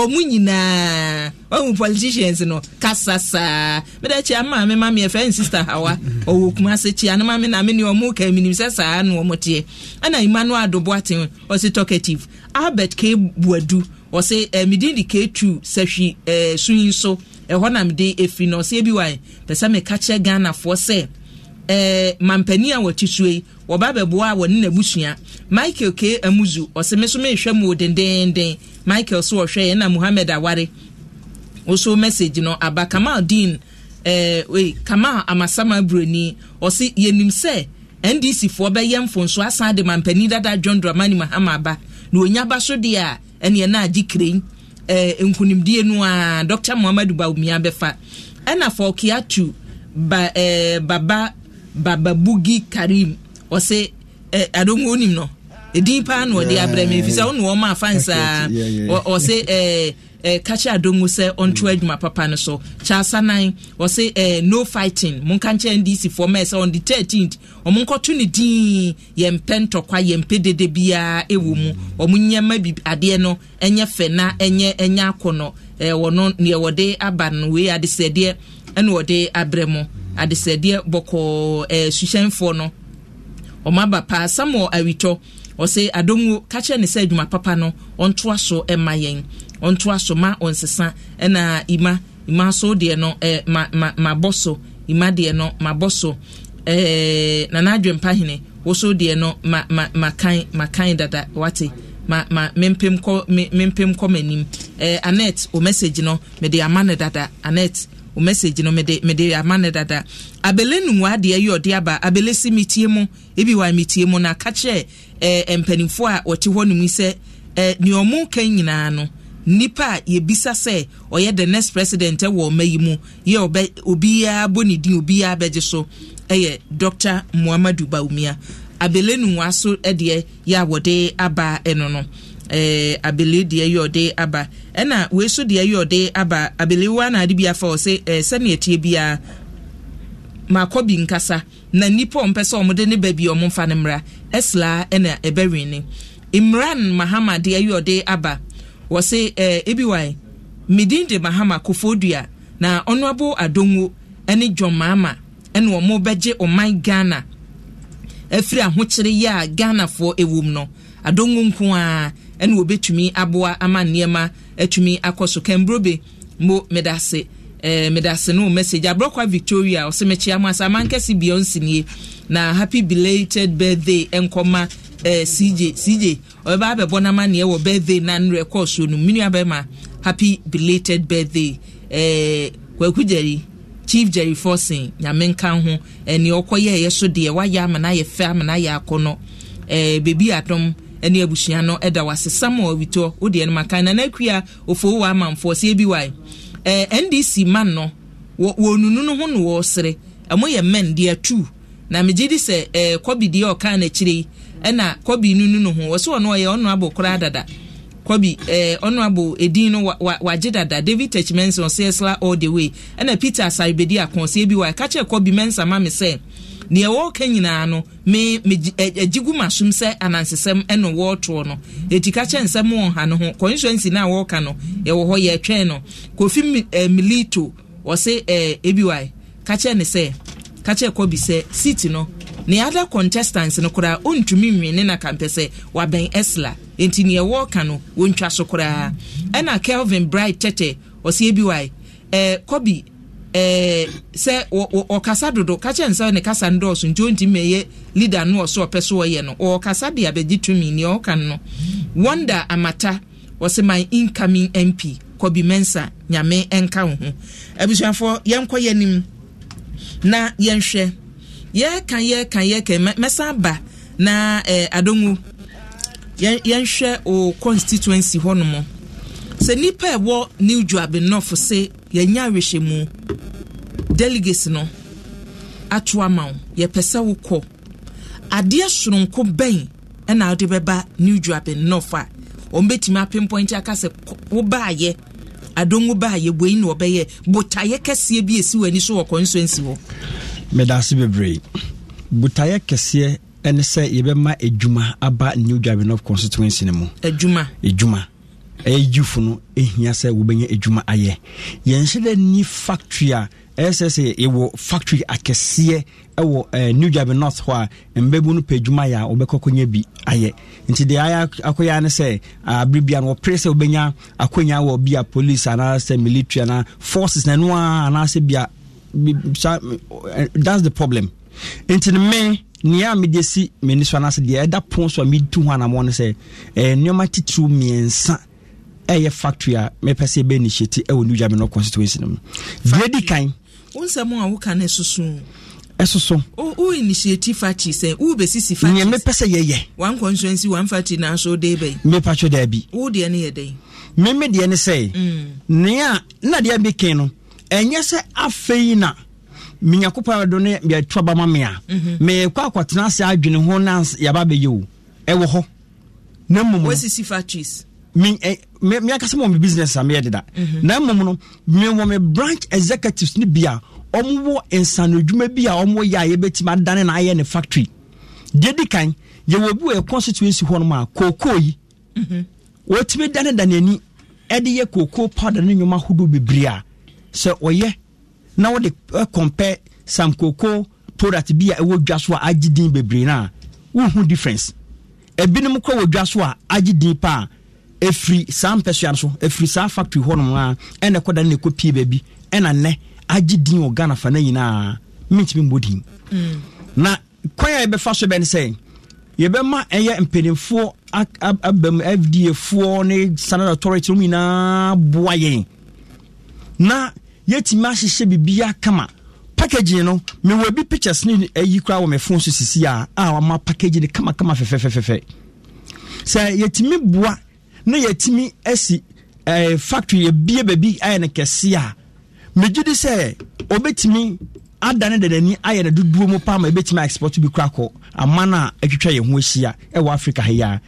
ɔmo nyinaa ɔmo politicians no kasa saa meda kyi ama me ma me yɛfɛ n sister hawa ɔwɔ kuma se kyi anoma me na me ne ɔmo ka minim sɛ saa na ɔmo teɛ ɛna emmanuel adoboaten ɔsi talkative albert k buadu wɔsɛ eh, medin de ketu sahwi eh, so yi so ɛhɔ eh, na mede ɛfiri na ɔsɛ bi wae pɛ sɛ meka kyerɛ ghanafoɔ sɛ eh, mampani a wɔte so yi wɔba bɛboa a wɔne n'abusua michael k amuzu ɔsɛ me so mehwɛ mu dendenden michael so ɔhwɛ ɛna muhammed aware ɔso message no aba kamal dean eh, wei kamal amasama buroni ɔsɛ yɛnim sɛ ndc foɔ bɛyɛ mfonso asan de mampani dada john dramani mahama aba na onyaba so deɛ a ɛne ɛna agye kren eh, nkonimdie no a dr mohamad baumia bɛfa ɛna fɔkiatu ba, eh, baba bababugi karim ɔse eh, adongo onim no ɛdin paa na ɔde abrɛ me ɛfiri sɛ wo ne afa nsaa ɔse eh, kakye adom sɛ ɔnto mm. papa no so kyasanan ɔse eh, no fighting monka nkyɛ ndc foɔ mɛ sɛ on the 13th ɔmo nkɔto ne din yɛmpɛ ntɔkwa yɛmpɛ dede biara ɛwɔ mu ɔmo hmm. nyɛma bi adeɛ no ɛnyɛ fɛ na ɛnyɛ ɛnyɛ akɔnɔ eh, wɔno neɛ wɔde aba no wei adesɛdeɛ ɛna wɔde abrɛ mu adesɛdeɛ bɔkɔɔ eh, suhyɛnfoɔ no ɔmo aba paa samuel awitɔ ɔse adomuo kakyɛ ne sɛ adwuma papa no ɔntoa so ɛma yɛn ɔnto aso ma ɔnsesa ɛna ima ima nso deɛ no ɛɛ ma ma ma bɔ so ima deɛ no ma bɔ so ɛɛ nana adwempa hene woso deɛ no ma ma ma kan ma kan dada wate ma ma mempem kɔ me mempem kɔ m'anim ɛɛ anet o message no mede ama ne dada anet o message no mede mede ama ne dada abele numu adeɛ yi ɔde aba abele si mi tie mu ebi wa mi tie mu na kakyɛ ɛɛ mpanimfoɔ a wɔte hɔ nom sɛ ɛɛ nea ɔmo kan nyinaa no. nipa a yɛbisa sɛ ɔyɛ the next president wɔ ɔma yi mu yɛ obiara bɔ ne din obiara bɛgye so ɛyɛ dr muhammadu baumia abele nuwa so deɛ yɛ a wɔde aba ɛno no ɛɛ abele deɛ yɛ ɔde aba ɛna wei so deɛ yɛ ɔde aba abele wa na ade bi afa ɔsɛ ɛɛ sɛnea tie biara maakɔ bi nkasa na nipa ɔmpɛ sɛ ɔmo de ne baabi ɔmo mfa ne mmra ɛsilaa ɛna ɛbɛwin ne imran mahamadi ɛyɛ ɔde aba. wɔse eh, ebi wae medin de mahama kofodua na ɔnoabo adonwo ne john mahama ne wɔn bɛgye ɔman ghana afiri ahokyere yi a ghanafoɔ ɛwɔ mu no adonwo nko ara ne wɔbɛtumi aboa ama nneɛma etumi akɔ so kɛmbrobe mo medase eh, medase no message aborɔkwa victoria ɔsɛ mekyia mu asa amankɛse beyonce nie na happy belated birthday nkɔma eh, cj cj ɔbɛba abɛbɔ nama na neɛ wɔ birthday na nrɛ kɔɔ so no mmenu ma happy belated birthday eh, kwaku gyeri chief jerry forson nyame nka ho eh, neɛ ɔkɔyɛ ɛyɛ so deɛ wayɛ ama no ayɛ fɛ ama no ayɛ akɔnɔ eh, baabi adom ne abusua no da wase samuel witɔ wodeɛ no maka nana akua ɔfoo wɔ amanfoɔ sɛ bi wae eh, ndc eh, man no wɔnunu no ho no wɔresere ɛmo yɛ men deɛ atu na megye di sɛ eh, kɔbi deɛ ɔkaa n'akyire yi ɛna kɔbi no nu no ho wɔsɛ ɔno ɔyɛ ɔno abo koraa dada kɔbi ɛɛ eh, ɔno abo edin no wagye dada david tech mensa ɔsɛ ɛsla all the way ɛna peter asaribedi akɔnseɛ bi wa ɛkakyɛ kɔbi mensa maame sɛ deɛ wɔɔka nyinaa no me me agyi gu masom sɛ anansesɛm ɛna wɔɔtoɔ no etika kyɛ nsɛm wɔn ha no ho constituency no a wɔɔka no ɛwɔ hɔ yɛtwɛn no kofi ɛɛ milito ɔsɛ ɛɛ ebi wa kakyɛ ne sɛ kakyɛ kɔbi sɛ seat no. ne ada contestants no koraa ɔntumi nwene na kampɛ sɛ wabɛn esla enti neɛ ɛwɔ ka no wɔntwa so koraa ɛna kelvin bright tɛtɛ ɔseɛ bi wae ɛɛ kɔbi ɛɛ sɛ ɔkasa dodo kakyɛ nsa ne kasa no dɔɔso nti ɔntumi ɛyɛ leader no ɔso ɔpɛ so ɔyɛ no ɔkasa de abɛgye tumi neɛ ɔka no wonder amata wɔsɛ my incoming mp kɔbi mensa nyame nka wo ho abusuafoɔ yɛnkɔ yɛ anim na yɛnhwɛ yɛka yɛka yɛka mɛsan ba na eh, adonwu yɛnhwɛ o constituency hɔnom sɛ nipa ɛwɔ new joab north se yɛnya awehyɛ mu delegates no ato ama wo yɛpɛ sɛ wokɔ adeɛ soronko bɛn ɛna wode bɛba new joab north a wɔn bɛtumi apempɔnkye aka sɛ wobaayɛ adonwu baayɛ boi na wɔbɛyɛ botaeɛ kɛseɛ bi esi wɔ ani so wɔ constituency hɔ. medase bebree botaeɛ kɛseɛ ɛne sɛ yɛbɛma adwuma aba new driving of constituency no mu adwuma adwuma ɛyɛ gyifo no ɛhia sɛ wobɛnya adwuma ayɛ yɛnhyɛ dɛ ni factory a ɛyɛ sɛ yɛwɔ factory akɛseɛ ɛwɔ new jabe north hɔ a mbabu no pɛ adwuma yɛ a wɔbɛkɔ bi ayɛ nti deɛ ayɛ akɔyɛ ne sɛ abere bia no wɔpere sɛ wobɛnya akɔnya wɔ bi a police anaasɛ military anaa forces na ɛno a anaasɛ bia Eh, that's the problem nti no me nea mede si m'ani so anase deɛ ɛda pon so a metu ho anammɔ no sɛ eh, nneɔma titiriw mmiɛnsa ɛyɛ factory a mepɛ sɛ ɛbɛ initiate ɛwɔ new germany constituency no mu deɛdi kan wo nsɛm a woka no ɛsoso ɛso so wo initiative factory sɛ wobɛsisi factory neɛ mepɛ sɛ yɛyɛ one constituency one factory nanso de bɛn mepatwɛ daabi wo deɛ no yɛ dɛn meme deɛ ne sɛ mm. nea na deɛ bi kan no ɛnyɛ sɛ afei na menyankopɔn ɛdo ne yɛto aba ma me a mhm. mekɔ akɔtena ase adwene ho na yɛba bɛyɛ o ɛwɔ hɔ na mmom meakasɛ mɔ me business a meyɛ deda mhm. na mmom no mewɔ me branch executives no bi a ɔmowɔ nsanodwuma bi a ɔmowɔyɛ a yɛbɛtumi adane na ayɛ ne factory deɛ di kan yɛwɔ bi wɔ yɛ constituency hɔ nom a kookoo yi mhm. wɔtumi danedane ani ɛde yɛ kookoo powder ne nnwoma ahodoɔ bebree a sɛ ɔyɛ na wɔde compare samkoko product bi a ɛwɔ dwa so a agye din bebree no a wohu difference ebinom kɔ wɔ dwa so a agye din paa efiri saa mpɛsoa so efiri saa factory hɔnom a ɛna ɛkɔda no na ɛkɔ pie baabi ɛna nnɛ agye din wɔ ghana fa no nyinaa mentumi mbɔ din mm. na kwan a yɛbɛfa so bɛn sɛ yɛbɛma ɛyɛ mpanimfoɔ abam fda foɔ ne standard authority mu nyinaa boa yɛn na yɛtumi ahyehyɛ biribiara kama packaging no mewɔ bi pictures ne ayi koraa wɔ me phone so sisi a a wama packaging kamakama fɛfɛfɛfɛ sɛ yɛtumi boa na yɛtumi asi eh, factory yɛbie baabi ayɛ no kɛseɛ a megye di sɛ ɔbɛtumi adane dadani ayɛ no dodoɔ mu paa ma ɛbɛtumi export bi kora kɔ aman a atwitwa yɛn ho ahyia ɛwɔ africa ha a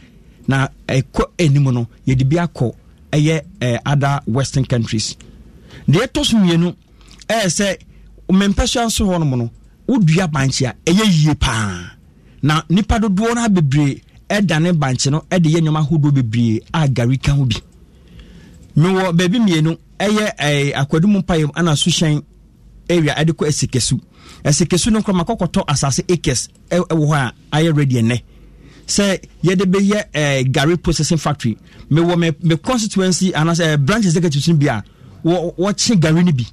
na ɛkɔ anim no yɛde bi akɔ ɛyɛ eh, other western countries deɛ ɛtɔ so mmienu ɛyɛ sɛ mempɛsoa nso hɔ nom no wodua bankye a ɛyɛ yie paa na nipa dodoɔ no bebree ɛdane bankye no ɛde yɛ nneɛma ahodoɔ bebree a gari ka ho bi mewɔ baabi mmienu ɛyɛ ɛɛ akwadumu mpaeɛm ɛna suhyɛn area ɛde kɔ esikesu ɛsikesu no koraa makɔkɔtɔ asase acres ɛwɔ hɔ a ayɛ ready ɛnɛ sɛ yɛde bɛyɛ ɛɛ gari processing factory mewɔ me me constituency anaasɛ ɛɛ branch executive bi a wɔkye gare no bi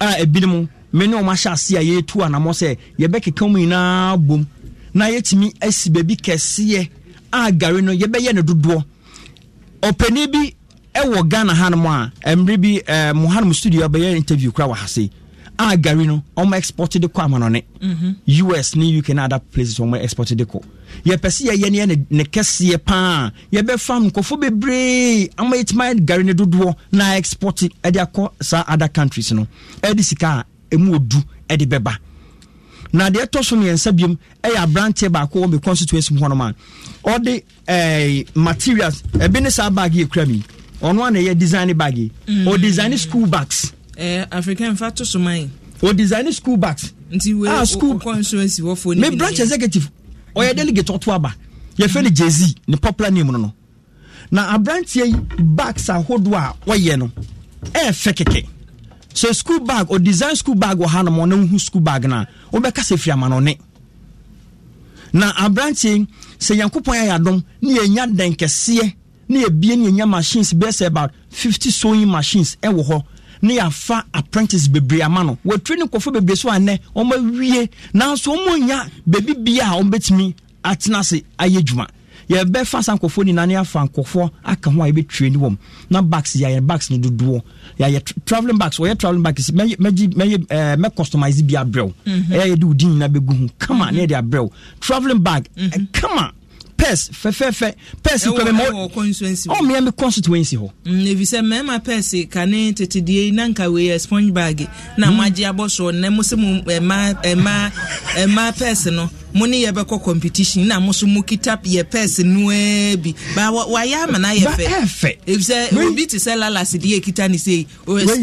a ebinom me ne ɔmo ahyɛ ase a yɛtu anammɔ sɛ yɛbɛkeka mu nyinaa bom na yɛtumi asi baabi kɛseɛ a gare no yɛbɛyɛ no dodoɔ ɔpanin bi wɔ ghana hanom a mmerɛ bi eh, mo hanom studio bɛyɛ interview kora wɔ ha sei a gare no ɔmo export de kɔ amanɔne mm -hmm. us ne uk ne other places ɔmo export de kɔ yɛpɛ sɛ yɛyɛ ne yɛ ne kɛseɛ paa yɛbɛfam nkɔfo bebree ama yɛtumi ayɛ gare no dodoɔ na export de akɔ saa other countries no ɛde sika a ɛmu ɔdu de bɛba na deɛ ɛtɔ so mmiɛnsa biom ɛyɛ aberanteɛ baako wɔ me constituency mu hɔnom a ɔde eh, materials ɛbi ne saa bag yɛ kura mi ɔno a na ɛyɛ design bag o mm. ɔdesign school bags eh, african fa to so man ɔdesign school bags nti ah, school me branch executive ɔyɛ delegate ɔto aba yɛfɛ no jz ne popular name no no na aberanteɛ yi bags ahodoɔ a ɔyɛ no ɛɛfɛ kɛkɛ sɛ school bag o design school bag wɔ ha nom ɔna wohu school bag no a wobɛka sɛ firi amanɔne na aberanteɛ sɛ nyankopɔn yɛayɛ adom ne yɛnya dɛn kɛseɛ ne yɛbie ne yɛnya machines bɛsɛ about 50 sewing machines ɛwɔ eh, hɔ ne yɛafa apprentice bebree ama no wɔatwiri ne nkɔfo bebree so anɛ ɔmawie nanso ɔmanya baabi bia a ɔmbɛtumi atena ase ayɛ dwuma yɛbɛfa sa nkɔfoɔ nyinaa ne afa nkɔfoɔ aka ho a yɛbɛtwire ne wɔm na bags yɛayɛ bags no dodoɔ yɛayɛ traveling bags ɔyɛ traveling bags mɛ eh, customize bi abrɛw mhm. ɛyɛ yɛde wo din nyinaa bɛgu ho kama ne yɛde abrɛw traveling bag kama mhm. eh, pɛs fɛfɛɛfɛ pɛs kɔmɛmɔmea me constituency hɔ ɛfisɛ mmarima pɛs kane tetedie na nka weyɛ sponge bag na moagye abɔ soɔ ne mo sɛ mu eh, ma eh, eh, pɛs no mo ne yɛbɛkɔ competition na mo so mo kita yɛ pɛs noa bi ba wayɛ ama no ayɛ fɛ ɛfisɛ obi te sɛ lalas deɛ ɛkita ne sei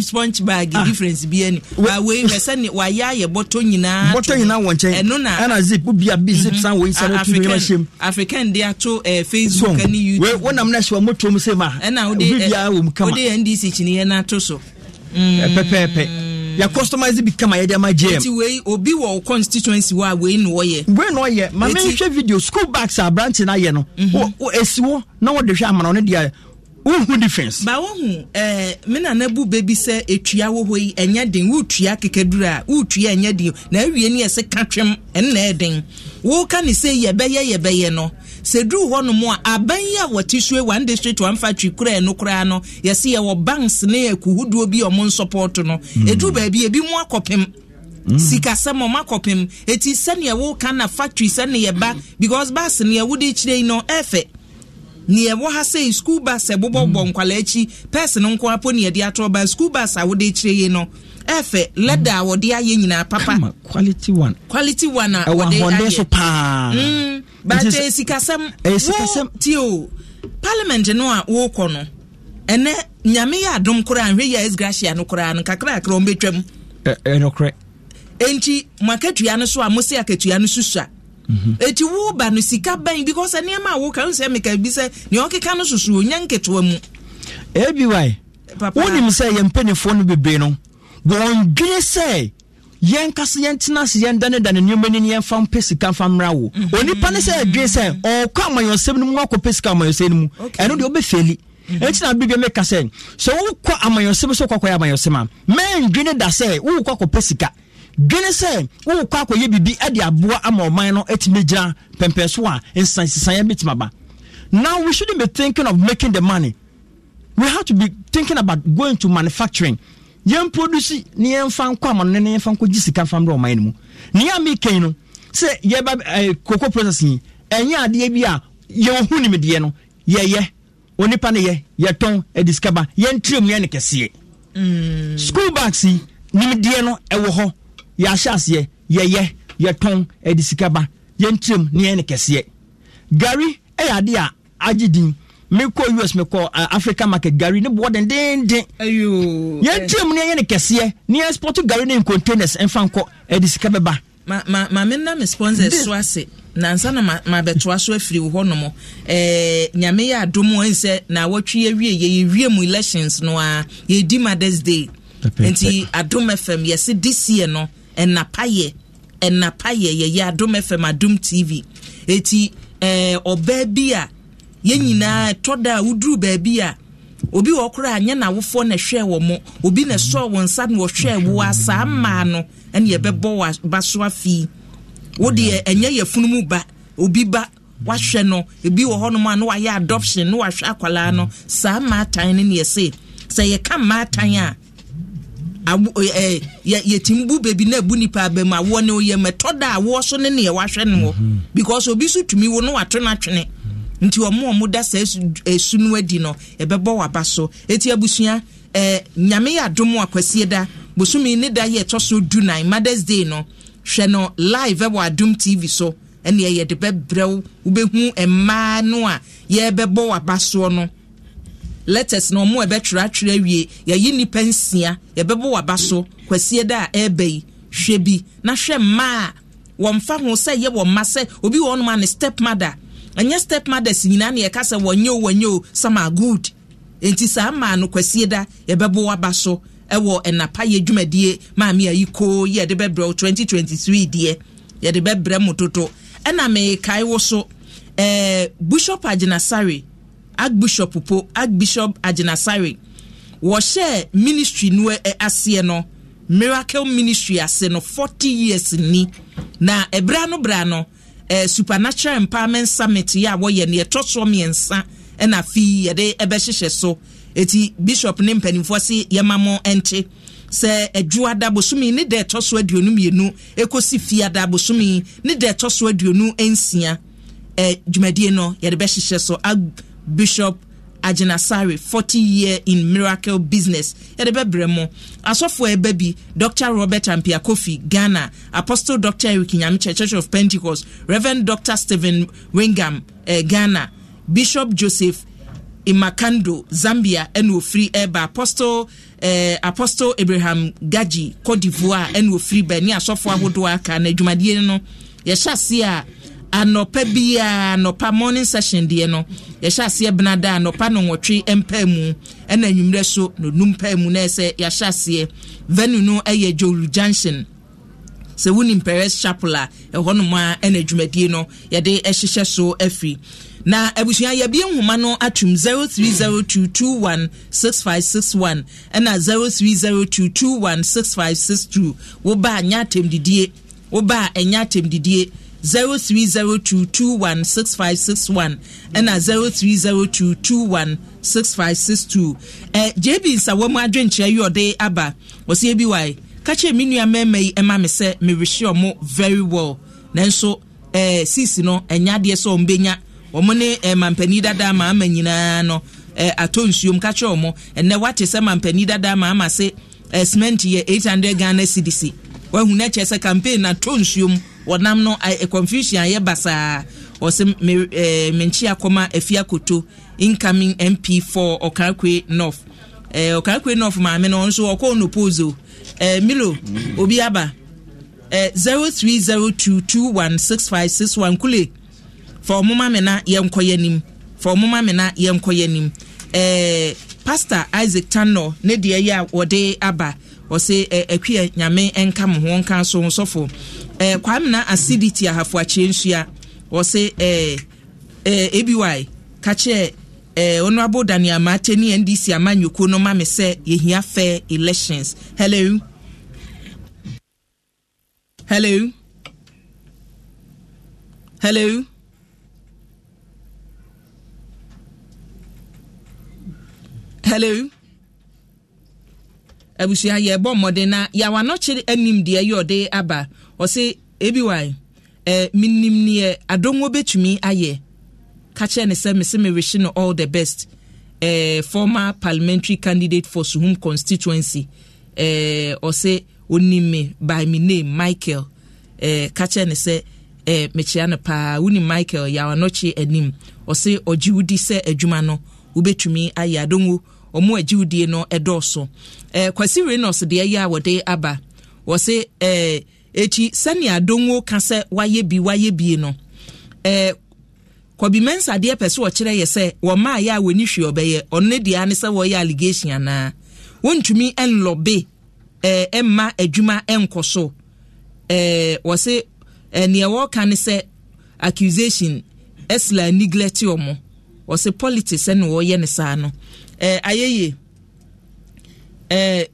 sponge bag ah. difference bi ani wei hwɛ sɛne wayɛ ayɛ bɔtɔ nyinaa bɔtɔ nyinaa wɔ nkyɛn ɛno na ɛna zip wobia bi zip mhm. san wei sɛ wotumi ma hyɛm african de ato facebook ne youtube wonam no hyɛ wɔ motom sɛ ma ɛna wode ndc kyiniɛ no ato so pɛpɛɛpɛ yɛ customize bi kama yɛde ama jm. eti wei obi wɔ constituency wa wei na ɔyɛ. wei na ɔyɛ maame n hwɛ video school bags a aberante na ayɛ no mhm. o esi wɔ na wɔde hwɛ amana ɔne deɛ wohu difference. ba wohu ɛɛ eh, me nana bu beebi sɛ etua wɔ hɔ yi ɛnyɛ den wotua kekadura a wotua ɛnyɛ den na ewie ni ɛsɛ katwem ɛnna ɛden wɔka ne sɛ yɛbɛyɛ yɛbɛyɛ no sɛ duru hɔnom a aban yi a wɔte sue one district one factory kura ɛno koraa no yɛsi yɛwɔ banks ne akuhuduo bi a ɔmo nsɔpɔɔto no ɛduru hmm. baabi ebi mu akɔpem hmm. sikasɛm ɔmo akɔpem eti sɛnea wɔka na factory sɛnea ba because baasi nea wɔde kyerɛ yi no ɛɛfɛ nea ɛwɔ ha sɛ school bus ɛbobɔbɔ hmm. nkwalaa akyi pɛɛsi no nko apɔ nea ɛde ba school bus a wɔde kyerɛ yi no. ɛfɛ leda a wɔde ayɛ nyinaa papa quality one a wɔde ayɛ so paa mm, bàtɛ sikasɛm wo tie o parliament no a wokɔ no ɛnɛ nyame yɛ adom koraa nhwɛ yɛ ɛs gracia no koraa no kakra kakra wɔn bɛtwam ɛnokorɛ enti mo akatua no so a mo se akatua no susua mhm. eti wo ba no sika bɛn because nneɛma a wo kan sɛ meka bi sɛ nea ɔkeka no susu onya nketewa mu ebi wae wonim sɛ yɛ no bebree no wɔndwene sɛ yɛn kasa yɛn tena ase yɛn dane dane nneɛma ni yɛn fa mpɛ sika fa mmra wo mhm. onipa ne sɛ adwene sɛ mhm. ɔkɔ amanyɔsɛm no mu wakɔ pɛ sika amanyɔsɛm no mu ɛno deɛ ɔbɛfɛli mhm. ɛnti na bibia meka sɛ sɛ wokɔ amanyɔsɛm sɛ wokɔkɔyɛ amanyɔsɛm a mɛndwene da sɛ wowokɔ akɔpɛ sika dwene sɛ wowokɔ akɔyɛ biribi de aboa ama ɔman no atumi gyina pɛmpɛn so a nsansisaeɛ bɛtumi aba now we shouldn't be thinking of making the money we have to be thinking about going to manufacturing yɛn produce ne yɛn fa nkɔ amano ne yɛn fa nkɔ gyi sika fam dɛ ɔman no mu ne yɛn mi kɛn no sɛ yɛba ɛɛ eh, koko processing ɛnyɛ adeɛ bi a yɛn ho nimdeɛ no yɛyɛ onipa ne yɛ yɛtɔn ɛde sika ba yɛn tiri mu yɛn ne kɛseɛ. Mm. school bags yi nimdeɛ no ɛwɔ hɔ yɛahyɛ aseɛ yɛyɛ yɛtɔn ɛde sika ba yɛn tiri mu ne yɛn ne kɛseɛ gari ɛyɛ adeɛ a agye din mekɔ us mekɔ uh, africa market gari ne boɔ dendenden yɛntiamu eh. ne ɛyɛ ne kɛseɛ ne yɛspɔto gari ne containers ɛmfa nkɔ ɛde sika bɛba maame nna me sponsor so ase nansa na mabɛtoa so afiri wo hɔnom eh, nyame yɛ adom ɛn sɛ na awɔtwe yɛwie yɛyɛwie mu elections no a yɛdi mothers day nti adom fm yɛse this no ɛnapayɛ ɛnapayɛ yɛyɛ adom fm adom tv ɛti eh, ɔbaa bi a yɛn nyinaa ɛtɔ a woduru baabi a obi wɔ koraa nyɛ n'awofoɔ na ɛhwɛ wɔ mo obi na ɛsɔ wɔn nsa na ɔhwɛ wo a saa mmaa no ɛna yɛbɛbɔ wɔ ba so afi wo deɛ ɛnyɛ yɛ funumu ba obi ba wahwɛ no ebi wɔ hɔnom a na wayɛ adoption na wahwɛ akwadaa no saa mmaa tan no na yɛse sɛ yɛka mmaa tan a yɛtim bu baabi na abu nipa abam awoɔ ne oyɛ mɛtɔ da awoɔ so ne neɛ wahwɛ no wɔ mhm. because obi so tumi wo no wato no atwene nti ɔmo ɔmo da saa esu no adi no ɛbɛbɔ waba so eti abusua ɛɛ nyame yɛ adomo akwasi da bosomi ne da yɛ ɛtɔ so du mothers day no hwɛ no live ɛwɔ adum tv so ɛna yɛ de bɛbrɛw wobɛhu mmaa no a yɛbɛbɔ waba soɔ no letters na ɔmo ɛbɛtwerɛtwerɛ awie yɛyi nipa nsia yɛbɛbɔ waba so kwasi da a ɛɛbɛ yi hwɛ bi na hwɛ mmaa wɔn fa ho sɛ yɛ wɔn mma sɛ obi wɔ hɔnom a ne step mother ɛnyɛ step mothers nyinaa na yɛka sɛ wɔnyɛ wɔnyɛ o some are good nti saa mmaa no kwasie da yɛbɛbɔ aba so ɛwɔ ɛnapa yɛ dwumadie maame ayi koo yɛde bɛbrɛ wo 2023 deɛ yɛde bɛbrɛ mu toto ɛna mekae wo so ɛɛ eh, bishop agyinasare agbishop po agbishop agyinasare wɔhyɛ ministry no eh, aseɛ no miracle ministry ase no 40 years ni na ɛbra no bra no eh, supernatural empowerment summit yɛ a wɔyɛ no yɛtɔ soɔ mmiɛnsa ɛna afei yɛde ɛbɛhyehyɛ so Eti bishop ne mpanimfoɔ se yɛma mo ɛnkye sɛ adwuada bosomi ne da ɛtɔ so aduonu mmienu ɛkɔsi fiada bosomi ne da ɛtɔ so aduonu nsia eh, dwumadie no yɛde bɛhyehyɛ so ag bishop agyinasare 40 year in miracle business yɛde bɛbrɛ mu asɔfoɔ ɛbɛ bi dr robert ampiakofi ghana apostle dr eric nyamikyɛ church of pentecost reverend dr stephen wingam eh, ghana bishop joseph imakando zambia ɛna ofiri ɛba apostle eh, apostle abraham gaji cote d'ivoire ɛna ofiri bɛ ne asɔfoɔ ahodoɔ aka na adwumadeɛ no yɛhyɛ ase a anɔpa biara anɔpa morning session deɛ no yɛhyɛ aseɛ benada anɔpa nɔnwɔtwe mpaa mu ɛna anwummerɛ so no num paa mu na ɛsɛ yɛahyɛ aseɛ venue no ɛyɛ jolu junction sɛ wonim paris chapel a ɛhɔnom a ɛna adwumadie no yɛde ɛhyehyɛ so afiri na abusua yɛbie nhoma no atum 0302216561 ɛna 0302216562 woba a nyɛ atɛmdidie woba a ɛnyɛ atɛmdidie zero three zero two two one six five six one ɛna zero three zero two two one six five six two ɛ eh, jb nsawo mu adwenkyerɛ yi ɔde aba wɔsi ebi wa yi kakyɛ mi nua mɛɛmɛ yi ɛma mi sɛ mewusi ɔmo very well nanso ɛɛ eh, sisi no ɛnya adeɛ sɛ ɔmo benya ɔmo ne eh, ɛɛ mampanin dada maama nyinaa no ɛɛ atɔ nsuom kakyɛ ɔmo ɛnɛ wate sɛ mampanin dada maama se ɛɛ simenti yɛ eight hundred ghana cdc wɔahu n'ɛkyɛ sɛ campaign na atɔ nsuom wɔnam no confusion ayɛ basaa ɔsɛ eh, menkyi akɔma afi akoto incoming mp for ɔkarakwe north ɔkarakwe eh, north maame no nso ɔkɔɔ no pozo eh, milo mm. obi aba 0302216561 kule fa ɔmoma me na yɛnkɔyɛ anim fa ɔmoma me na yɛnkɔyɛ anim pastor isaac tano ne deɛ yi a wɔde aba ɔsɛ akua nyame nka mo ho nka so ho Eh, kwamna kwamina acidity ahafo akyire nsua wɔse eh, eh, abi kakyɛ eh, honorable daniel mate ne ndc amanyɔkuo no ma me sɛ yɛhia fair elections hello hello hello hello abusua yɛbɔ mmɔden na yɛawanɔkye anim deɛ yɛ ɔde aba ɔse ebi wan eh, menim neɛ adɔmɔ bɛtumi ayɛ ka kyerɛ ne sɛ mese mewehye no all the best eh, former parliamentary candidate for suhum constituency eh, ɔse onim me by me name michael eh, ka kyerɛ ne sɛ eh, mekyea no paa woni michael yɛawanɔkye anim ɔse ɔgye wodi sɛ adwuma no wobɛtumi ayɛ adɔnwo ɔmo agyiwodie no ɛdɔɔso eh, kwasi renos deɛ yɛ a wɔde aba wɔse eh, ekyi sani donwo ka sɛ wayɛ bi wayɛ bi no ɛɛ e, kɔbi mensa deɛ pɛ so ɔkyerɛ yɛ sɛ wɔmaa yɛ a wɔni hwee ɔbɛyɛ ɔno ne deɛ ne sɛ wɔyɛ allegation anaa wɔntumi ɛnlɔbe ɛɛ e, ɛmma adwuma ɛnkɔ so ɛɛ e, wɔse ɛɛ nea wɔɔka ne sɛ accusation ɛsla neglect wɔn wɔse politics ɛna wɔyɛ ne saa no ɛɛ ayɛyie ɛɛ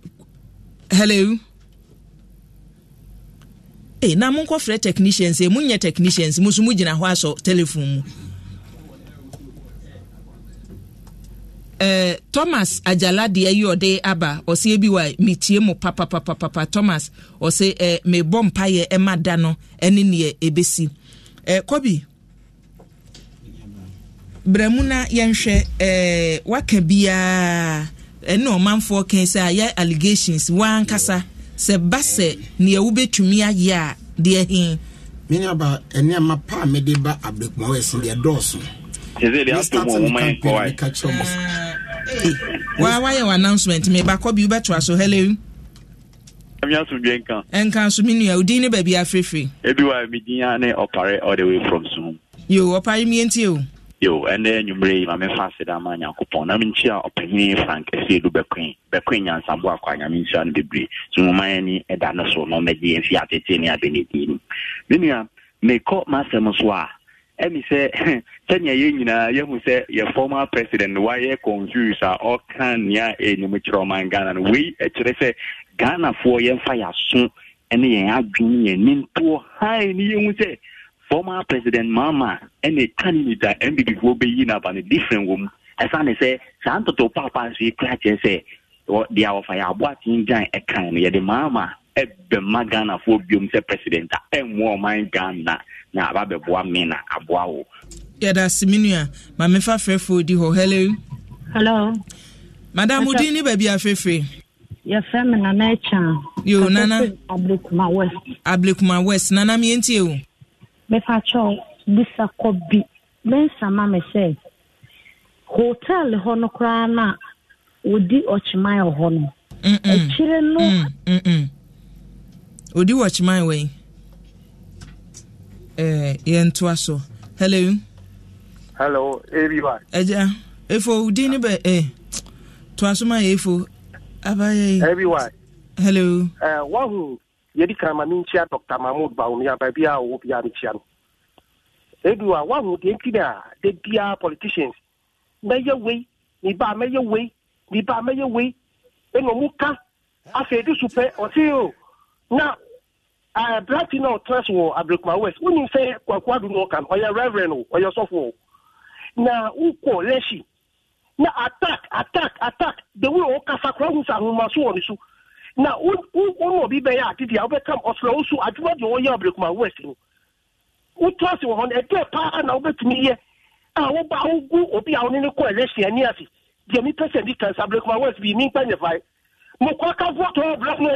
hello eh, na monkɔfrɛ technicians eh, monyɛ technicians mo so mogyina hɔ asɔ telephone mu eh, thomas agyala deɛ yi ɔde aba ɔse bi wa metie mu papapapapa thomas ɔse eh, mebɔ mpayɛ ɛma da no ɛne neɛ ɛbɛsi eh, kɔbi brɛ mu na yɛnhwɛ eh, waka biaa ɛne ɔmanfoɔ kan ayɛ allegations woankasa sɛ ba sɛ nea wobɛtumi ayɛ a deɛ he meneaba ɛneɛma pa a mede ba abrɛkuma wɔ ɛsen deɛ dɔɔso eh, eh, wa wayɛ w announcement mebakɔ bi wobɛtoa so hello ɛnka so me nua wodin ne baabi afirifiri ebi wa medin a ne ɔpare all the way from sum yo ɔpare mienti o yo ɛnɛ nwummerɛ yi ma mefa ase da ma nyankopɔn na menkyia ɔpanyini frank ɛsɛ du bɛkwen bɛkwen nyansabo akɔ a nyame nhyira no bebree so moma yɛni ɛda no so na ɔmɛgye yɛmfi atete ne abɛnedii no me nua mekɔ m'asɛm so a ɛne sɛ sɛnea yɛn nyinaa yɛhu sɛ yɛ former president wayɛ confuse a ɔka nea ɛnim kyerɛ ɔman ghana no wei ɛkyerɛ sɛ ghanafoɔ yɛmfa yɛaso ne yɛn adwene yɛn nintoɔ hae ne yɛhu sɛ former president mama ɛna candidate a nbdfoɔ bɛyi n'aba no different wɔ mu ɛsane sɛ saa ntoto paapaa nso yi kyerɛ sɛ deɛ wɔfa yɛ aboa gyan ɛkan no yɛde mama ɛbɛma ghanafoɔ biom sɛ president a ɛmmoa ɔman ghana na aba bɛboa me na aboa wo yɛda semenua mamefa frɛfoɔ di hɔ hello hello madam wo ne baabi afrɛfrɛ yɛfrɛ me nana akya yo nana ablekuma west ablekuma west nana mientie o mefakyɛw bisa kɔ bi mɛnsama me sɛ hotel hɔ no koraa na wɔdi ɔkyeman wɔ hɔ no akyire no ɔdi wɔ ɔkyeman wɔ yi yɛntoa so hello hello everyone agya efo din ne bɛ eh toa so ma yɛ efo abayɛ everyone hello uh, wahoo yɛdi kan ma menkyia dr mahmod baomia baabi a ɔwɔ biaa mekyia no ɛdu a woahu deɛ nti no a da biaa politicians mɛyɛ wei meba a mɛyɛ wei meba a mɛyɛ wei ɛna ɔmu ka afei ɛdi so pɛ ɔse o na aberante no ɔtena so wɔ abrɛkuma west wonim sɛ kwakuado no ɔka no ɔyɛ reverend o ɔyɛ sɔfo o na wokɔ lɛhyi na attack attack attack the way ɔkasa koraa hu sɛ ahomaso wɔ ne so na woma obi bɛyɛ ade deɛ a wobɛkam ɔsra wo so adwuma deɛ wɔyɛ west no wotɔ ase wɔ hɔ no ɛdɛ paa na wobɛtumi yɛ a woba wogu obi a wo ne ne kɔ election ani ase deɛ mepɛ sɛ kansa west bi mempa nyɛ mokɔ ka voto a no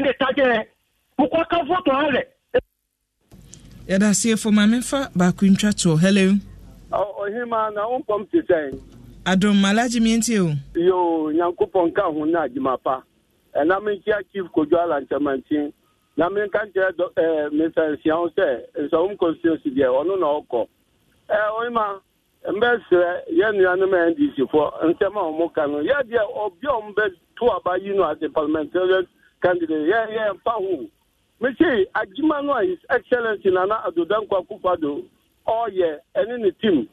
mokɔ ka voto baako ntwa toɔ na menkyia chief kojo alantamantin na menka nkyerɛ eh, mesa nsiawo sɛ nsɔwom constituency deɛ ɔno na ɔkɔ ɔima eh, mbɛsrɛ yɛ nuanom ndc foɔ nsɛm a kanu ka no yɛdeɛ ɔbi a ɔmbɛto aba yi no ase parliamentarian candidate yɛyɛ mfa ho mekyei agyima no a his excellency nana adodankwa kufado ɔyɛ ɛne ne team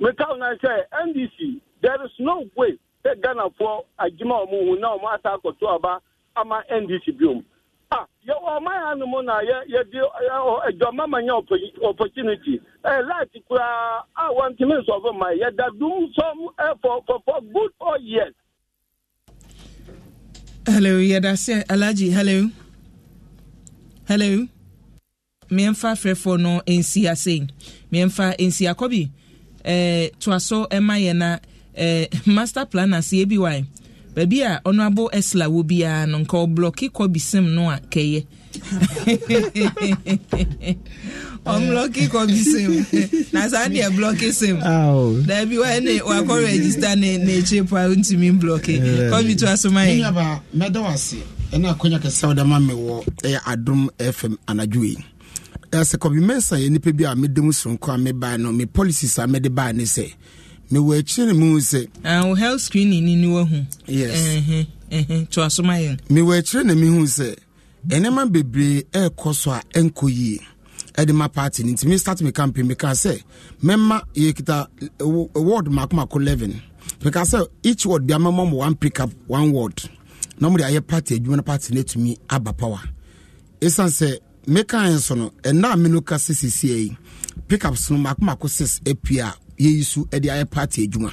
mekaw na sɛ ndc there is no way sɛ ghanafoɔ adwuma ɔ mu hu na ɔmo asa akɔto aba ama ndc biom a yɛwɔ ɔman ano mu na yɛde adwama ma nya opportunity light koraa a wɔntumi nsɔfo ma yɛda dum sɔm for for good four years. hello yɛda sɛ alaji hello hello mmeɛmfa frɛfoɔ no nsi ase mmeɛmfa nsi akɔ bi ɛɛ toa so ɛma yɛn na. eh, master plan ase ebi wae baabi a ɔno abo ɛsla wɔ biara no nka ɔblɔki kɔ bisim no a kɛyɛ ɔmblɔki kɔ bisim na saa deɛ blɔki sim daabi wae ne wakɔ register ne n'ekyir po ntumi blɔki kɔbi to asoma yi. nyaba mɛda wase ɛna akɔnya kɛseɛ ɔda ma mi wɔ ɛyɛ adum fm anadwo yi ɛsɛ kɔbi mɛnsa yɛ nipa bi a mɛdɛm soronko a mɛbaa no mɛ policies a mɛde baa ne sɛ. na wɔakyerɛ no mu sɛ ah, wo health screening ni ne wahu yes to asoma yɛn mewɔ akyerɛ na mehu sɛ ɛnɛma bebree ɛrekɔ so a ɛnkɔ yie ɛde ma party no nti me start me campaign mekaa sɛ mɛma yɛkita ward makomako 11 mekaa sɛ each word bia mɛma ma one pickup, one word. na mode ayɛ party adwuma no party no atumi aba power ɛsiane sɛ mekaeɛ so no ɛna a me no ka sɛ sesiei pickups no makomako 6 apia yɛyi so de ayɛ party adwuma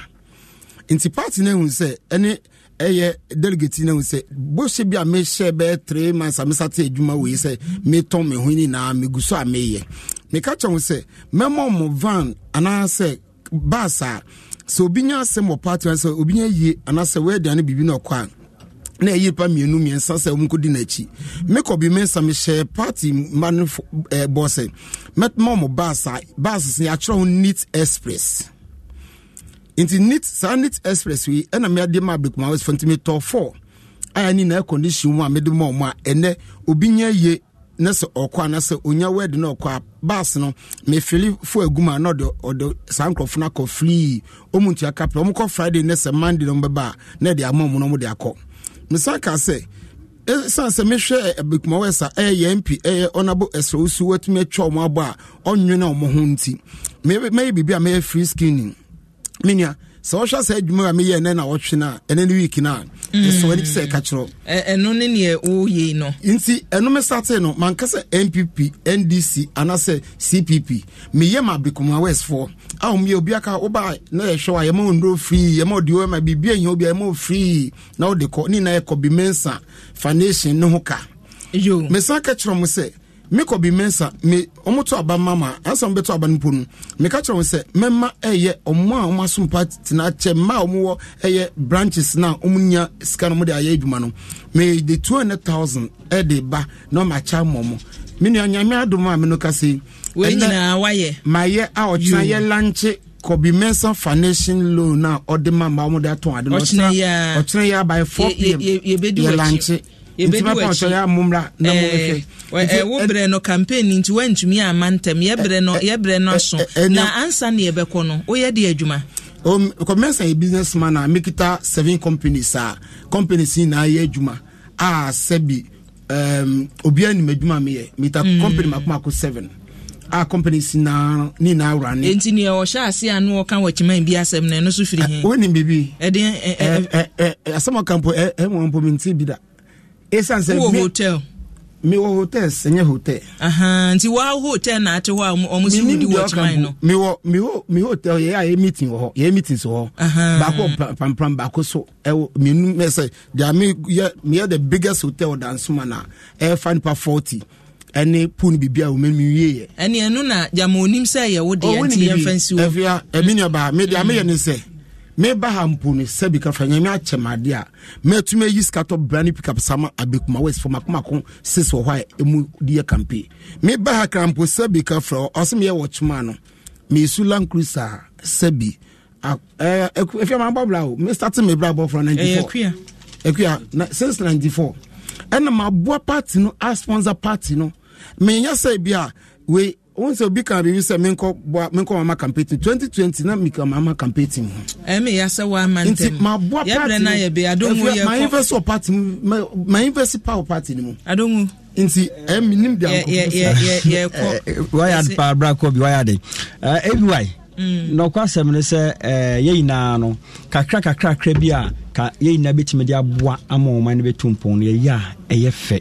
nti party no ahu sɛ ɛne ɛyɛ delegate no ahu sɛ bɔhyɛ bi a mehyɛ bɛyɛ three months a mesate adwuma wei sɛ metɔn me ho nyinaa megu so a meyɛ meka kyɛ ho sɛ mɛma mo van anaasɛ bus a sɛ obi nya asɛm wɔ party sɛ obi nya yie anaasɛ woaduane biribi no ɔkɔ a na ɛyi pa mmienu mmiɛnsa sɛ wɔn nkɔdi n'akyi mekɔ bi mensa mehyɛ party mma no ɛɛ bɔ sɛ mɛtuma baas a baas sɛ yɛatwerɛ ho neat express nti neat saa neat express yi ɛna mmeade ma abirikuma west fɛntɛ metɔ four a yɛ ni na ɛkɔndishin mu a mede ma wɔn a ɛnɛ obi nya yie ne sɛ ɔkɔ ana sɛ onya wɛdi na ɔkɔ a baas no mefili fo egum a na ɔde ɔde saa nkorɔfo na kɔ firii ɔmu ntua kapra ɔmu kɔ friday ne sɛ monday na ɔmu bɛba a na ɛde ama ɔmu na ɔmu de akɔ mesa ka sɛ ɛsiane sɛ e, mehwɛ abɛkuma wɛ sa ɛyɛ mp ɛyɛ ɔnabo ɛsrɛ wosu watumi atwa ɔmo abɔ a ɔnwene ɔmo ho nti mɛyɛ biribi a mɛyɛ free skinning menua sɛ wohwɛ saa adwuma a meyɛ ɛnɛ na wɔtwe no a ɛnɛ no week no a sɛ mm. ɛka kyerɛ ɛno ne nti ɛno me sate no manka npp ndc anaasɛ cpp meyɛ ma abekomua westfoɔ a obi aka woba na yɛhwɛ w yɛma onduro frii yɛma ma biribia ya obia yɛma ofrii na wode kɔ ne nyinaa yɛkɔ bimensa fanation ne ho ka mesan ka kyerɛ mekɔ bi mensa me ɔmoto aba mama ansa mobɛto aba no mpo no meka kyerɛ wo sɛ mɛma ɛyɛ ɔmo a ɔmo asompa tena kyɛ mma a ɔmowɔ ɛyɛ branches no a ɔmo nya sika no mode ayɛ adwuma no mede 200000 ɛde ba na ɔmakyɛ mmɔ mo me nyame adom a me no kasa yi mayɛ a ɔkyena yɛ lankye kɔbi mensa foundation loan a ɔde ma ma ɔmode atɔn ade no ɔkyena yɛ by 4 pm yɛ lankye yɛbɛdi wɔakyi eh, eh, wo berɛ no campaign nti woantumi amma ntɛm yɛberɛ no eh, yɛberɛ no aso na ansa ne yɛbɛkɔ no woyɛ de adwuma um, kɔmɛnsa yɛ business man a mekita seven companies a companies nyinaa yɛ adwuma a sɛbi um, obiara nim adwuma meyɛ meta mm. company makomako seven a companies na ne na awura ne. eti ni ɔhyɛ ase a no ɔka wɔ kyiman bi asɛm na ɛno so firi hɛn. wɔn ni bibi. ɛdi ɛ ɛ ɛ asɛm ɔka mpo ɛ ɛ wɔn mpo mi n bi da. ɛsiane sɛ mewɔ hotels ɛnyɛ hotel nti wa hotel na ate hɔ a ɔmo si wudi wɔ kyeman no mewɔ mewɔ me hotel yɛ a yɛ meeting wɔ hɔ yɛ meetings wɔ hɔ baako pampam baako so ɛwɔ mienu mɛsɛ deɛ me yɛ meyɛ the biggest hotel dansoma na fa nipa forty ɛne pool no biribi a wɔn mu wie yɛ ɛne ɛno na gyama onim sɛ yɛwo deɛ nti yɛmfa nsi wɔ ɛfia ɛmi baa me deɛ ameyɛ mm. sɛ. meba ha mpo no sɛ bi kafra nyame akyɛ maade a matumi ayi sika tɔ bra ne pickup sama abɛkuma west fo makomako sis wɔ hɔ a ɛmu de yɛ campaign meba ha kra mpo sɛ bi kafra ɔsɛ meyɛ wɔ kyoma no mesu land cruiser sɛ bi ɛfia eh, ma bɔbra o mestate me bra bɔfra eh, 94 since 94 ɛna maboa party no asponsor party no menyɛ sɛ bi a wei wọn sɛ obi kan riri sɛ menkɔ menkɔ mama campaign twenty twenty na mi ka mama campaign ho. ɛmi yasɛ wa ama ntɛm nti ma bɔ party yabere na yɛ be adongo yɛ ma invest wɔ party mu ma invest pa wɔ party ni mu. adongo. nti ɛmi nim di anko. yɛ yɛ yɛ kɔ. wayad pa abira kɔ bi wayad ɛɛ ebi wayi. na ɔkɔ asɛm ni sɛ ɛɛ eh, yɛ nyinaa no kakra kakra kakra bi a ka yɛn nyinaa bɛtumi de aboa ama ɔman no bɛtu mpɔn no yɛyɛ a ɛyɛ fɛ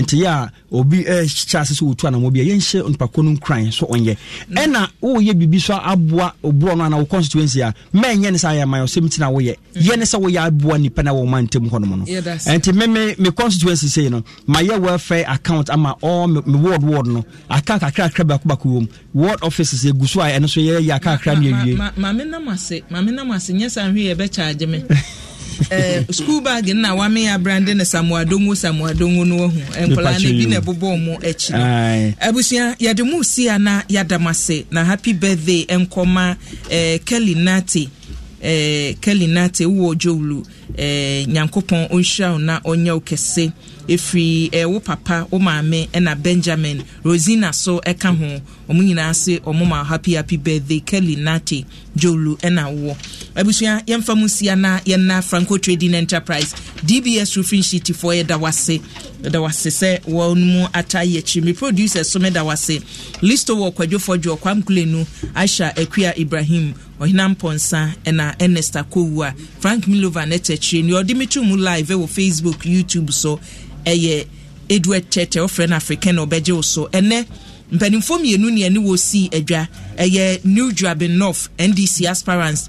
nti yɛ a obi ɛhyɛ ase sɛ wɔtu anamɔ bi a yɛnhyɛ mpako no nkran so ɔnyɛ ɛna woyɛ biribi so aboa oborɔ no anaa wo constituency a mɛnyɛ ne sɛ ayɛ man ɔsɛm ti na woyɛ yɛ ne sɛ woyɛ aboa nnipa no a wɔma ntam hɔnom no ɛnti me me constituency sei no mayɛ welfare account ama all me word ward no aka kakrakra baako baako wɔ mu ward offices ɛgu so a ɛno so yɛyɛ akakra ne awie maame nam ase maame nam ase nyɛ saa me Eh, scuba bag na wame ya brande eh, na samuadongo samuadongo no wahu nkwadaa no bi na ebubo ọmụ akyi no abusua yɛde mu si ya na yɛadam na happy birthday nkɔma eh, kelly nate eh, kelly nate wowɔ dwowlu eh, nyankopɔn ɔnhyira na ɔnyɛ wo ɛfiri ɛwo eh, papa wo maame ɛna eh, benjamin rosina so ɛka eh, ho ɔmo nyinaa se ɔmo ma happy happy birthday kelly nate jolu ɛna wo abusua yɛmfa mu sia na yɛnna franco trading enterprise dbs roofing sheetifoɔ yɛda wase yɛda wase sɛ wɔn mu ata yɛ akyi me producer so mɛda wase listo wɔ kwadwofoɔ dwo nu aisha akua ibrahim ɔhena mpɔnsa ɛna ernest akowu a frank milova ɛtɛ akyire ni ɔde me to mu live ɛwɔ facebook youtube so ɛyɛ edu ɛkyɛkyɛ wɔfrɛ no african na ɔbɛgye wo so ɛnɛ mpanimfoɔ mmienu ne ɛne wɔsii adwa ɛyɛ new drabin north ndc aspirants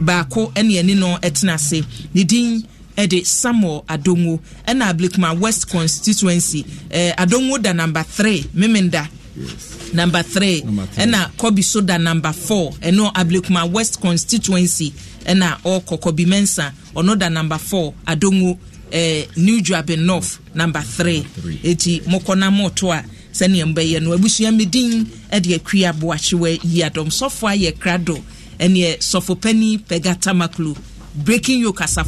baako ɛne ɛne no ɛtena ase ne din ɛde samuel adongo ɛna ablikuma west constituency ɛɛ adongo da number three memenda yes. number three ɛna kɔbi so da number four ɛno ablikuma west constituency ɛna ɔkɔ kɔbi mensa ɔno da number four adongo eh, new job north number three eti mokona motoa mɔto a sɛnea mbɛyɛ no abusua medin de akui aboakyewa yi adɔm sɔfo ayɛ krado ɛneɛ sɔfo pani breaking yoke kasa.